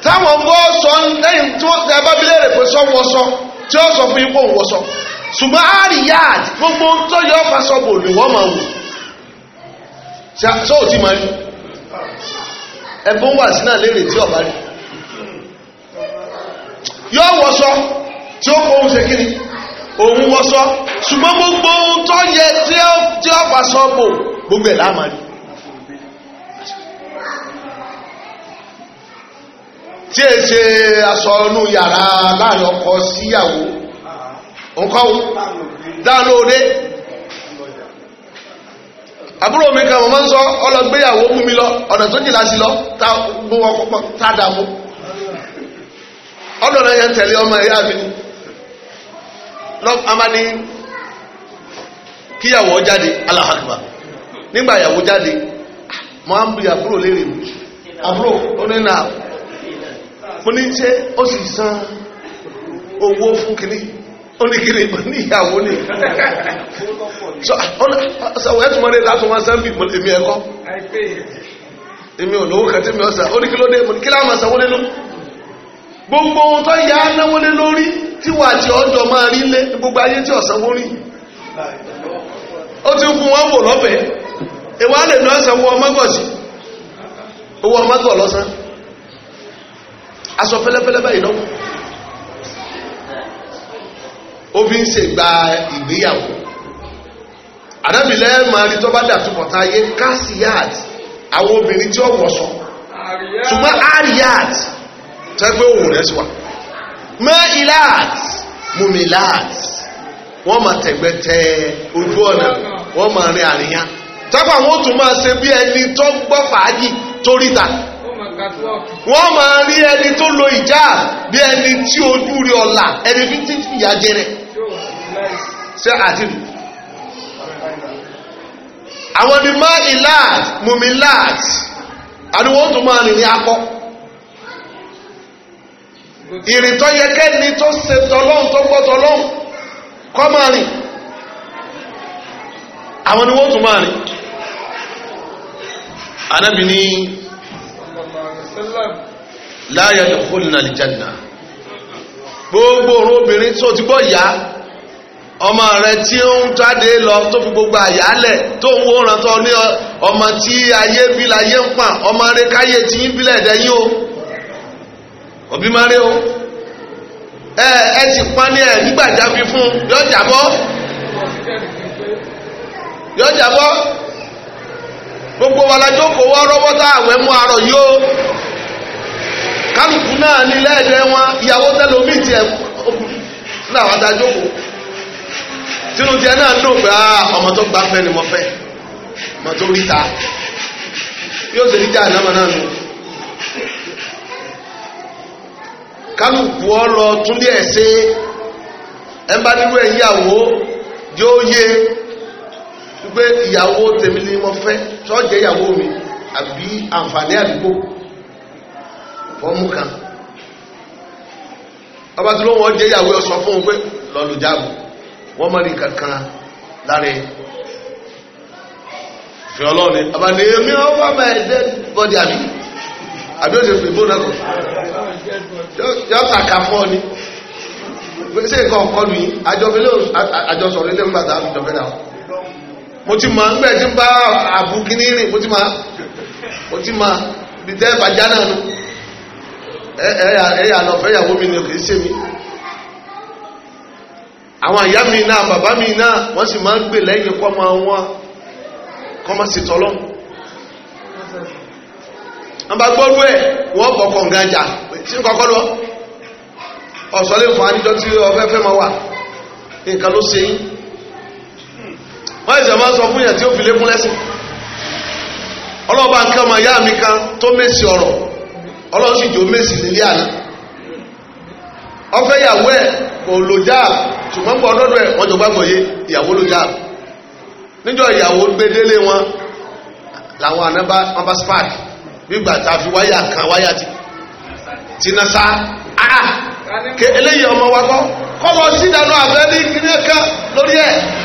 táwọn bọ́ sọ lẹ́yìn tí wọ́n ti ẹbá rẹ̀ pé sọ tí ó sọ fún ipò wọ́sọ ṣùgbọ́n àríyáàd gbogbo tó yọ fásọ́bò ni wọ́n máa wù sóò tí máa rí ẹ̀bùn wà sí náà lérè tí ọ̀bá rí yọ wọ́sọ tí ó kó ohun ṣe kíni òun wọ́sọ ṣùgbọ́n gbogbo tó yẹ tí ó fásọ́bò gbogbo ẹ̀ láàmà rí tí è aṣọ inú yàrá láàrin ọkọ síyàwó nǹkan daa n'ode abụrụ àbúrò mama nsọ mo máa ń sọ ọlọgbéyàwó mú mi lọ ọ̀nà tó jìlá sí lọ tá mú ọkọ pọ̀ tá dà mú ọdọ ya yẹn tẹ̀lé jáde aláhàkùbà nígbà jáde mo á ń léèrè mi àbúrò oníkiri oníyàwó ni sọ̀wọ́ ẹ̀tùn mọ́rẹ́ látún wọn sẹ́ńbì èmi ẹ̀kọ́ èmi olówó kẹtí mi ọ̀sà oníkìlódé kí láàmà sanwó lé lórí gbogbo ohun tó yà á náwó lé lórí tí wà tí ọjọ́ máa rí lé gbogbo ayé tí ọ̀sánwó rí ó ti ń fún wọn wò lọ́fẹ̀ẹ́ ìwà lè lọ ẹ̀sán owó ọmọgọ̀sí owó ọmọgọ̀ lọ́sán aṣọ fẹ́lẹ́fẹ́lẹ́ báyìí lọ́wọ́ ó fi ń ṣe gba ìgbéyàwó àdábìlẹ̀ máa rí tó bá dàtú pọ̀tá yé káṣíyàt àwọn obìnrin tí ó wọ̀ṣọ ṣùgbọ́n àríyàt tẹ́gbẹ́ òun rẹ̀ ti wà mẹ́ìláàt mùmìláàt wọ́n máa tẹ̀gbẹ́ tẹ ojú ọ̀nà wọ́n máa rin àríyá tẹ́gbà wọ́n tún máa ṣe bí ẹni tó gbọ́ fàájì toríta wọ́n máa rí ẹni tó lo ìjà bí ẹni tí ojú rí ọ̀la ẹni fi tí ìyá jẹrẹ ṣe àdìrú àwọn ni máa ìlàt mùmí láàt àdúwọ́n tó máa rìn ní akọ ìrìn tó yẹ kẹ́ni tó ṣe tọlọ́hún tó gbọ́ tọlọ́hún kọ́ máa rìn àwọn ni wọ́n tó máa rìn anábì ní wasallam la yadkhulna al-janna gbogbo òrùn obìnrin tó ti gbọ́ yá ọmọ rẹ tí ó ń jáde lọ tó fi gbogbo àyálẹ̀ tó ń wòran tó ní ọmọ tí ayé bí láyé ń pà ọmọ rẹ káyé tí ń bílẹ̀ dẹ́yìn o òbí máa rí o ẹ ẹ ti pọ́n ní ẹ nígbàjá fi fún yọjàbọ́ yọjàbọ́. gbogbo wa la jókòó wá tá arọ yó kálukú náà ní lẹ́ẹ̀dẹ́ wọn ìyàwó tẹlomi tiẹ̀ láwọn jókòó tínú tiẹ̀ náà ń dùn a ah, ọmọ tó gbà fẹ́ ni mo fẹ́ ọmọ tó rí ta yóò ṣe lọ ẹ̀ ṣe ẹ bá yóò wípé ìyàwó tèmi ni mo fẹ́ sọ́jẹ́ ìyàwó mi àbí àǹfààní àdúgbò fọ́ọ̀mù kan ọba tí lóun ọjẹ́ ìyàwó ọsọ fún un pé lọ́lù jáàbù wọ́n mọ̀ ní kankan lára fi ọlọ́run ni ọba ní èmi ọba my dead body àbí àbí ó ti fi bó náà kọ yọ kàkà fún ọ ni ṣé nǹkan ọkọ lu yìí àjọsọ̀rọ̀ ilé ń bàtà àbíjọ fẹ́ náà. mo ti máa ń tí ń bá àbúkí rìn mo ti máa mo ti máa bí tẹ́ bàjá ẹ̀yà mi ni kìí ṣe mi àwọn mi náà bàbá mi náà wọ́n sì máa ń gbè lẹ́yìn kọ́mọ wọn kọ́mọ sí tọ́lọ́ wọ́n bá gbọ́rú ẹ̀ wọ́n bọ̀ kọ̀ǹgà jà sí kọ́kọ́ lọ wà nǹkan ló ṣe yín wọ́n ẹ̀sẹ̀ máa sọ fún yẹn tí ó fi lékún lẹ́sìn ọlọ́ba nǹkan ọmọ ya mi kan tó mèsì ọ̀rọ̀ ọlọ́run sì jó mèsì nílé àná ọfẹ́ ìyàwó ẹ̀ kò lò jáàb ṣùgbọ́n pọ̀ ọlọ́dọ̀ ẹ̀ wọ́n jọ yé ìyàwó ló ìyàwó gbé délé wọn làwọn spark gbígbà a fi wáyà kan wáyà ti tina sa ah, ah eléyìí ọmọ wa kọ́ sí ìdáná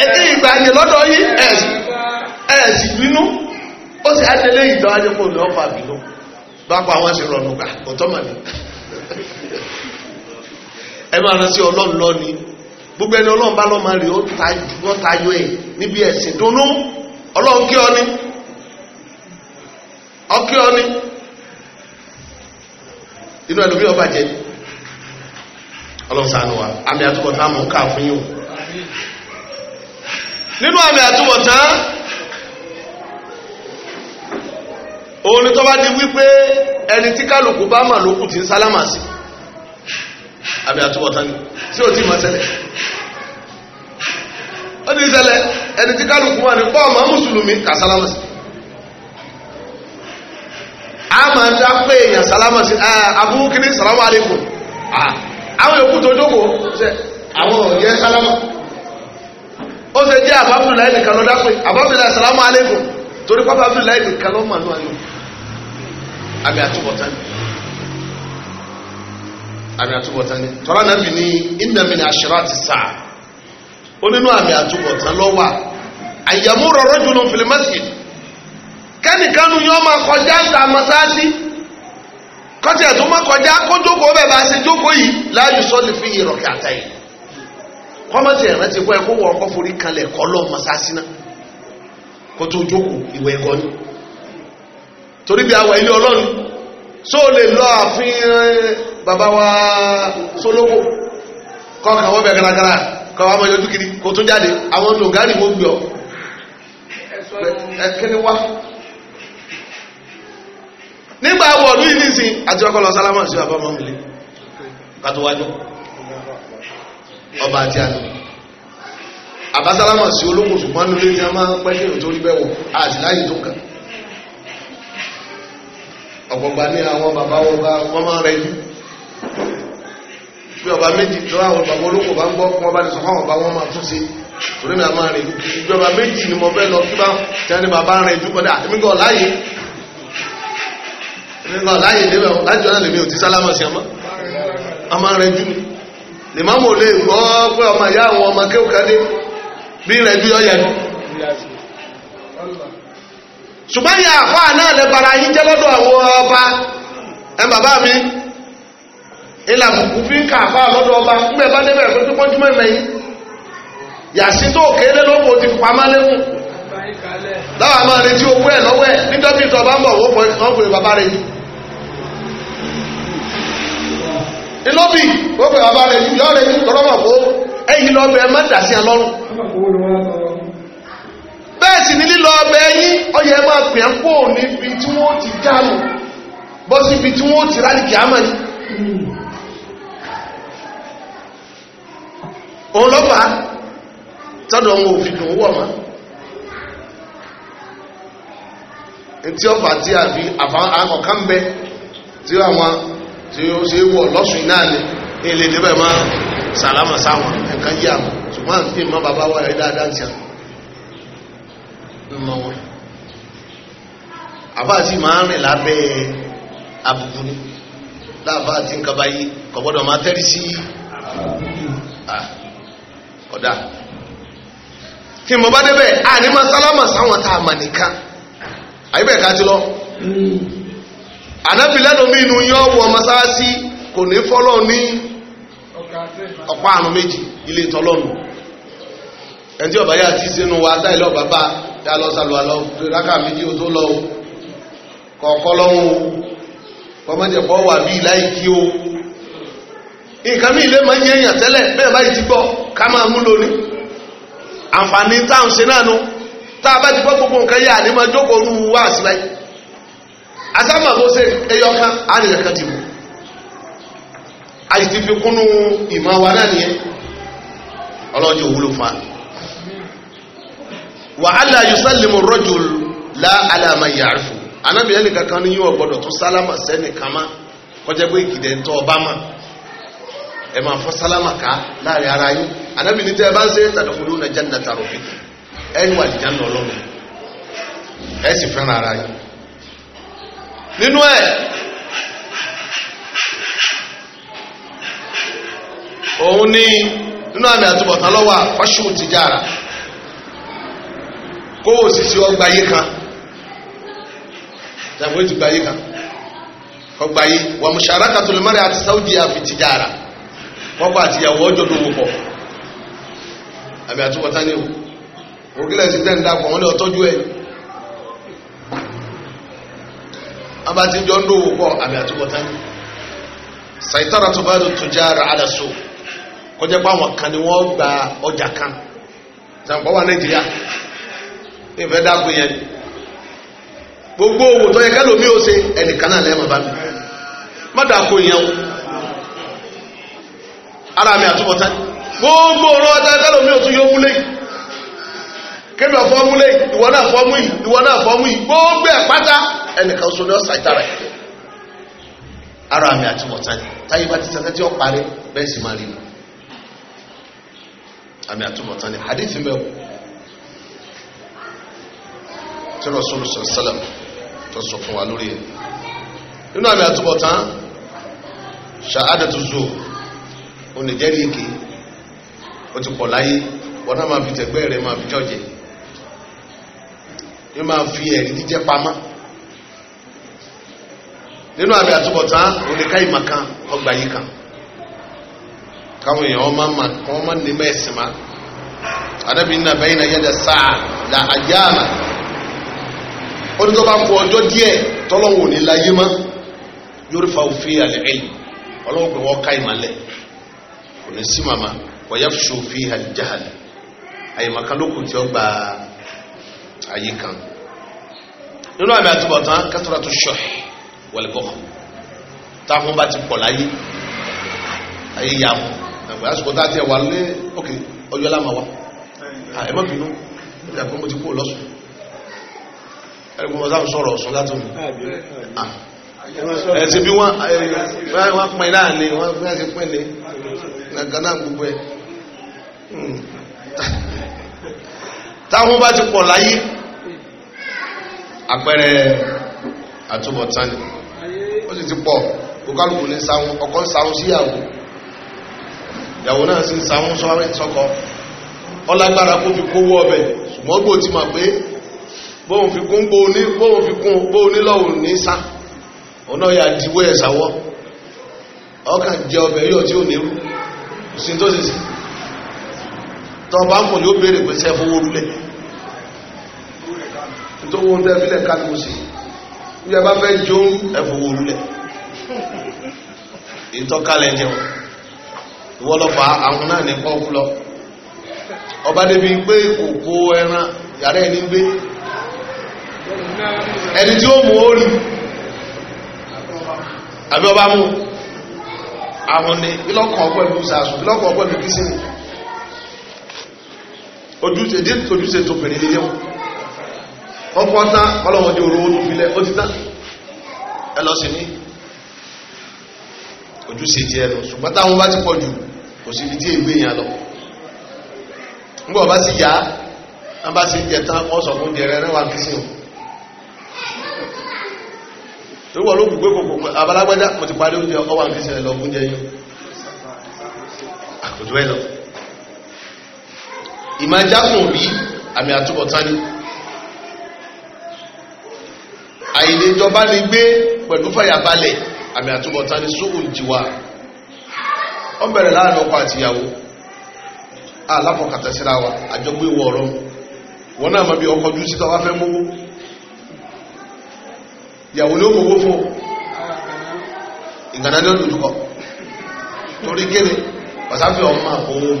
ẹtí ìgbà yìí lọ́dọ̀ yìí ẹ̀ẹ̀sì bínú ó sì ádẹ́lé ìtọ́ ajẹ́kọ̀ọ́ ní ọ̀fà bínú bá pa àwọn gbà ọ̀tọ́ mà ní ẹ máa rán sí ọlọ́run lọ́ni gbogbo ẹni ọlọ́run bá lọ́ọ́ máa rí tayọ ẹ̀ níbi ẹ̀sìn ọlọ́run ọ ní ọkí ọ ní inú ẹlòmíràn bàjẹ́ ọlọ́run ṣàánú wa àmì àtúkọ̀ mọ̀ ká fún nínú àmì àtúbọ̀tán òun ni tó bá di wípé ẹni tí kálukú bá mà lókù tí ń sálámà sí àmì àtúbọ̀tán ni tí ò tí mọ̀ ṣẹlẹ̀ ó ẹni tí kálukú wà ní pọ́ ọmọ mùsùlùmí kà sálámà sí a máa dá pé èèyàn sálámà sí abúrúkiri sàlámà àlékún àwọn yòókù tó jókòó àwọn sálámà. ó ṣe jẹ́ àbábùláì nìkan ló dápé àbábùláì sàlámù alẹ́kùn torí pápá àbábùláì nìkan ló mà ní ayọ̀ àmì àtúbọ̀tán àmì àtúbọ̀tán ni tọ́lá náà bì ní ìnàmì àṣírà ti sà ó nínú àmì àtúbọ̀tán ló àyàmú rọrọ jùlọ fìlì masjid kẹ́nìkanu máa kọjá ta masáàsì kọ́tí ẹ̀ tó máa kọjá kó jókòó bẹ̀ bá ṣe jókòó yìí láàyè fi àtẹ̀yìn. kọ́mọ̀tì ẹ̀rán ti kọ́ ẹ̀kọ́ wọ ọkọ̀ forí kalẹ̀ kọ́ lọ mọ́sáàsì kó tó jókòó ìwẹ̀ ẹ̀kọ́ ni torí bí awọ ilé ọlọ́run só lè lọ eh, bàbá wa sólógbò kọ́ kàwọ́ bẹ̀ garagara kàwọ́ àmọ́ yọjú kiri kó tó jáde àwọn nùgárì wọ́n ọ ọba àti àná àbásálámà sí olóko ṣùgbọ́n nílé tí a máa ń pẹ́ kéèrò tó rí bẹ́ẹ̀ wọ̀ àti láyé tó kàn ọ̀pọ̀gbà ní àwọn bàbá wọn bá wọ́n máa rẹ̀ yìí bí ọba méjì tó àwọn bàbá olóko bá ń gbọ́ wọn bá ní sọ fáwọn bá wọn máa tún ṣe torí mi àmà rẹ̀ ìjọ bàbá méjì ni mo fẹ́ lọ kí bá tẹ́ni bàbá rẹ̀ jù kọ́dà èmi kọ́ láyé èmi láyé lébẹ̀ lájọ́ náà lèmi ò ti sálámà sí àmọ́ àmà rẹ̀ jù ni. lèmọ́mù ò lè gbọ́ pé ọmọ ìyá àwọn ọmọ kéwòkadé bí rẹ̀ bí ọyẹ lọ. ṣùgbọ́n ìyá náà lè bara yín jẹ́ lọ́dọ̀ àwọn ọba ẹ bàbá mi ilà bùkú fi ń ọba ńgbẹ́ bá débẹ̀ pé pọ́njú mẹ́mẹ́ yàtí tó ti máa retí owó ẹ̀ lọ́wọ́ ẹ̀ nítorí ìtọ́ bá ń bọ̀ inú bí ó pè bàbá rẹ̀ jù yọ́ rẹ̀ jù tọ́rọ mọ̀ kó ẹ̀yìn lọ bẹ mẹ́ta sí ẹ lọ́rùn bẹ́ẹ̀ sì ní lílọ ọbẹ̀ yín ọyẹ máa pè ń kó níbi tí wọ́n ti jáàmù bọ́ síbi tí wọ́n ti rálìkì àmọ́ ni òun lọ́pàá tọ́dọ̀ wọn ò fi dùn wọ̀ mọ́ ntí ọ̀fà tí a fi àwọn tí àwọn tí ó ṣe wọ̀ lọ́sùn náà ni ilé débẹ̀ máa sàlámà sáwọn nǹkan yí àwọn ṣùgbọ́n tí ìmọ̀ bàbá wà rẹ̀ dáadáa ti àwọn ìmọ̀ wọn àbá àti máa ń rìn lábẹ́ àbùkù ni láàbá àti nǹkan bá yí kò gbọ́dọ̀ máa tẹ́rí sí ọ̀dà tí mo bá débẹ̀ àní máa sálámà sáwọn tá a mà nìkan àyíbẹ̀ ká ti lọ ànábì lẹ́nu mi inú yọ wọ mọ́sáàsì kò ní fọ́lọ́ ní ọ̀pá àrùn méjì ilé tọ́lọ́nù ẹni tí ọba yà ti sínú wa táì lọ bàbá yà lọ sàlùwà lọ rákà méjì ó tó lọ o kọ̀ọ̀kọ́ lọ́hùn o kọ́mọ́jẹ̀pọ̀ wà bí láì kí o nǹkan mi ilé máa ń yẹ̀yàn tẹ́lẹ̀ bẹ́ẹ̀ báyìí ti gbọ́ ká máa mú lónìí àǹfààní táwọn ṣe náà nu tá bá ti gbọ́ gbogbo nǹkan yà ní máa jókòó nu wá àsìláyìí asámà tó ṣe ẹyọkan àníyàn kan ti mú àyè ti fi kúnnú ìmọ̀ wa náà nìyẹn ọlọ́jọ́ òwúlò fa wàhálà yusallimu rajul la ala man ya'rifu anábì ẹnì kankan ní yíwọ̀ gbọ́dọ̀ tún sálámà sẹ́nì kama kọjá pé ìkìdẹ̀ ń tọ́ ọba mà ẹ máa fọ́ sálámà ká láàrin ara yín anábì ní tẹ́ ẹ bá ń ṣe tadkhuluna jannata rabbikum ẹ ń wà jìjà náà lọ́nà ẹ sì fẹ́ràn ara yín nínú ẹ̀ òun ni nínú àmì àtúbọ̀tán lọ́wọ́ àfọ́ṣù tìjára kó o sì sí ọgbà yìí kan ìjàmbá ti gbà yìí kan ọgbà yìí wà musharakatul mar'a àti saudi àfi tìjára wọ́n bá àtìyàwó ọjọ́ lówó pọ̀ àmì àtúbọ̀tán ni o òkìlẹ̀ sí tẹ́ǹdà pọ̀ wọ́n ní ọtọ́jú ẹ̀ wọn bá ti jọ ń dòwò pọ̀ àmì àtúbọ̀tá ni saitara tó bá tó jára àdàsó kọjá pé àwọn kan ni wọ́n gba ọjà kan sàǹkọ́ wà nàìjíríà ìfẹ́ dákun yẹn gbogbo owó tó yẹ kẹ́lò mi ò ṣe ẹnìkan náà lẹ́yìn bàbá mi yẹn o ara mi àtúbọ̀tá gbogbo ọ̀rọ̀ mi ò tún yóò lẹ́yìn. kébì ọ̀fọ́mú lé ìwọ náà fọ́mú yìí ìwọ náà fọ́mú yìí gbogbo ẹ̀ pátá ẹnìkan ara mi àti wọ̀tá ni táyé bá ti tẹ́tẹ́ tí ó parí bẹ́ẹ̀ sì máa rí mi àmì ni hadith tí sallam tó fún wa lórí nínú àmì ó ti pọ̀ láyé wọn náà máa fi tẹ̀gbẹ́ ní máa fi ẹ̀rí jíjẹ́ pamọ́ nínú àbí àtúbọ̀tán oníká ìmọ̀kan ọgbà yìí kan káwọn èèyàn ọmọ mà kàn ọmọ nímọ̀ ẹ̀sìn má anábì ní àbẹ́yìn náà yẹ́dẹ̀ sáà là àjẹ́ àmà ó ní tó bá kú ọjọ́ díẹ̀ tọ́lọ́wò ní láyé mọ́ yóò fa òfin àlẹ́ ẹ̀yìn ọlọ́wọ́ pé wọ́n ká ìmọ̀lẹ̀ kò ní sí màmá wọ́n yá fi ṣòfin àlìjáhàlì àyèmọ̀kan ló kù tí ó gba àyíkan nínú àmì àtúbọ̀tán kẹtọ́ra tó ṣọ wọlébọ̀ táwọn bá ti pọ̀ láyé ayé yà mọ́ àgbẹ̀ àsìkò tá a ti ẹ̀ wà lé òkè ọjọ́ láma wa ẹ má bínú ó dàgbé mo ti kú lọ́sùn ẹ̀rọ mo sáà sọ̀rọ̀ ọ̀sùn láti mú ẹ̀ ti bí wọ́n wọ́n pín in láàrin wọ́n fi láti pín in ní gánà gbogbo ẹ̀ hmm. *laughs* táwọn bá ti pọ̀ láyé àpẹẹrẹ àtúbọ̀tán ni ó sì ti pọ̀ kókálùkù ní sáwọn ọkọ ń sáwọn síyàwó ìyàwó náà sì ń sáwọn sọ́kọ ọlágbára kó fi kówó ọbẹ̀ ṣùgbọ́n gbò ti mọ̀ pé bóun fi kún bóun ní bóun fi kún bóun ní lọ́wọ́ ní sá ọ̀nà ya diwọ́ ẹ̀ sáwọ́ ọkà jẹ ọbẹ̀ yíò tí ó nírú sí tó sì sí tọba mọ̀ yóò béèrè pé sẹ́fowó rúlẹ̀ tó wọ́n tẹ́ fílẹ̀ kálukú sí bí a bá fẹ́ jó ẹ̀fọ̀wò lulẹ̀ ìtọ́kalẹ̀ jẹun ìwọ́lọ́fà àwọn náà ní kọ́ kú lọ ọba débi pé kòkó ẹran yàrá ẹni gbé ẹni tí ó mú ó rí àbí ọba mú àwọn ni ìlọ́kàn pẹ̀lú sàásù ìlọ́kàn pẹ̀lú kìsìmù ojúṣe dé ojúṣe tó pèrè nílé wọn ọkọ̀ tán ọlọ́mọdé oró tó filẹ̀ ó ti tán ẹ lọ sí ní ojúṣe jẹ́ lọ ṣùgbọ́n táwọn bá ti pọ̀ jù kò sí ibi tí ègbé yẹn lọ ńgbọ́ bá sì yá wọ́n bá sì ń jẹ tán wọ́n sọ fún jẹrẹ rẹwà kìsìn o tó wọ́n ló gbogbo gbogbo abalagbẹ́dá mo ti parí oúnjẹ ọwà kìsìn rẹ̀ lọ fún jẹ yín àkójọ ẹ lọ ìmájákùn bí àmì àtúbọ̀tán ni àìlèjọba lè gbé pẹ̀lú fàyàbalẹ̀ àmì àtúbọ̀tán ní sóhùn jìwà ó bẹ̀rẹ̀ láàrin ọkọ àtìyàwó aláfọkàtà síra wa àjọgbé wọ ọ̀rọ̀ wọn náà bí ọkọ ojú síta wá fẹ́ ìyàwó ló fún ìgbàdájọ́ torí kéde pàtàkì ọmọ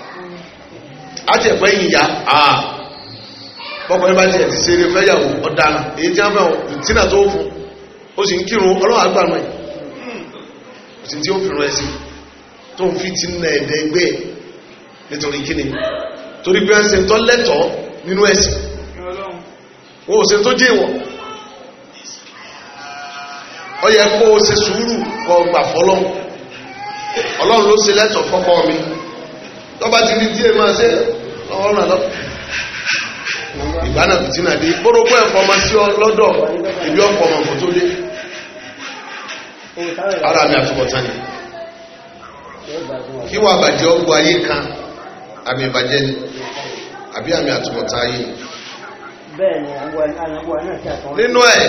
àtẹ̀pẹ́ ìyá àà ya bá tiẹ̀ ti fẹ́yàwó ọ̀daràn èyí tí wọ́n ìtínà tó fún ó sì ń kírun ọlọ́wà gbàmù ẹ̀ òsì tí ó fi rán tó ń fi ti ń na ẹgbẹ́ nítorí kíni torí bí wọ́n ṣe tọ́ lẹ́tọ̀ọ́ nínú ẹ̀sìn o ṣe sùúrù kọ gbà ọlọ́run ló ṣe lẹ́tọ̀ọ́ fọ́kọ́ tọ́ba ti rí díẹ̀ máa ṣe ọ̀ràn lọ. ìgbàna fìtínà dé bórógbó ẹ̀fọ́ máa sí ọ lọ́dọ̀ ibi ọ̀pọ̀ ọmọ kò tó dé. ara mi àtúbọ̀tán ni kí wàá bàjẹ́ ọgbọ ayé kan àmì ìbàjẹ́ ni àbí àmì àtúbọ̀tán ayé ni. nínú ẹ̀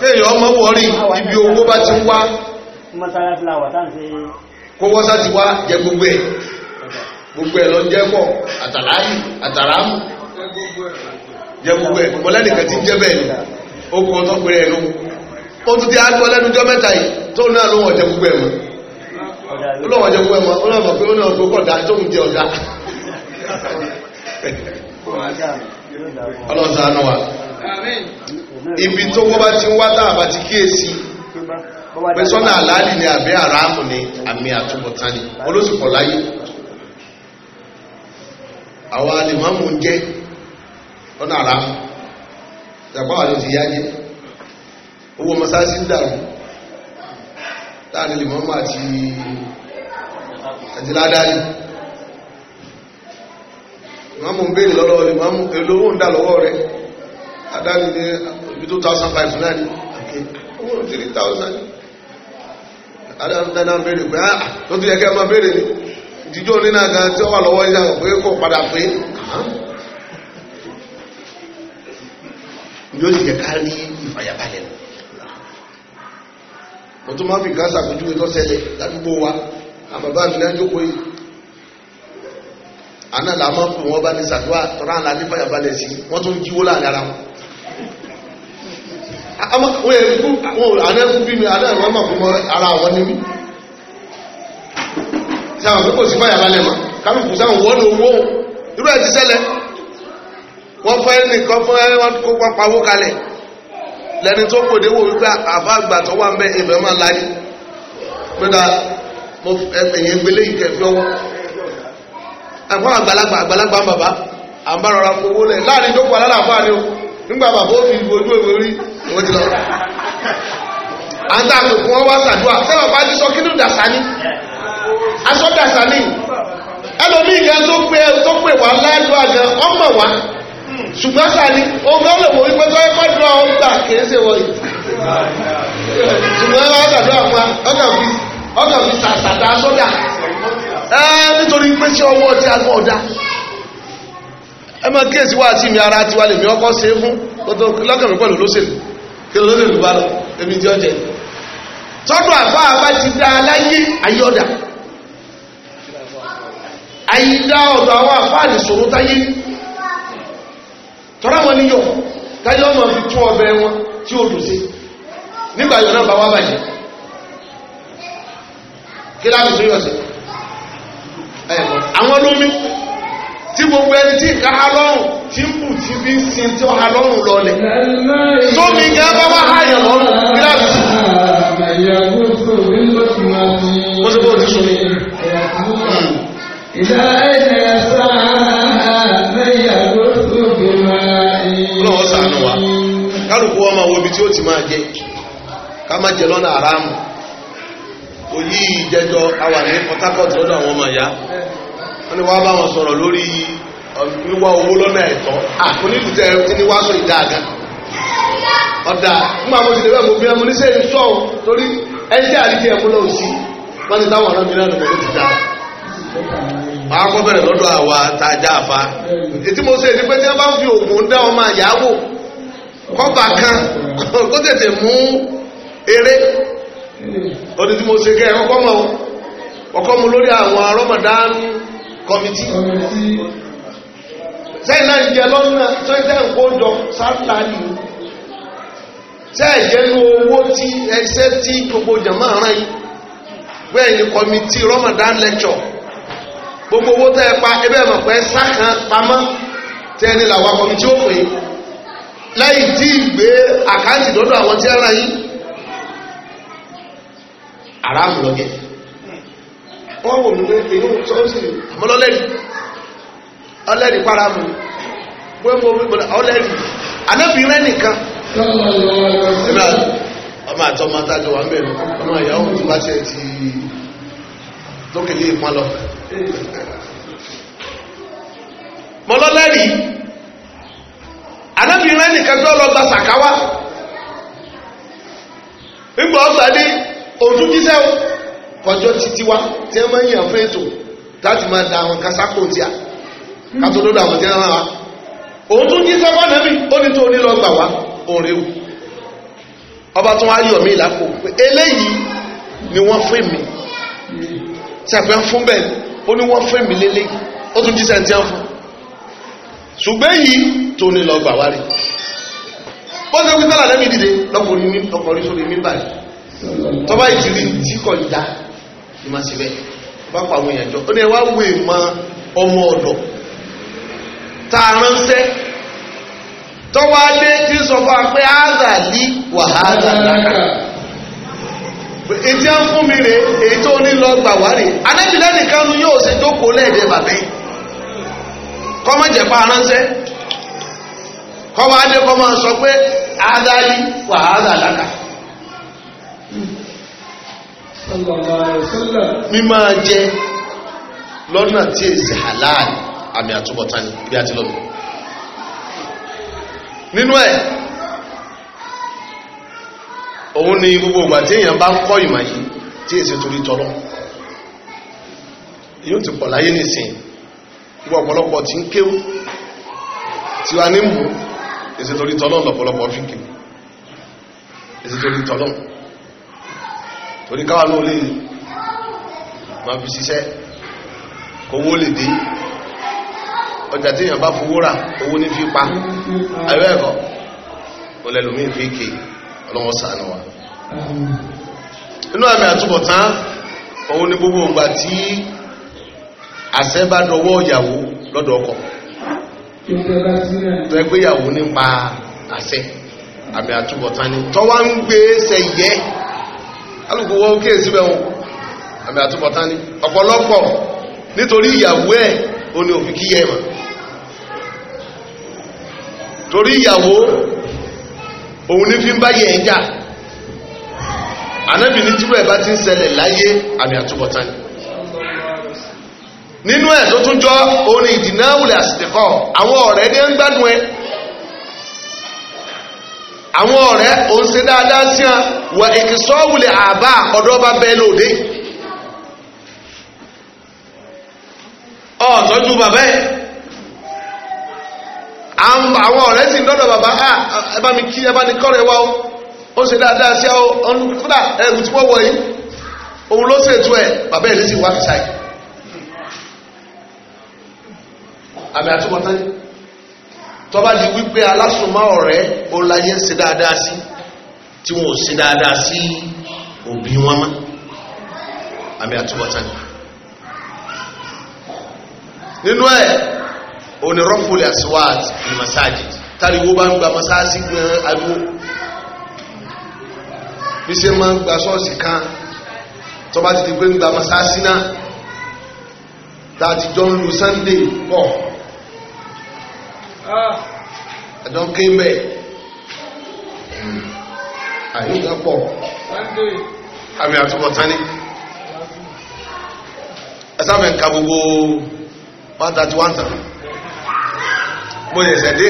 kéèyàn ọmọ wọrí ibi owó bá ti ń wá. mọ́tàlá fúláwà táǹsì. kówó sáti wá jẹ gbogbo ẹ gbogbo lọ jẹ́ pọ̀ àtàláyì àtàlámù jẹ gbogbo ẹ̀ gbogbo lẹ́nìkan ti jẹ́ bẹ́ẹ̀ ni ó kọ́ tó pèrè ẹ̀ ó tún ti yìí tó náà ló jẹ gbogbo ó jẹ gbogbo ó *laughs* ibi tó wọ́n bá ti wá tá a bá pé sọ́nà ni àbí àràmù ni àmì àtúbọ̀tán ni olóṣùpọ̀ láyé àwọn alìmọ́mù ń jẹ́ ọ̀nà àràmù ìjàpá wà ló ti yá jẹ́ owó mọ́sáàsì ń dàrú láàrin lìmọ́mù àti àti ládàálì ìmọ́mù ń béèrè lọ́lọ́ ìmọ́mù èlò owó ń dà lọ́wọ́ rẹ̀ ládàálì ní ibi tó 2005 náà ni owó 3000 adáná béèrè pé ah ló ti yẹ kẹ́ máa nínú aga tí ó wà lọ́wọ́ yíyá pé kò padà pé yóò sì yẹ ká rí ìfàyàbalẹ̀ nù mo máa fi ládùúgbò wa àbàbá yìí àná làá máa pè bá ní sàdúrà tọ́ra àlá ní sí wọ́n jíwó láàrin ara wọn. wọ́n yẹ kú àwọn anẹ́sùnfí mi adá ìwọ́n máa fọmọ ara àwọn níbi sáwọn pé kò sí fàyà lálẹ́ mà kálukú sáwọn wọ́n ní owó irú ẹ̀ ti ṣẹlẹ̀ wọ́n fẹ́ nìkan fún ẹ wọ́n kó pawó kalẹ̀ lẹ́ni tó kò déwò wípé àbá àgbà tó wà ń bẹ ìbẹ̀ máa láyé gbẹ́dà ẹ̀yìn gbélé ìkẹfẹ́ ọwọ́ ẹ̀fọ́ àgbàlagbà àgbàlagbà bàbá àbárọ̀ra fowó lẹ̀ láàrin tó kọ́ alálàáfáà ni ó nígbà bàbá ó fi ojú òwe rí òun ti lọ. àǹtà àpò fún wọn wá sàdúrà sẹ́wọ̀n pa ti sọ kí ló dàsá ní aṣọ dàsá ní ẹlòmíì tó tó pè wá láàdúrà gan ọmọ ṣùgbọ́n wípé tó dúró àwọn gbà ṣe ṣùgbọ́n fún wa ọkàn fi ọkàn fi sàṣàdá sọ́dà ẹ nítorí pé ṣé ọwọ́ ẹ máa kíyèsí wá àti mi ara tiwa lèmi ọkọ ṣe é fún lọ́kàn mi pẹ̀lú olóṣèlú kí olóṣèlú bá lọ èmi tí ó jẹ tọ́dọ̀ àfáà bá ti dá aláyé ayọ́dà àyídá ọ̀dọ̀ àwọn àfáà lè sọ̀rọ̀ táyé tọ́rọ àwọn níyọ̀ táyé ọmọ fi tún ọbẹ̀ wọn tí ó dùn sí nígbà yọ̀ náà bá wá bàjẹ́ kí láti sọ yọ̀ sí àwọn olómi tí gbogbo ẹni tí nǹkan ha lọ́rùn tí ń tí bí ń sin tí ọha ha lọ́rùn lọlẹ̀ sómi ní abá wá hàyàn lọ́rùn gíláàsì. ó ti sọ ọlọ́wọ́ sànù wa kálukú ti máa jẹ ká má jẹ lọ́nà ìjẹjọ awà ní Port Harcourt lọ́dọ̀ àwọn ọmọ wọ́n ní wá bá wọn sọ̀rọ̀ lórí um, wíwá owó lọ́nà ẹ̀tọ́ àkóníkùtẹ́ tí ní wá ìdáàgá ọ̀dà mú àwọn òṣèlú ẹ̀mú bí ẹmú níṣẹ́ ìṣọ́ torí ẹni àríkí ẹ̀mú lọ sí wọ́n ti táwọn ọ̀rọ̀ mìíràn lọ́dọ̀ ti dá àwọn akọ́ bẹ̀rẹ̀ lọ́dọ̀ àwa tá a já àfa ètí mo ṣe ní pé tí wọ́n bá ń fi oògùn dá ọmọ àyáwó kọ́bà kan kó tètè mú eré ọdún tí mo ṣe kẹ́ ọkọ́ mu lórí àwọn kọmití sẹ́yìn náà jẹ lọ́nà tó jẹ́ ìkójọ sátani sẹ́yìn jẹ́nu owó tí ẹsẹ́ tí gbogbo jàmá rán yìí bẹ́ẹ̀ ni kọmití Ramadan lecture gbogbo owó tẹ́ ẹ pa ẹbẹ́ mọ̀ pé sákan pamọ́ tẹ́ ẹni làwa kọmití ó pè é lẹ́yìn tí ìgbé àkáǹtì lọ́dọ̀ àwọn tí ẹ rán yìí aráàlú lọ́gẹ̀ẹ́. wọ́n wò ní èyí sọ́ọ́sì àmọ́lọ́lẹ́rì ọlẹ́rì para mu gbogbo gbogbo ọlẹ́rì nìkan ọmọ àti ọmọ àtàjọ wà ọmọ ìyàwó tó bá ṣe ti lókèlé ìpọn lọ mọ́lọ́lẹ́rì anábìrẹ́ nìkan tó lọ gba sàkáwá nígbà ọ̀sán ní òtún jíṣẹ́ o. kọjọ́ títí wá tí wọ́n máa ń yàn fún ètò láti máa da àwọn kásákò tí a kátó ló da àwọn tí wọ́n rán wa òun tún jí sábà nàbì ó ní tó onílọ gbà wá òun rèé wù ọba tó wá yọ̀ mí lápò pé eléyìí ni wọ́n fún mi sàfẹ́ fún bẹ́ẹ̀ ó ní wọ́n fún mi lélẹ́yìí ó tún jí sẹ́ńtì án fún ṣùgbọ́n yìí tó onílọ gbà wá rèé wọ́n ṣe wípé lànà mi dìde lọ́kùnrin mi ọkùnrin sórí mi báyìí tọ́ba ìtìrí tí kò dá ní máa ṣe bẹ́ẹ̀ bá pa àwọn èèyàn jọ ó ní ẹ wá wé mọ ọmọ ọ̀dọ̀ tá a ránṣẹ́ tọ́wọ́ sọ fún wa pé áàzà lí wàhálà ètí fún mi rè èyí tó ní lọ gbà wá rè anábìlẹ̀ nìkan nu yóò ṣe jókòó lẹ́ẹ̀dẹ́ bàbá yìí ránṣẹ́ kọ́mọ adé kọ́mọ sọ mímọ́ jẹ lọ́nà tí èsì halal àmì àtúbọ̀tán ibi àti lọ́nà nínú ẹ̀ òun ni gbogbo ìgbà tí èèyàn bá ń kọ́ ìmọ̀ yìí tí èsì torí tọrọ yóò ti pọ̀ láyé nìsín gbogbo ọ̀pọ̀lọpọ̀ tí ń kéwú tí wà ní mú èsì torí tọrọ lọ̀pọ̀lọpọ̀ fi kéwú èsì torí tọrọ torí káwà náà lè ma fi ṣiṣẹ́ owó lè dé ọjà tí èyàn bá fowó rà owó ní fi pa ẹ̀rọ ẹ̀kọ́ olẹ́lòmí fi kè ọlọ́wọ́ sàánú wa inú àmì àtúbọ̀tán òun ní gbogbo ìgbà tí àṣẹ bá dọwọ́ ìyàwó lọ́dọ̀ ọkọ tó ẹgbéyàwó nípa àṣẹ àmì àtúbọ̀tán ni tọ́wá ń gbé ṣẹ̀yẹ́ alùpùpù wọ́n kéè síbẹ̀ wọn àmì àtúbọ̀tán ni ọ̀pọ̀lọpọ̀ nítorí ìyàwó ẹ̀ ó ní òfin kíyẹ̀ mọ̀ torí ìyàwó òun ní fi ń báyẹ̀ ẹ̀ jà ànábì ní tírú ẹ̀ bá ti ń ṣẹlẹ̀ láyé àmì àtúbọ̀tán ni nínú ẹ̀ tó tún jọ òun ìdìnnáwùlẹ̀ àsìtẹ̀kọ́ àwọn ọ̀rẹ́ ní ń gbádùn ẹ̀ àwọn ọ̀rẹ́ òun se dáadáa sí wọn wọ ìkìsọ́wùlẹ̀ àbá ọ̀dọ́ bá bẹ́ẹ̀ lóde. ọ̀tọ́jú bàbá ẹ̀ àwọn ọ̀rẹ́ sì ń dọ́dọ̀ bàbá ẹ bá mi kí ẹ bá ní kọ́rẹ́ wa o ó ṣe dáadáa sí ọ kódà ẹrù tí wọ́n wọ̀ yìí òun ló ṣètò ẹ̀ bàbá ẹ̀ lè sì wá fi ṣáì àmì àtúbọ̀tán yìí. tó bá di wípé alásùnmọ́ ọ̀rẹ́ òun láyé ń ṣe dáadáa sí tí wọn ò ṣe dáadáa sí òbí wọn mọ́ àmì àtúbọ̀tán nínú ẹ̀ onírọ́fùlẹ̀ aswat ní masáàjì táriwó bá ń gba masáàjì gan ariwo bí máa ń gba ṣọ́ọ̀ṣì kan tó ti di pé ń gba masáàjì náà tá jọ ń lu sunday pọ̀. Oh àjọ ké mbẹ́ àyíká pọ̀ àmì àtúbọ̀tán i'm ẹ̀sáfẹ́ ń ka gbogbo one thirty one tán mo lè ṣẹ̀dé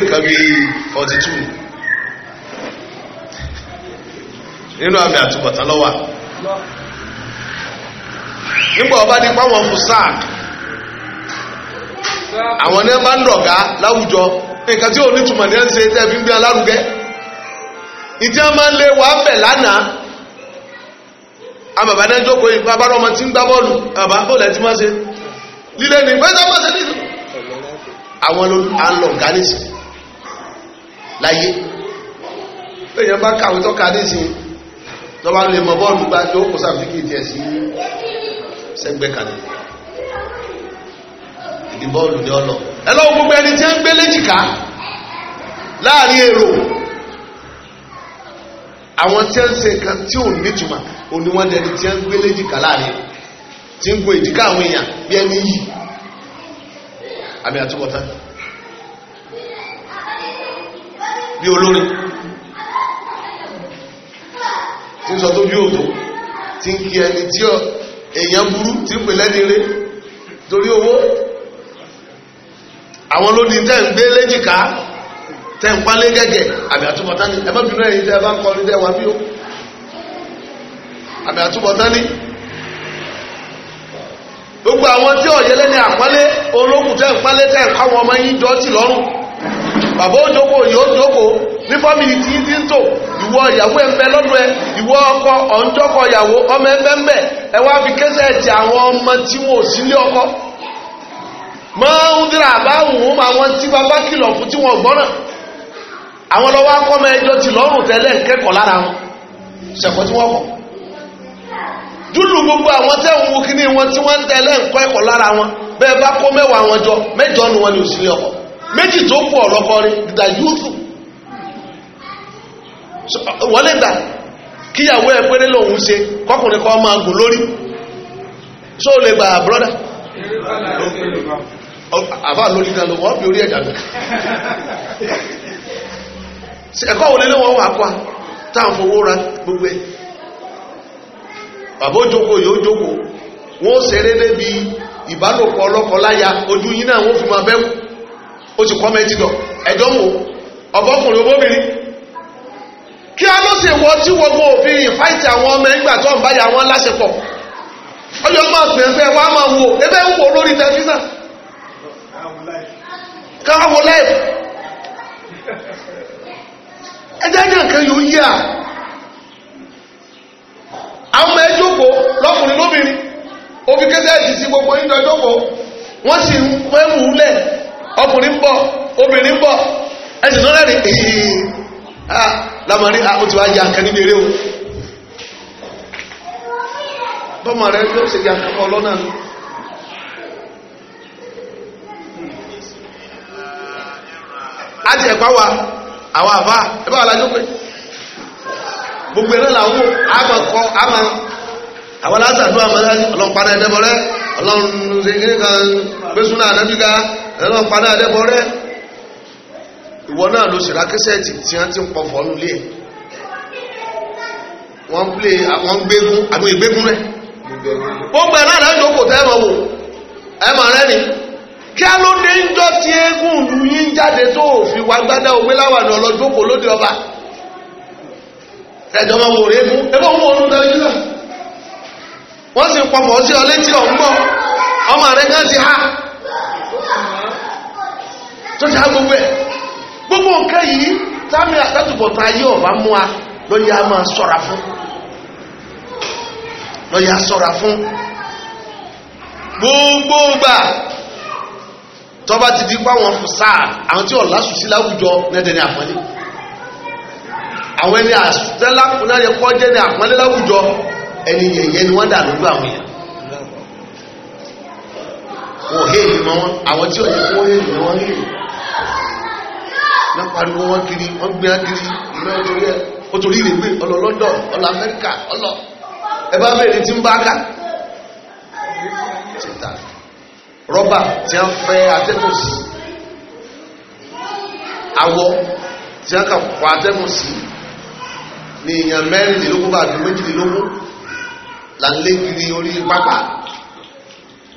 ọba ní pàwọn fún àwọn náà máa ń lọ̀gá láwùjọ nǹkan tí ò ní túmọ̀ ní ẹ̀ ń ṣe tẹ́ fi ń gbé alárugẹ ìdí a máa ń lé wa bẹ̀ lánàá àwọn bàbá náà jókòó yìí bàbá ọmọ tí ń gbá bọ́ọ̀lù bàbá bọ́ọ̀lù ẹ̀ ti máa ṣe lílé ní pẹ́sẹ́ máa ṣe nílùú àwọn alọ̀gá nìsín láyé lẹ́yìn bá kàwé tọ́ka nìsín lọ́wọ́ lè mọ bọ́ọ̀lù gbájú ó sàfikì tiẹ̀ sí sẹ́gbẹ́ kan nìyẹn ìbọ́ọ̀lù ni ọlọ ẹ lọ́wọ́ gbogbo ẹni tí ń gbé léjìká láàrin èrò àwọn tí ń ṣe nǹkan tí ò nítumọ̀ òní wọn dẹni tí ń gbé léjìká láàrin tí ń gun èjìká àwọn èèyàn bí ẹni yìí àmì àtúbọ̀tá bí olórin tí ń sọ tó bí òtò tí ń kí ẹni tí èèyàn burú tí ń pè lẹ́ni rẹ̀ torí owó àwọn lónìí tẹ́ ń gbé léjìká tẹ́ ń pálé gẹ́gẹ́ àmì àtúbọ̀tán ni ẹ má bínú ẹ̀yin tẹ́ ẹ bá ń ni gbogbo àwọn tí ọ̀yẹ́ lẹ́ni ọmọ yín jọ lọ́rùn bàbá òjòkó yóò ní tí ti ń tò ìwọ ìyàwó lọ́dún ọkọ ìyàwó ọmọ ń ẹ wá fi kẹ́sẹ̀ ti ọkọ máa ń dira àbáwùn àwọn tí bàbá kìlọ̀ fún tí wọ́n gbọ́nà àwọn lọ́wọ́ akọ́mọ ẹjọ́ ti lọ́rùn tẹ́lẹ̀ kẹ́kọ̀ọ́ lára wọn ṣẹ̀kọ́ tí wọ́n kọ́ dúdú gbogbo àwọn tẹ́wọ̀n wo kíní wọn tí wọ́n ń tẹ́lẹ̀ ń kọ́ ẹ̀kọ́ lára wọn bẹ́ẹ̀ bá kó mẹ́wàá wọn jọ mẹ́jọ nu wọn ni òsì lẹ́ọ̀kọ́ méjì tó kù ọ̀rọ̀ rí dìda yúùtù wọlé dà kíyàwó ẹ péré lòun ṣe kọkùnrin kan máa gùn lórí ṣó o lè gbà brọ́dà. àbá lórí kan ló wọ́n bí orí ẹ̀dà lọ ẹ̀kọ́ wọlé lọ́wọ́ wà ra gbogbo ẹ̀ bàbá òjòkó yóò jòkó wọ́n ṣeré débi ìbálòpọ̀ ọlọ́kọ láya ojú yín náà wọ́n fi máa bẹ́wò ó sì kọ́mẹ́ ti ẹ̀dọ́ wò ọ̀bọ́kùnrin obóbìnrin kí a ló ṣe wọ tí gbogbo òfin ìfáìtì àwọn ọmọ ẹgbà tó ń báyà wọn láṣepọ̀ ebe ń lórí tẹlifíṣàn ka láìpù ẹjẹ́ ní nǹkan yóò yí a ama ẹjọ́kọ̀ lọ́kùnrin a omi kẹsẹ̀ẹ̀tì sí gbogbo ndị ẹjọ́kọ̀ wọ́n sì ń pẹ́ múlẹ̀ ọkùnrin ń obiri obìnrin ń bọ̀ ẹ̀sìn lọ́rẹ̀ rẹ̀ èyí lámàrí àwọn tí wá yà kẹ́ ere o o láti ẹ̀pá wa àwọn àfá ẹ̀pá wa pé gbogbo ẹ̀rọ làwọn àmọ̀ kọ àmọ̀ àwọn alásàdó àmọ́lá ọlọ́pàá náà ẹ̀dẹ́bọ̀ ọlọ́run ṣe kan gbésùn náà nẹ́bíga ọlọ́pàá náà ẹ̀dẹ́bọ̀ ìwọ náà ló tí wọ́n ti ń pọ̀fọ́ nílé wọ́n àwọn gbégún àwọn ìgbégún rẹ̀ kí a ló dé ń jọ tí eégún ìlú yín jáde tó fi gbádá òwe ọlọ́dúnkò lóde ọba ẹ̀jọ̀ máa wò régún náà wọ́n sì ń sí ọ létí ọ̀hún ọmọ rẹ̀ ti gbogbo ẹ̀ gbogbo nǹkan yìí ayé ọ̀bá mú a lóye a máa fún gbogbo gbà tọ́ba ti di pa wọn fún sáà àwọn tí ọ̀la sùn sí láwùjọ nẹ́tẹ̀ ní àpọ́nlé àwọn ẹni àsùtẹ́lákùn náà yẹ kọ́ jẹ́ ní àpọ́nlé láwùjọ ẹni yẹ̀yẹ́ ni wọ́n dà lójú àwọn èèyàn wọn ò héèlì mọ́ wọn àwọn tí ọ̀yẹ́ kó héèlì mọ́ wọn héèlì náà wọn kiri wọn gbé wọn kiri ìlú ọjọ́rí ẹ̀ ó torí ìrègbè ọlọ London ọlọ Amẹ́ríkà ọlọ ẹ bá bẹ̀rẹ̀ tí ń bá ká rọ́bà tí wọ́n fẹ́ atẹ́gùn sí awọ tí wọ́n kà fọ atẹ́gùn sí ní èèyàn mẹ́rìndínlógún bá àbí méjìdínlógún là ń lé kiri orí pápá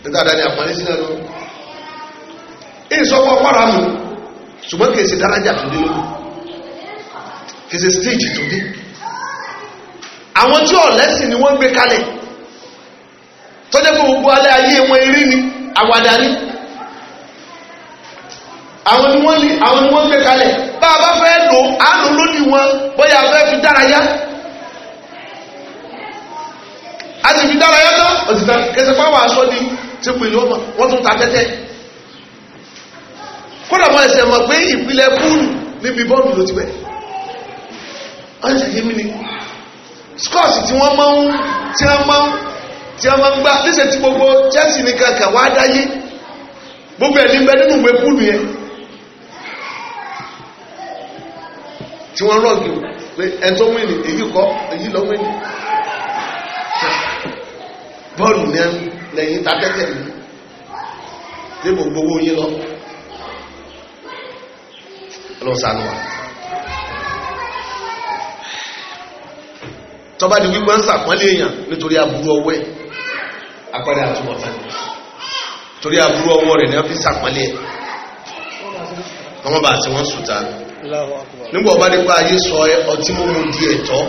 nígbà dání àpọ́nlé sí náà lọ. ìsọfọ ọpọlọ àmì ṣùgbọ́n kì í ṣe dárájà tó dé lógún kì í ṣe stéèjì tó dé àwọn tí ọ̀lẹ́sìn ni wọ́n gbé kalẹ̀ tọ́jọ́ pé gbogbo alẹ́ ayé wọn erí ni àwàdàní àwọn ni wọ́n lè àwọn ni wọ́n gbé kalẹ̀ bá a bá fẹ́ lò á lò lónìí wọn bóyá a fẹ́ fi dárayá a ti fi dárayá tán òsìtàn kẹsẹ̀ fáwọn aṣọ ni ti pè ní ọmọ wọ́n tún ta tẹ́tẹ́ kódà mọ́ ẹsẹ̀ mọ̀ pé ìpìlẹ̀ púùlù níbi bọ́ọ̀lù ló ti bẹ̀ wọ́n ṣe kí mi ni skọ́ọ̀sì tí wọ́n máa ń tí wọ́n máa ń tí wọ́n máa ń gbá níṣẹ́ tí gbogbo Chelsea nìkan kà wá dáyé gbogbo ẹ̀ níbẹ̀ nínú ìwé púùlù yẹn tí wọ́n rọ̀gì pé ẹ̀ tó wí ni èyí kọ́ èyí lọ wí ni bọ́ọ̀lù ní lẹ́yìn tàbẹ́tẹ̀ mi ní gbogbo owó yín lọ ọlọ́sàn wa tọ́ba di wípé ń sàpọ́nlé èèyàn nítorí aburú ọwọ́ ẹ̀ akọ́dá àtúmọ̀ tán torí àbúrú ọwọ́ rẹ̀ ní ọ́fíìsì àpọ́lẹ̀ ọmọ bá àti wọ́n sùta nígbà ọba nípa ayé sọ ọtí mímu di ẹ̀tọ́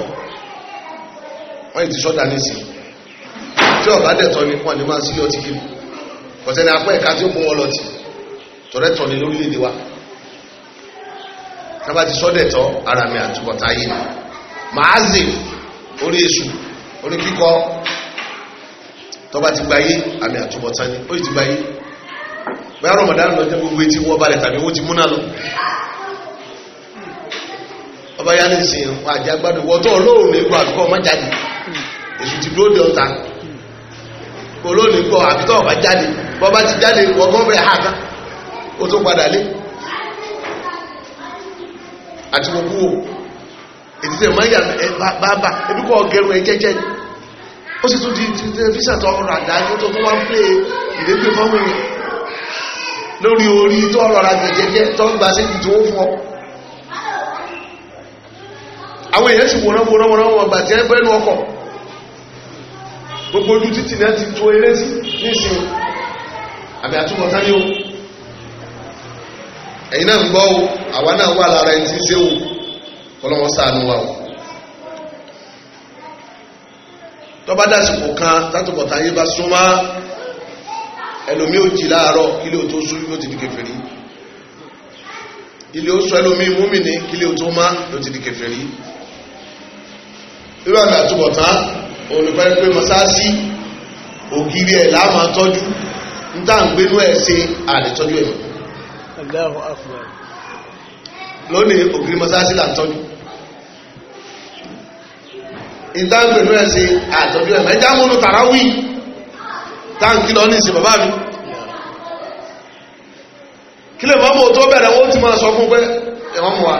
wọ́n yìí ti sọ́dà nísìn tí ọba dẹ̀tọ́ ni wọ́n ní máa sí ọtí kí ọ̀sẹ̀ni apá ẹ̀ka tí ó mú wọn lọ́tì tọ̀rẹ́tọ̀ ni lórílẹ̀-èdè wa tábà ti sọ́dẹ̀tọ́ ara mi àtúbọ̀tá yìí màá zè orí èṣù orí kíkọ́ tó ti gbáyé àmì àtúbọ̀tán ni ó ti gbáyé bá rọmọdán lọ jẹ́ gbogbo etí wọ́n balẹ̀ tàbí owó ti múná lọ ọba yá ní ìsìn wọn àjẹ́ agbádùn olóòrùn àbíkọ́ ọmọ jáde ti dúró de ọ̀tá olóòrùn ọba jáde bọ́ bá ti jáde ọgbọ́n bẹ̀rẹ̀ hàkán ó tó padà lé àti ètùtù ẹ̀ máa yà ó sì tún di tẹlifíṣàn tó ọrọ̀ àdáyé tó tó wá ń pè ìrégbè fọ́wọ́ èèyàn lórí orí tó ọrọ̀ ara gẹ̀gẹ́gẹ́ tó ń gba sí ìdíwó fún ọ àwọn èèyàn sì wòrán wòrán wòrán wọn bàtí ẹ bẹ́ẹ̀ ní ọkọ̀ gbogbo ojú títì náà ti tó eré sí nísìnyí àbí àtúbọ̀tán ni ó ẹ̀yin náà ń gbọ́ o àwa náà wà lára ẹni tí ń ṣe o ọlọ́wọ́ sáà ní wa o. tọ́ba dàsìkò kan tátùbọ̀tà ayé bá súnmọ́ ẹlòmí ò jí láàárọ̀ kílé o tó sún ló ti di kèfèrí ilé ó sọ ẹlòmí múmìnì kílé ò tó má ló ti di kèfèrí irú àgbà àtúbọ̀tán olùpẹ́ pé mọ́sáàsì ògiri ẹ̀ láàmà tọ́jú ń tà ń gbénú ẹ̀ ṣe àdìtọ́jú ẹ̀ lónìí ògiri mọ́sáàsì là ń tọ́jú ìtàǹkì inú ẹ̀ ṣe àtọ́jú ẹ̀ mẹ́já múnú tàràwì táǹkì lọ ní ìsìn bàbá mi kí lè mọ́mọ́ tó bẹ̀rẹ̀ wọ́n ti máa sọ fún pé ẹ̀wọ́n mú wa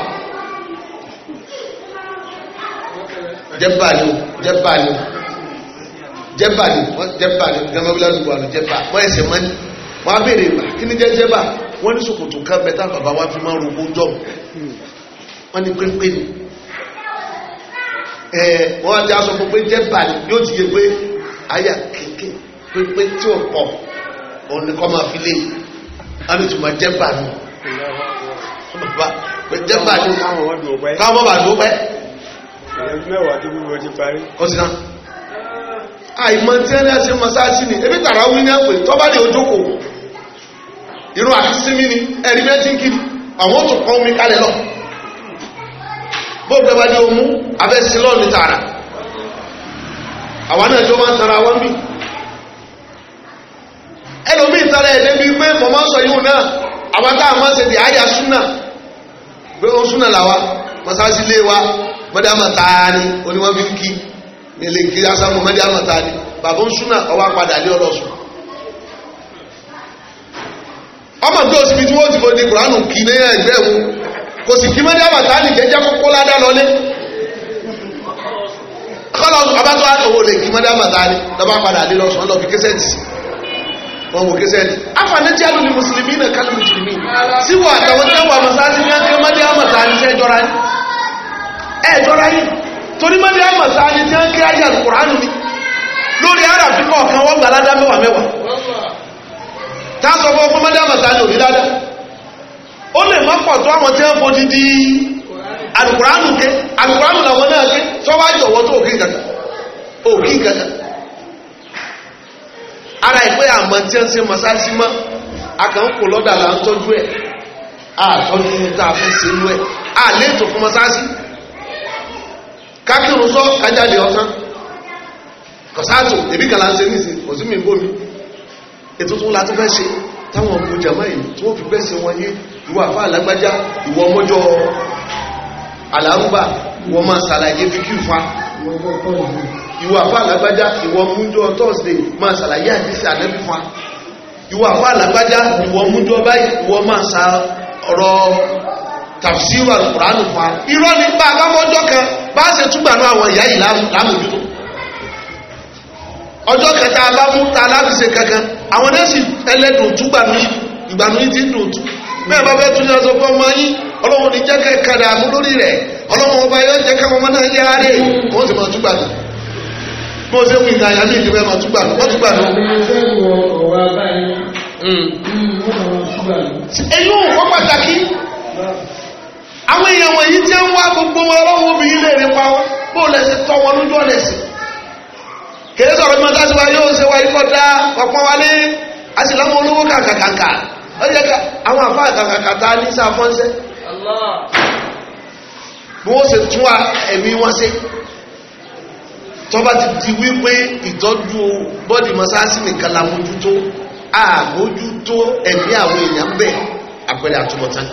jẹ́bà ni jẹ́bà ni jẹ́bà ni jẹ́bà ni gẹ́gẹ́ bí lẹ́nu wàlú jẹ́bà wọ́n ẹ̀sẹ̀ mọ́ ni wọ́n á béèrè ìgbà kí ni ẹ wọn ti aṣọ fún pé jẹ bàlẹ yóò ti yé pé àyà kéke pépé tí o pọ òun ni kọ́ máa fi lé yìí wọn ni tùmọ̀ jẹ bàlẹ jẹ bàlẹ káwọn bá dùn pẹ́. mẹ́wàá tó wúwo ti parí. kọ́sí náà àìmọ̀ tí ẹni ẹ ṣe mọ́sáàsì ni ebi tàrà wí ní ẹ̀pẹ̀ tó bá lè ojókòó irú àti sinmi ni ẹ̀rí bẹ́ẹ̀ ti ń kiri àwọn tó kọ́ omi kalẹ̀ lọ. bó bẹ́ẹ̀ bá jẹ́ omú abẹ́sí lọ́ọ̀ ní tara àwọn náà jọ máa ń tara wọn bí ẹlòmíì tara ẹ̀ débi pé mọ̀ máa ń sọ náà àwọn tá a máa suna ṣe di àyà súnà pé wọn súnà lé wa bọ́dá mọ̀ta ni oníwọ́n fi ń kí nílé kí ni bàbá ń súnà ọmọ tó o sì fi tí ti di kùránù kì kò sì kí mọ́dé àbàtálì jẹ́jẹ́ kókó ládá lọlé kọ́lọ̀ abátọ́ àtọwò lè kí mọ́dé àbàtálì lọ́ba padà lé lọ́sùn lọ́ fi késẹ́tì wọn wò késẹ́tì afanẹ́tì àlù ni mùsùlùmí náà kálù mùsùlùmí sí wà àtàwọn tẹ́ wà mọ́sáàsì ní akẹ́ mọ́dé àbàtálì sẹ́ jọra yín ẹ jọra yín torí mọ́dé àbàtálì tí wọ́n kí ayé àlùkùránù mi lórí ara fífọ̀ kan wọ́n gbà ládá mẹ́wàá mẹ́wàá tá sọ fún ọkọ ó lè má pọ̀ àwọn tí wọ́n fọ́ dídí alukuraanu ké alukuraanu làwọn náà ké sọ́wájú ọ̀wọ́ tó òkè kankan òkè ara ìpẹ́ àmọ́ tí wọ́n se mọ́sáàsì mọ́ akànkò lọ́dà là ń tọ́jú ẹ̀ àtọ́jú tá a fún sínú ẹ̀ àlétò fún mọ́sáàsì kákìrún sọ kájáde ọ̀sán kọ̀sáàtò èbí kan ń ṣe nísìnyí òsínmi ètò tó la tó fẹ́ táwọn ọmọ jàmá yìí tí wọ́n fi gbẹ́sẹ̀ wọn yé ìwọ àfá alágbájá ìwọ ọmọjọ́ àlàrúbà ìwọ máa sàlàyé fíkìú fa ìwọ àfá alágbájá ìwọ mújọ thursday máa sàlàyé àdísì ànẹ́bí fa ìwọ àfá alágbájá ìwọ mújọ báyìí ìwọ máa sa ọ̀rọ̀ tafsir al-Qur'an fa irọ́ nípa akámọ́jọ́ kan bá ṣe túgbà náà àwọn ìyá yìí lámùjútó ọjọ́ kẹta alámúta alábìsẹ̀ kankan àwọn náà sì gbà mí ìgbàanú yìí ti ń dùn bẹ́ẹ̀ bá fẹ́ tún ní aṣọ fún ọmọ yín ọlọ́run ní àmú lórí rẹ̀ ọlọ́run ọba yóò jẹ́ káwọn ọmọ náà yára kó sì máa tún gbà mí wù máa tún gbà mí wọ́n tún gbà mí. Hmm. pàtàkì àwọn èèyàn wọ̀nyí jẹ́ ń wá gbogbo ọlọ́run obìnrin lè rí pa bó kéré sọ̀rọ̀ mọ́tà sí wa yóò ṣe wa ikọ̀ dá ọ̀pọ̀ wa lé a sì lọ́mọ olówó kàkàkàkà ó yẹ ká àwọn àfa kàkàkà ta ní sáà fọ́nṣẹ́ bí wọ́n ṣe tún ẹ̀mí wọn ṣe tọ́ba ti di wípé ìtọ́jú bọ́dì mọ́sáàsì nìkan la mójútó àmójútó ẹ̀mí àwọn èèyàn bẹ́ẹ̀ àpẹẹrẹ àtúbọ̀tán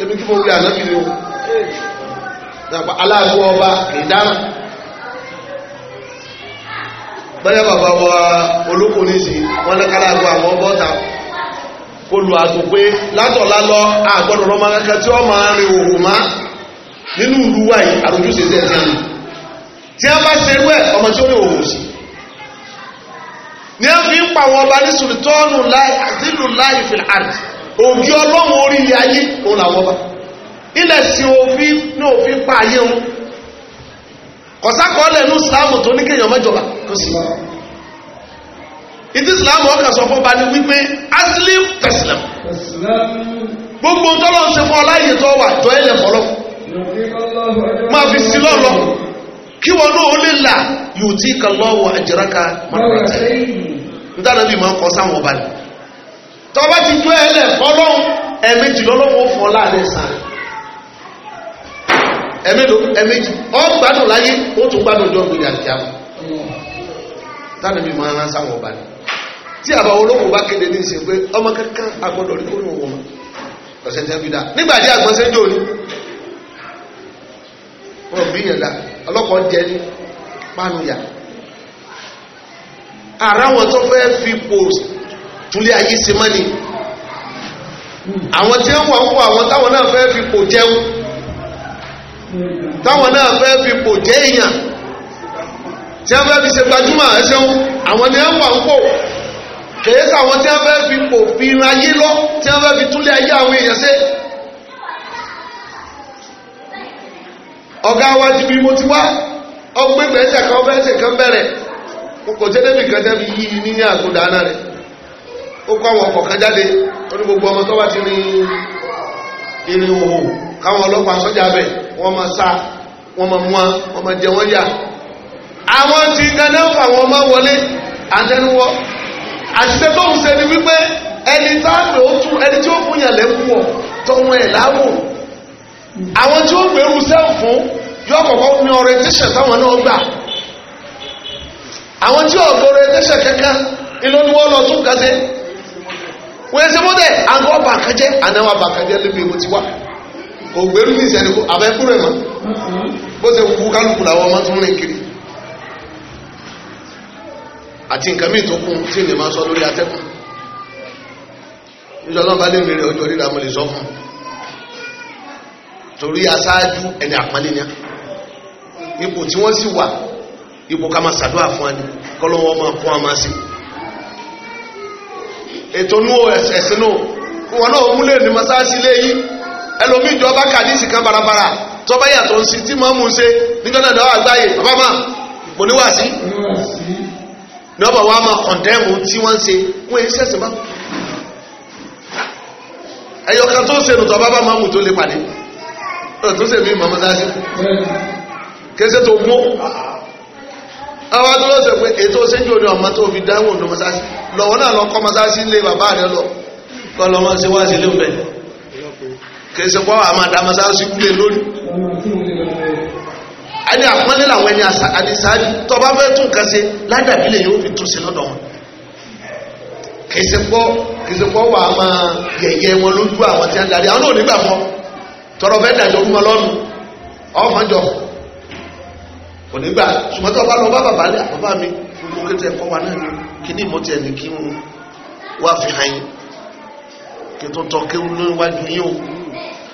ebi kí mo wí ànábìrì o aláàbò ọba kì í dáná bẹ́rẹ̀ bàbá wa olóko ní sí wọ́n ní kálágbó àwọn bọ́ta kó lu àtò pé látọ̀lá lọ àgbọ̀dọ̀ lọ́mọ kankan tí wọ́n máa rin òwò má nínú ìlú wa yìí a bá ṣerú ẹ̀ ọmọ tí ó ní òwò sí ní a fi ń pa àwọn ọba ní sùlùtọ́ọ̀nù láì àzílù láì fìlà àrùtì òbí ọlọ́run orí ilẹ̀ ayé òun làwọn kọ̀sákọ̀ọ́lẹ̀ ní ìsìláàmù tó ní kéèyàn mẹ́jọba kò sí ìdí ìsìláàmù ọkà sọ fún bani wípé aslim tẹsílẹ̀m gbogbo tọ́lọ̀ ń ṣe fún ọláyè tó wà jọ ẹ̀lẹ̀ fọlọ́ máa fi sí lọ́lọ́ kí wọn náà ó lè là yóò tí kan lọ́wọ́ àjẹráka mọ̀nàmọ́tẹ́ nítorí bí máa kọ sáwọn ọba ni tọ́ba ti fọlọ́ lọ́lọ́wọ́ fọ́ láàrin ẹ̀mẹ́lò ẹ̀mẹ́jì ọ́n gbádùn láyé ó tún gbádùn jọ gbèrè àkíyàmù tánà bí máa rán sáwọn ọba ni tí àbá olóko bá kéde ní ìsìn pé ọmọ kankan agbọ́dọ̀ ní orí òun lọ́sẹ̀ tẹ́ fi dá nígbà tí àgbọn ṣe ń jò ní wọn bí yẹn dá ọlọ́kọ̀ jẹ ní pánu yà ara wọn tó fẹ́ fi pò túlé ayé ṣe mọ́ni àwọn tí wọ́n wọ́n àwọn táwọn náà fẹ́ fi pò jẹun táwọn náà fẹ́ fi pò jẹ́ èèyàn tí wọ́n fẹ́ fi ṣe gbajúmọ̀ àwọn ni wọ́n wà ń pò kèé sàwọn tí wọ́n fẹ́ fi pò fi ra yé lọ tí wọ́n fẹ́ fi túlẹ̀ ayé àwọn èèyàn ṣe. ọ̀gá wa ti bí mo ti wá ọgbẹ́ gbẹ̀ẹ́sẹ̀ kan fẹ́ẹ́sẹ̀ kan bẹ̀rẹ̀ kò jẹ́ débi kan tẹ́ fi yí i rẹ̀ káwọn ọlọ́pàá sọ́jà bẹ̀ wọ́n máa sá wọ́n máa mú wọn wọ́n máa jẹ wọ́n yà àwọn ti dáná fún àwọn ọmọ wọlé àtẹnuwọ́ àṣìṣe tó ń ṣe ni wípé ẹni tá a pè ó tú ẹni tí ó fún yàn lẹ́kùn wọ̀ tọ̀wọ́n ẹ̀ láwò àwọn tí ó gbèrú sẹ́wọ̀n fún yọ kọ̀kọ́ ní orientation táwọn náà gbà àwọn tí ọ̀gbọ́n orientation kankan ìlọ́niwọ́ lọ tún kàṣe wọ́n ṣe mọ́tẹ̀ àgọ́ bàkàjẹ́ àdáwà bàkàjẹ́ lébi ìwé tiwa kò gbèrú ní ìsẹ́ni àfẹ́kúrò ẹ̀mọ́ mm-hmm. bó ṣe wù kálukú làwọn ọmọ tún rìn kiri àti nǹkan míì tó kún tí lè máa sọ lórí atẹ́kùn níjọ́ náà bá lè mèrè ọjọ́ rírà mo lè sọ fún un torí aṣáájú ẹni àpọ́nlé ni ipò tí wọ́n sì wà ipò ká máa ṣàdúrà fún ẹni kọ́lọ́wọ́ máa kún àmà sí ètò nú ẹ̀sìn náà wọn náà múlẹ̀ ní masáàsì léyìí ẹlòmíì jọ bá kàdísì kan barabara tọ́ba yàtọ̀ ń sí tí mọ́ mú un ṣe nígbà náà dáwọ́ àgbáyé bàbá mà kò ní wá sí. ní ọ̀bà wa máa kọ̀ndẹ́mù tí wọ́n ń ṣe wọ́n èyí ṣẹ̀ṣẹ̀ bá. ẹ̀yọ̀ kan tó ṣe nùtọ̀ bàbá máa mú tó lè pàdé ọ̀rọ̀ tó ṣe mí mọ́ mọ́sáàsì kéṣe tó gbó àwọn adúlọ́ ṣe pé ètò ṣéńjò ni ọmọ tó fi dáhùn ní mọ́sáàsì lọ́wọ́ náà lọ kọ́ mọ́sáàsì lé bàbá rẹ lọ lọ́ lọ́ ṣe wá sí ilé ìfẹ́ kèsì pọ́ àwọn àdàmọ́sá sí kúlẹ̀ lórí. ẹni àpọ́nlé làwọn ẹni àdìsáájú tó bá fẹ́ tún kan ṣe ládàbí lè yóò fi tún ṣe lọ́dọ̀ wọn. kèsì pọ́ kèsì pọ́ wà á máa yẹ̀yẹ́ wọn lójú àwọn tí wọ́n darí àwọn náà nígbà fọ́ tọrọ fẹ́ dàjọ́ fún wọn lọ́nu ọ̀fọ̀njọ́ kò nígbà ṣùgbọ́n bá lọ bá bàbá rẹ̀ àbábá mi gbogbo kété ẹ̀kọ́ wa náà ni kí ni ìmọ̀tì ẹ̀ní kí n wá fi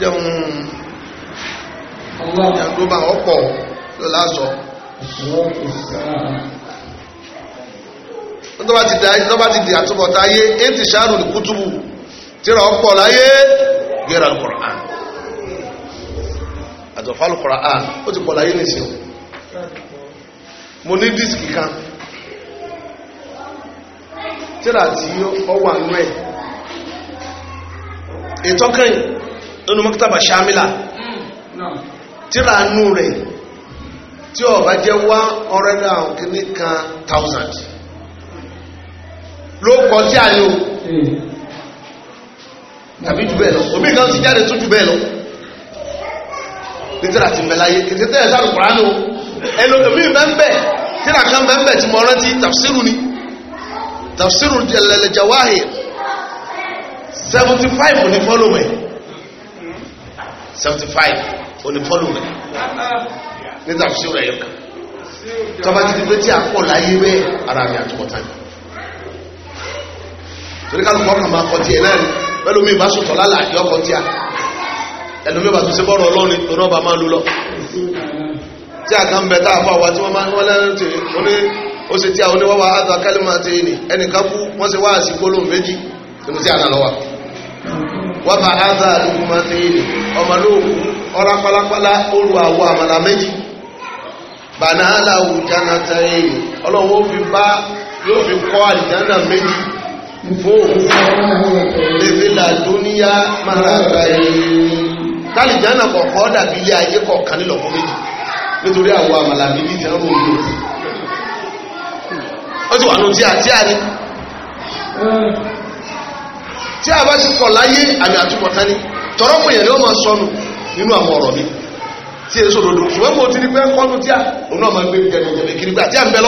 jẹun ìyàgbóbà ọ̀pọ̀ ló lásọ lọ́bá ti di àtúbọ̀tá ayé é ti ṣàrù ní kútùbù tíra ọ̀pọ̀ láyé gẹ́rà al-Qur'an àjọ̀fà al-Qur'an ó ti pọ̀ láyé nìsí o mo ní dísìkì kan tíra tí ó wà nú ẹ̀ ètọ́kẹ́yìn nínú mọ́kítàbà shamila hmm. tíra nù rẹ̀ tí ó bá jẹ́ wá ọ̀rẹ́dà òkìní kan thousand ló kọ tí a yóò tàbí jù bẹ́ẹ̀ lọ omi kan ti jáde tó jù bẹ́ẹ̀ lọ nítorí àti mẹ́láyé kìtẹ́ tẹ́lẹ̀ sáré kùránù ẹlòmí bẹ́ẹ̀ tíra kan bẹ́ẹ̀ tí mo rántí tafsiru ni tafsiru jẹlẹlẹ jawahir seventy five ní fọ́lọ́mù ẹ̀ seventy five onífọ́lù rẹ̀ nígbà tó ṣe rẹ̀ yọkàn tọ́ba ti di pé tí a pọ̀ láyé bẹ́ẹ̀ ara mi àtúbọ̀tán ni torí ká lùkọ́ kàn máa kọ tiẹ̀ náà ni pẹ̀lú mi ìbá sùtọ̀ lálà yọ ọkọ̀ tí a ẹlòmí bá tún ṣe bọ́ọ̀rọ̀ ọlọ́ni lórí ọba máa lú lọ tí a kan bẹ̀ táà fún àwa tí wọ́n máa ń wọ́n lẹ́nu tí oní ó ṣe tí a oníwọ́wọ́ àgbà kálímà tí ẹnìkan kú wọ́n ṣe wá àsìkò lóhùn méjì nínú tí a náà lọ́wọ́ wàbà áza àdúgbò fèèlì ọmọlóògùn ọ̀rá pálápálá olù àwọ̀ àmàlà méjì bànáàlà òjànà tẹ̀yìn ọlọ́wọ́ fi bá yóò fi kọ́ àdìjánà méjì fún òun lébílà dúníyà mara tẹ̀yìn kálìjánà kọ̀kọ́ dàbí ilé ayé kọ̀ọ̀kan nílọ̀kọ́ méjì nítorí àwọ̀ àmàlà méjì tí wọ́n ń lò ó ti wà lóun tí a tí a tí a bá ti kọ̀ láyé àmì àtúbọ̀tán ni tọ̀rọ̀ fún yẹn ni wọ́n máa sọnù nínú àwọn ọ̀rọ̀ mi tí èso dodo ṣùgbọ́n mo ti rí pé kọ́nù tí a òun náà máa gbé kiri gbà tí a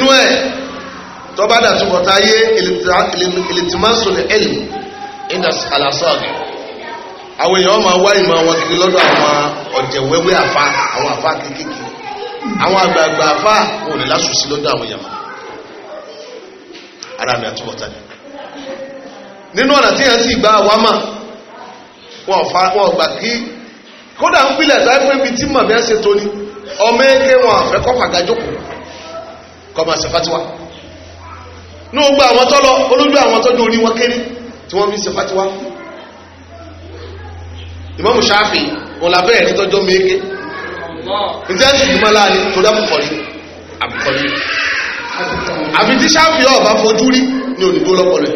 lọ́wọ́ tó bá dà túbọ̀ tá yé ìlìtìmọ́sùn ẹ̀lì indus alasọ́ọ̀gì àwọn èèyàn máa wá ìmọ̀ àwọn kiri lọ́dọ̀ àwọn ọ̀jẹ̀wẹ́wẹ́ àfa àwọn àfa kéékèèké àwọn àgbààgbà àfa wọn ò lè lásù sí lọ́dọ̀ àwọn èèyàn ara mi àtúbọ̀ tá yé nínú ọ̀nà tí yẹn sì gba àwa mà wọn ò gbà kí kódà ń pilẹ̀ sáré fún ibi tí màmí ẹ̀ ṣètò ni ọmọ ẹ̀kẹ́ wọn àfẹ́kọ́ fàgájókòó kọ́ máa ṣe fatiwa ní ogbà àwọn tó lọ olójú àwọn tó dórí wọn kéré tí wọ́n fi ṣe fatiwa Ìmáàmù Ṣáfì wọn làbẹ́ ẹ̀ títọ́jọ́ méje ǹjẹ́ sì ti máa láàrin tó dá bùkọ́lí àbùkọ́lí àbí tí Ṣáfì ọ̀bá fojú rí ní òdìbò lọ́pọ̀lọ́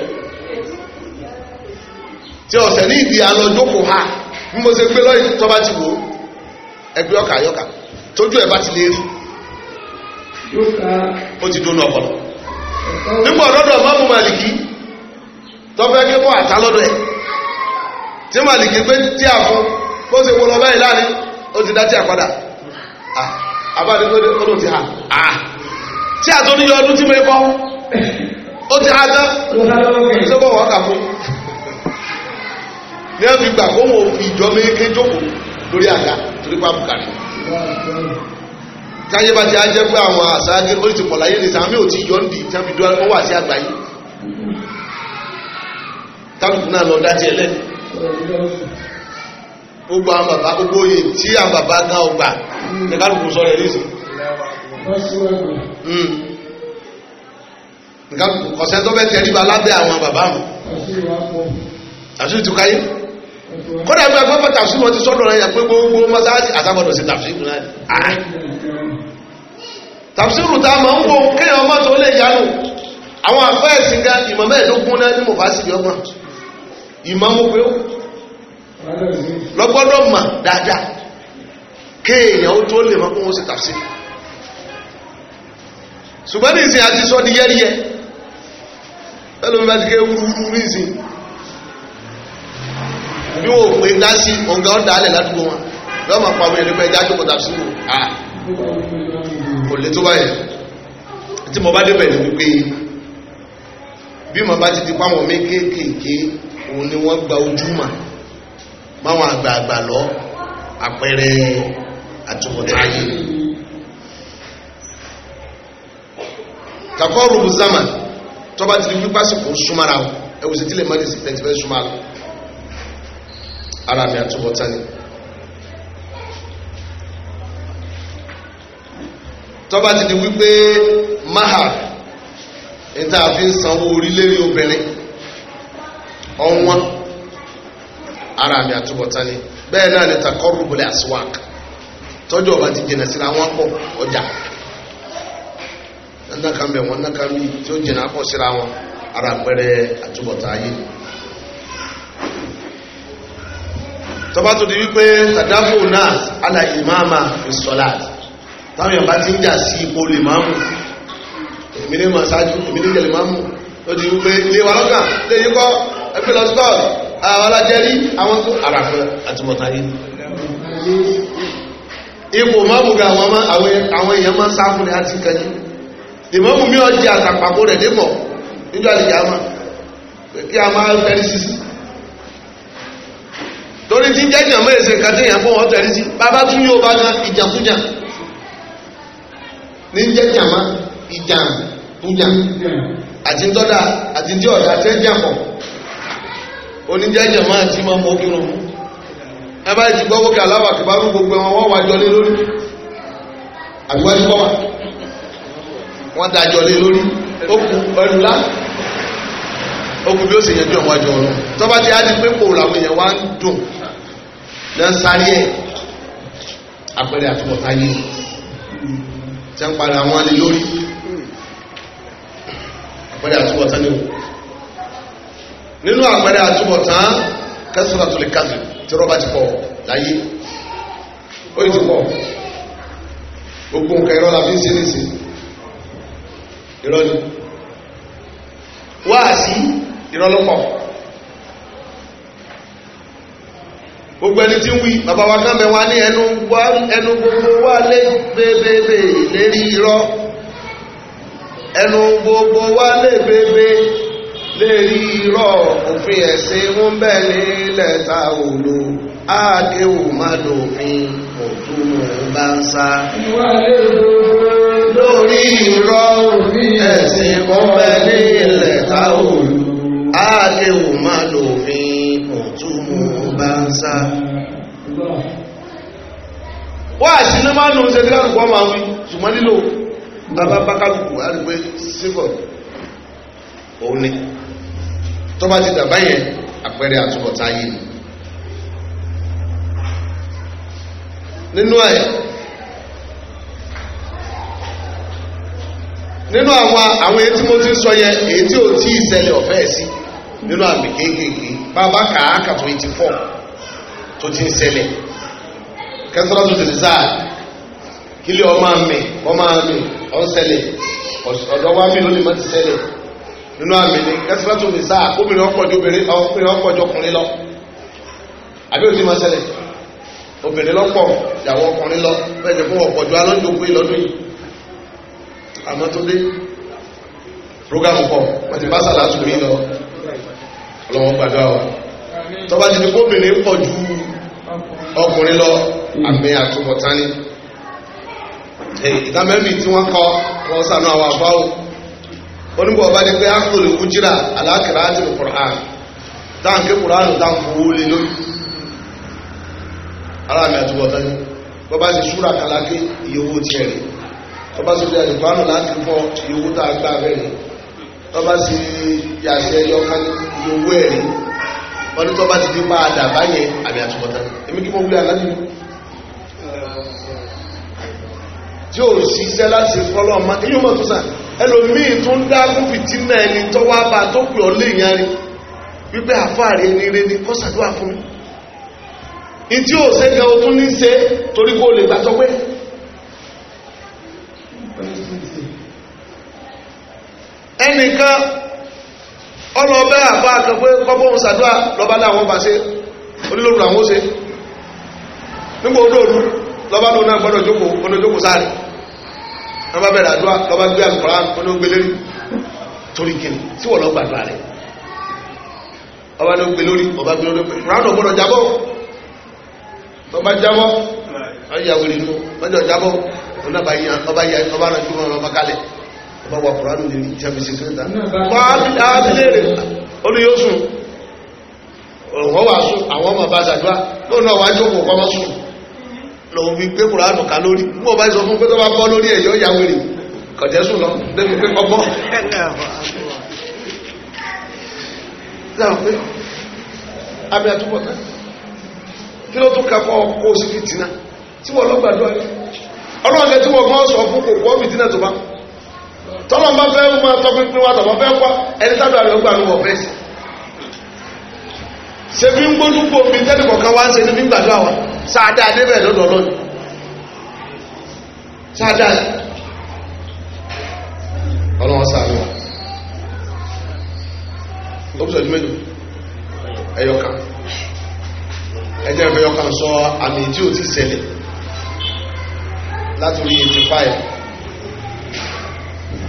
tí ọ̀sẹ̀ ní ìdí àlọ́ jókòó ha bí mo ṣe pé lọ́yìn tó bá ti wò ó ẹgbẹ́ ọkà yọkà tójú ẹ̀ bá ti lè rí ó ti dóná ọpọlọ. nígbà ọ̀dọ́dọ̀ mọ́mú màlìkì tọ́fẹ́ kíkọ́ àtà lọ́dọ̀ ẹ̀ tí màlìkì pé tí a fún kó ṣe wọ́n lọ báyìí ó ti dá tí a padà tó ti hà tí a tó ní yọ ọdún tí mo kọ́ ó ti hà tán wọ́n kà fún ní gbà kó káyé bá ti á jẹ́ pé àwọn àṣà gẹ́gbẹ́ ti pọ̀ láyé nìta àmì ò ti yọ ní a fi dúró ó wà sí àgbáyé tábìlì náà lọ dájẹ́ lẹ́ gbogbo àwọn bàbá gbogbo oyè tí àwọn bàbá gan ọgbà ní kálukú sọ rẹ̀ nísìn nǹkan ọ̀sẹ̀ tó fẹ́ tẹríba lábẹ́ àwọn bàbá mi àti ìtúkáyé kódà bí agbábọ̀ tàbí mo ti sọ́dọ̀ rẹ̀ yẹ pé gbogbo mọ́sáàsì àtàgbọ̀dọ̀ sí tàbí náà tàbísírù tá a máa ń wo kéèyàn ọmọ tó lè yanu àwọn àfẹ́ẹ̀sì ga ìmọ̀ mẹ́ẹ̀ẹ́dógún náà ní mọ̀fásìlì ọgbọ̀n ìmọ̀ mú pé ó lọ́gbọ́dọ̀ mà dáadáa kéèyàn ó tó lè mọ́ kó wọ́n sì tàbísírù ṣùgbọ́n ní ìsìn àti sọ di yẹ́rìyẹ́ ẹlòmí bá ti ké wúrúwúrú ní ìsìn bí wọ́n pè dá sí ọ̀gá ọ̀dà alẹ̀ ládùúgbò wọn lọ́mọ pàwọn ẹ̀lẹ́gbẹ̀ẹ́ jájọ́ kọ̀tà sí wọn kò lè tó báyìí tí mo bá débẹ̀ ní wípé bí mo bá ti di páwọn mékéèkéèké òun ni wọ́n gba ojúmọ̀ máwọn àgbààgbà lọ àpẹẹrẹ àtúbọ̀tán ayé kakọ́ rúbu zama tọ́ba ti di wípé pásìkò súnmọ́ra ẹ̀wùsì tí lè má di sí tẹ̀sífẹ́ súnmọ́ra ara mi àtúbọ̀tán ni. tọ́ba ti di wípé mahar níta fi ń sanwó orílẹ̀-èdè obìnrin ọ̀wọ́n ara mi àtúbọ̀tán ni bẹ́ẹ̀ náà ni takọ́rùbùlẹ̀ àsùwàkì tọ́jú ọba ti jìnà síra wọn pọ̀ ọjà nnáka mbẹ wọn nnáka mi tí ara pẹrẹ àtúbọ̀tá ayé tọ́ba tó di wípé tàdáfò náà ala imama ìsọ̀láàtì táwọn èèyàn bá ti ń jà sí ipò lè máa mú èmi ní màá ṣáájú èmi ní jẹ̀lẹ̀ máa mú ó ti wípé ilé wa lọ́gà lè yí kọ́ ẹgbẹ́ lọ sí bọ́ọ̀lù àwọn alájẹ́rí àwọn tó àràfẹ́ àti mọ̀tayé ipò mọ́mù ga àwọn èèyàn máa ń sá fún ní àti kẹjú ìmọ̀mù mi ọjẹ́ àtàpàkó rẹ̀ dé mọ̀ níjọ́ àlejò àmà kí a máa tẹ́rí sí sí torí tí jẹ́jẹ̀ mọ́ èsè kan tí èèyàn fún wọn tẹ́rí sí bàbá tún yóò bá gan ìjàkújà ní jẹ́ jàmá ìjàm ìjàm àti tọ́da àti tí ọ̀dà tẹ́ jàmọ̀ oníjẹ́ jàmá àti máa mọ́ kí wọn. ẹ bá ti gbọ́ wókè aláwà kí bá rú gbogbo wọn wọ́n wá jọ lé lórí àbíwájú kọ́ wa wọ́n dá jọ lé lórí ó kù ẹnu lá ó kù bí ó sì yẹjú àwọn àjọ ọ̀rọ̀ tọ́ba ti á di pé kò làwọn èèyàn wá ń dùn lẹ́ńsárí ẹ̀ àtúbọ̀tá yìí. tí a ń padà wọn lè lórí àpẹẹrẹ àtúbọ̀tán ni o nínú àpẹẹrẹ àtúbọ̀tán kẹsìlá tó lè kásì tí ti pọ̀ láyé ó yìí ti pọ̀ gbogbo irọ́ la fi ń ṣe nìsí irọ́ ni wáàsí gbogbo ẹni tí ń wí bàbá wa kan bẹ wá ní ẹnu gbogbo wa lé bébèbè lérí irọ́ ẹnu gbogbo wa lé bébè lérí irọ́ òfin ẹ̀sìn ń bẹ̀ nílẹ̀ ta òòlù àdéhùn má lòfin òtún bá ń sá. lórí irọ́ òfin ẹ̀sìn ń bẹ̀ nílẹ̀ ta òòlù àdéhùn má lòfin òtún banza wá àṣínú máa nù ṣe kíláàsì kọ́ máa wí ṣùgbọ́n nílò bàbá bákàlùkù á rí pé sífọ̀ òun ni tó bá ti dàbá yẹn àpẹẹrẹ àtúbọ̀tá yìí ni nínú ẹ̀ nínú àwọn àwọn èyí tí mo ti ń sọ yẹn èyí tí ò tí ì ṣẹlẹ̀ ọ̀fẹ́ sí. Si nínú àmì kéékèèké bàbá kàákà tó ti fọ́ tó ti ń ṣẹlẹ̀ kẹsàn-án tó ti sáà kílé ọmọ àmì ọmọ àmì ọ̀sẹ̀lẹ̀ ọ̀dọ́ wa mi lónìí máa ti ṣẹlẹ̀ nínú àmì ní kẹsàn-án tó ti sáà obìnrin ọ̀pọ̀jọ obìnrin ọkùnrin ọ̀pọ̀jọ ọkùnrin lọ àbí òtí máa ṣẹlẹ̀ obìnrin lọ́pọ̀ ìyàwó ọkùnrin lọ bẹ́ẹ̀ jẹ́ fún ọ̀pọ̀jọ alọ́jọ́gbé lọ́dún yìí àmọ́ tó dé program pọ̀ wọ́n ti bá sàlátù rí lọ ọlọ́wọ́ gbàdúrà wa tọ́ba ti di pọ̀ ju ọkùnrin lọ àmì àtúbọ̀tání ìdámẹ́mì tí wọ́n kọ́ wọ́n sànú àwọn àbáwò onígbọ̀ ọba ní pé ákùnrin kú jíra alákìrá àti kùrán dáńké kùrán dáńkó wọlé lórí ara mi àtúbọ̀tání bọ́bá ti súra kàlákì iye owó tiẹ̀ rẹ̀ iye owó tá a gbà bẹ́ẹ̀ tọ́ba sì yàṣẹ ẹyọ kan ní owó ní tọ́ba ti di máa dà báyẹn àmì àtúbọ̀tán èmi kí mo wúlò àlájú mi tí ó ṣiṣẹ́ láti fọ́lọ́ ọmọ kí yóò mọ̀ tó sà ẹlòmíì tó ń dá fún fìtínà ẹni tó wá bá tó pè ọ́ lè yan rí wípé àfáàrí ẹni rẹ ni kọ́sàdúrà fún mi ní tí ṣe gan o tún ní ṣe torí kó lè gbàtọ́ pé ẹnìkan ọlọ́bẹ́ àbá àkànpé kọ́bọ̀n sàdúrà lọ́bá láwọn bá ṣe onílòrù àwọn ó ṣe nígbà olóòrù lọ́bá lóun náà gbọ́dọ̀ jókòó oníjókòó sáré lọ́bá bẹ̀rẹ̀ àdúrà lọ́bá gbé àkùrá onígbélérí torí kìnnì tí wọ́n lọ gbàdúrà rẹ̀ ọba ló gbé lórí ọba gbé lórí ránà gbọ́dọ̀ jábọ́ ọba jábọ́ ọyàwó nínú ọjọ́ jábọ́ ọba yà ọba rẹ̀ jùmọ̀ ọba kalẹ̀ ọba wà kùránù lè rí ìṣẹ́bìsì kìrìtà pàápìlẹ̀ olùyóòsùn ọ̀rọ̀ wà sún àwọn ọmọ bá sàdúrà lóòrùn náà wá jókòó kọmọ sùn lòun fi gbé kùránù ká lórí mú ọba ìsọ fún pé tó bá bọ́ lórí ẹ̀yọ́ ìyá wèrè kọ̀jẹ́sùn lọ débi pé kọ́kọ́ abẹ́ àtúbọ̀tá kí ló tún kakọ́ kó sí fìtínà tí wọ́n lọ́gbàdúrà ọlọ́run ẹ̀ tí wọ́n gbọ́ sọ fún kò kọ́ fìtínà tó bá tọ́lọ́ bá fẹ́ mú ọtọ́ pínpín wa tọ́lọ́ fẹ́ kọ́ ẹni tábìlì àrẹ ọgbà ló wọ̀ bẹ́ẹ̀ sí. ṣé fi ń gbójú pò mí tẹ́lẹ̀ kọ̀ọ̀kan wá ń ṣe níbi gbàdúrà wa sáadá débẹ̀ lọ́dọ̀ lọ́nà ọlọ́wọ́ wa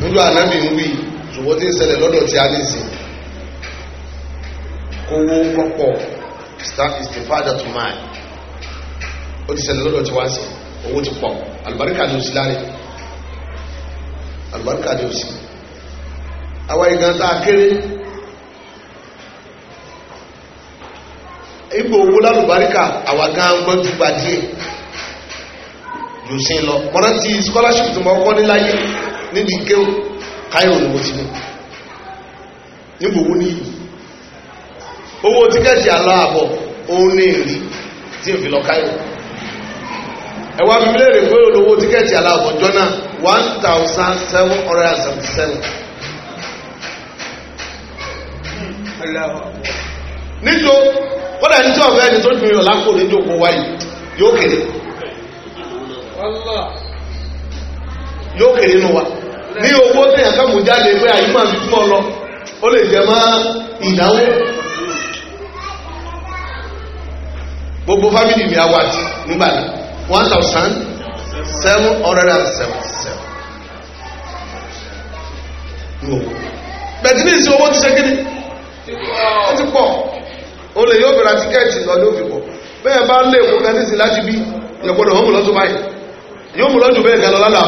nílò ànábì ń wí ṣùgbọ́n tí ń ṣẹlẹ̀ lọ́dọ̀ tí a nìsí kówó pọ́pọ̀ ìsìnfàdà tó máa ó ti ṣẹlẹ̀ lọ́dọ̀ tí wá sí owó ti pọ̀ àlùbáríkà ni ó sí láre àlùbáríkà ni ó sí àwa ìgbà tá a kéré ipò owó lálùbáríkà àwa gan gbọ́n ju gbà díẹ̀ jù sí lọ mọ́rántí scholarship tó mọ́ kọ́ níláyé níbi kéwò káyọ̀ òní mo ti ní ìlú owó tíkẹ́ẹ̀tì aláàbọ̀ òun ní èrí tí n fi lọ káyọ̀ ẹ̀wà mi léèrè pé olówó aláàbọ̀ jọ́nà one thousand seven hundred and seventy seven ní tí ọ̀fẹ́ ẹni tó ju lápò níjó kó wáyé yóò kéré ní owó tẹ̀yàn kàmù jáde pé àyè máa fi túmọ̀ lọ ó lè jẹ mọ́ gbogbo family mi àwọn àti one thousand owó ti ṣe kíni ó ti pọ̀ ó lè yóò bẹ̀rẹ̀ tíkẹ́ẹ̀tì lọ fi pọ̀ bẹ́ẹ̀ bá lè kó kẹ́ńtì sí láti bí ìyẹ̀gbọ́dọ̀ ó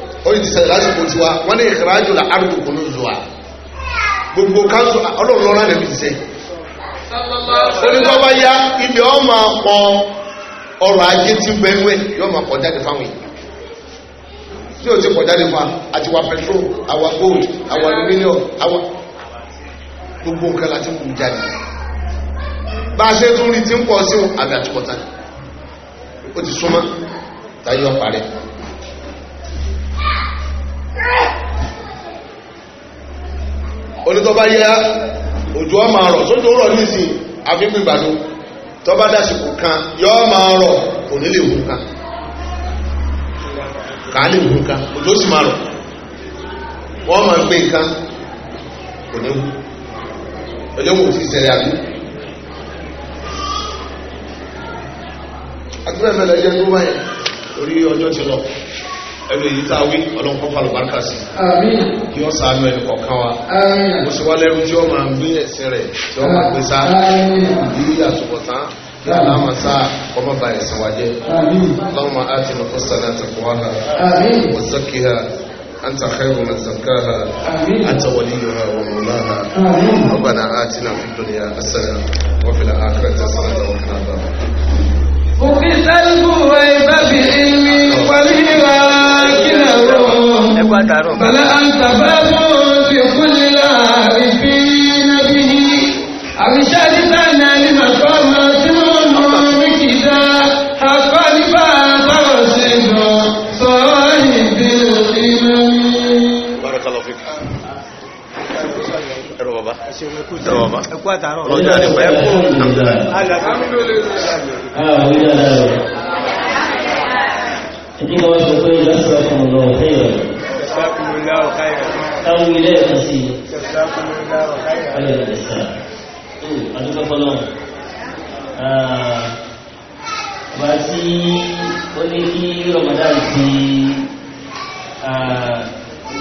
Oyi ti ṣẹlẹ̀ lásìkò tiwa wọ́n ní ìkìrájò là áàrùn kò zuwa gbogbo káńsù ọlọ́run lọ́rọ̀ lẹ́bi ti sẹ́ onígbọ́bá yá ilẹ̀ ọ máa ajé tí bẹ́ẹ̀wẹ̀ yóò máa pọ̀ fáwọn tí o ti pọ̀ fa àti wa petrol àwa gold àwa aluminium àwa gbogbo nǹkan láti mú jáde bá a ṣe tún rí ti ń pọ̀ sí àbí àtúkọ̀tà ti onítọ́bá yá òjò ọmọ àrọ̀ sójú ó rọ̀ ní ìsìn àfihàn ìgbàdo tọ́bá dásìkò kan yọ́ máa rọ̀ kò ka lè wùkà kàá lè wùkà òjò sì máa rọ̀ wọ́n máa gbé nǹkan kò ní wù ọjọ́ kò sí ìṣẹ̀lẹ̀ àbí àdúrà mẹ́lẹ̀ jẹ́ tó wáyà orí ọjọ́ ti lọ. ẹnu èyí tá a wí ọlọ́run kọ́ falọ̀ bárkà sí kí ọ sàánú ẹni kọ̀ọ̀kan wa ó sì wá lẹ́rú tí ó máa ń gbé ẹ̀sìn rẹ̀ tí ó máa gbé sá ìdí àtúbọ̀tán يا لما ساعة وما باي سواجه اللهم آت نفوسنا تقواها وزكها أنت خير من زكاها أنت وليها ومولاها ربنا آتنا في الدنيا حسنة وفي الآخرة حسنة وقنا عذاب النار فقس الكويب بعلم وليها bá dàrọ̀. bàbá àǹtàbá mọ́ fi kúlẹ̀ láàrin bí nábì yìí àbíṣẹ́ nígbà náà ní màkà ọmọ tí wọ́n mọ orí kìdá akọ́ nípa àbáwọ̀ sí lọ sọ́ọ́ ìbí òní mọ́. barakallahu fik. ẹ̀rọ bàbá ẹ̀rọ bàbá ẹ̀kú àtàrọ̀ lọ́jọ́ àdìpẹ́ ẹ̀kú. alhamdulillah. Ini kalau sesuai dasar Allah khairan Jazakumullahu khairan. Táwọn ilé ẹ̀kan sí i. Jazakumullahu khairan. Ayọ̀ ẹ̀jẹ̀ sá. Adúgbò fọlọ́. Bá tí ó ní kí Ramadan ti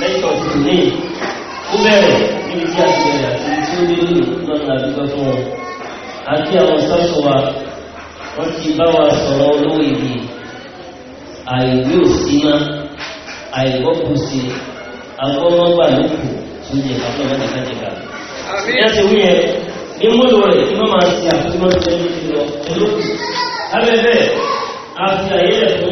lẹ́tọ̀ ti lè ó bẹ̀rẹ̀ níbi tí a ti bẹ̀rẹ̀ àti tí ó dé lónìí lọ́nà àdúgbò fún wọn. Àti àwọn sọ́ọ̀sọ̀ wa wọ́n ti bá àìwọ́pù sí agbọ́mọ́gbà lókù tó yẹ kápẹ́ wọn nìkan nìkan. ìyá ti wí yẹn ní múlò rẹ̀ kí wọ́n máa ṣe àkójọ ìṣẹ́yìn lọ olókù. abẹ́bẹ́ a fi àyè rẹ̀ fún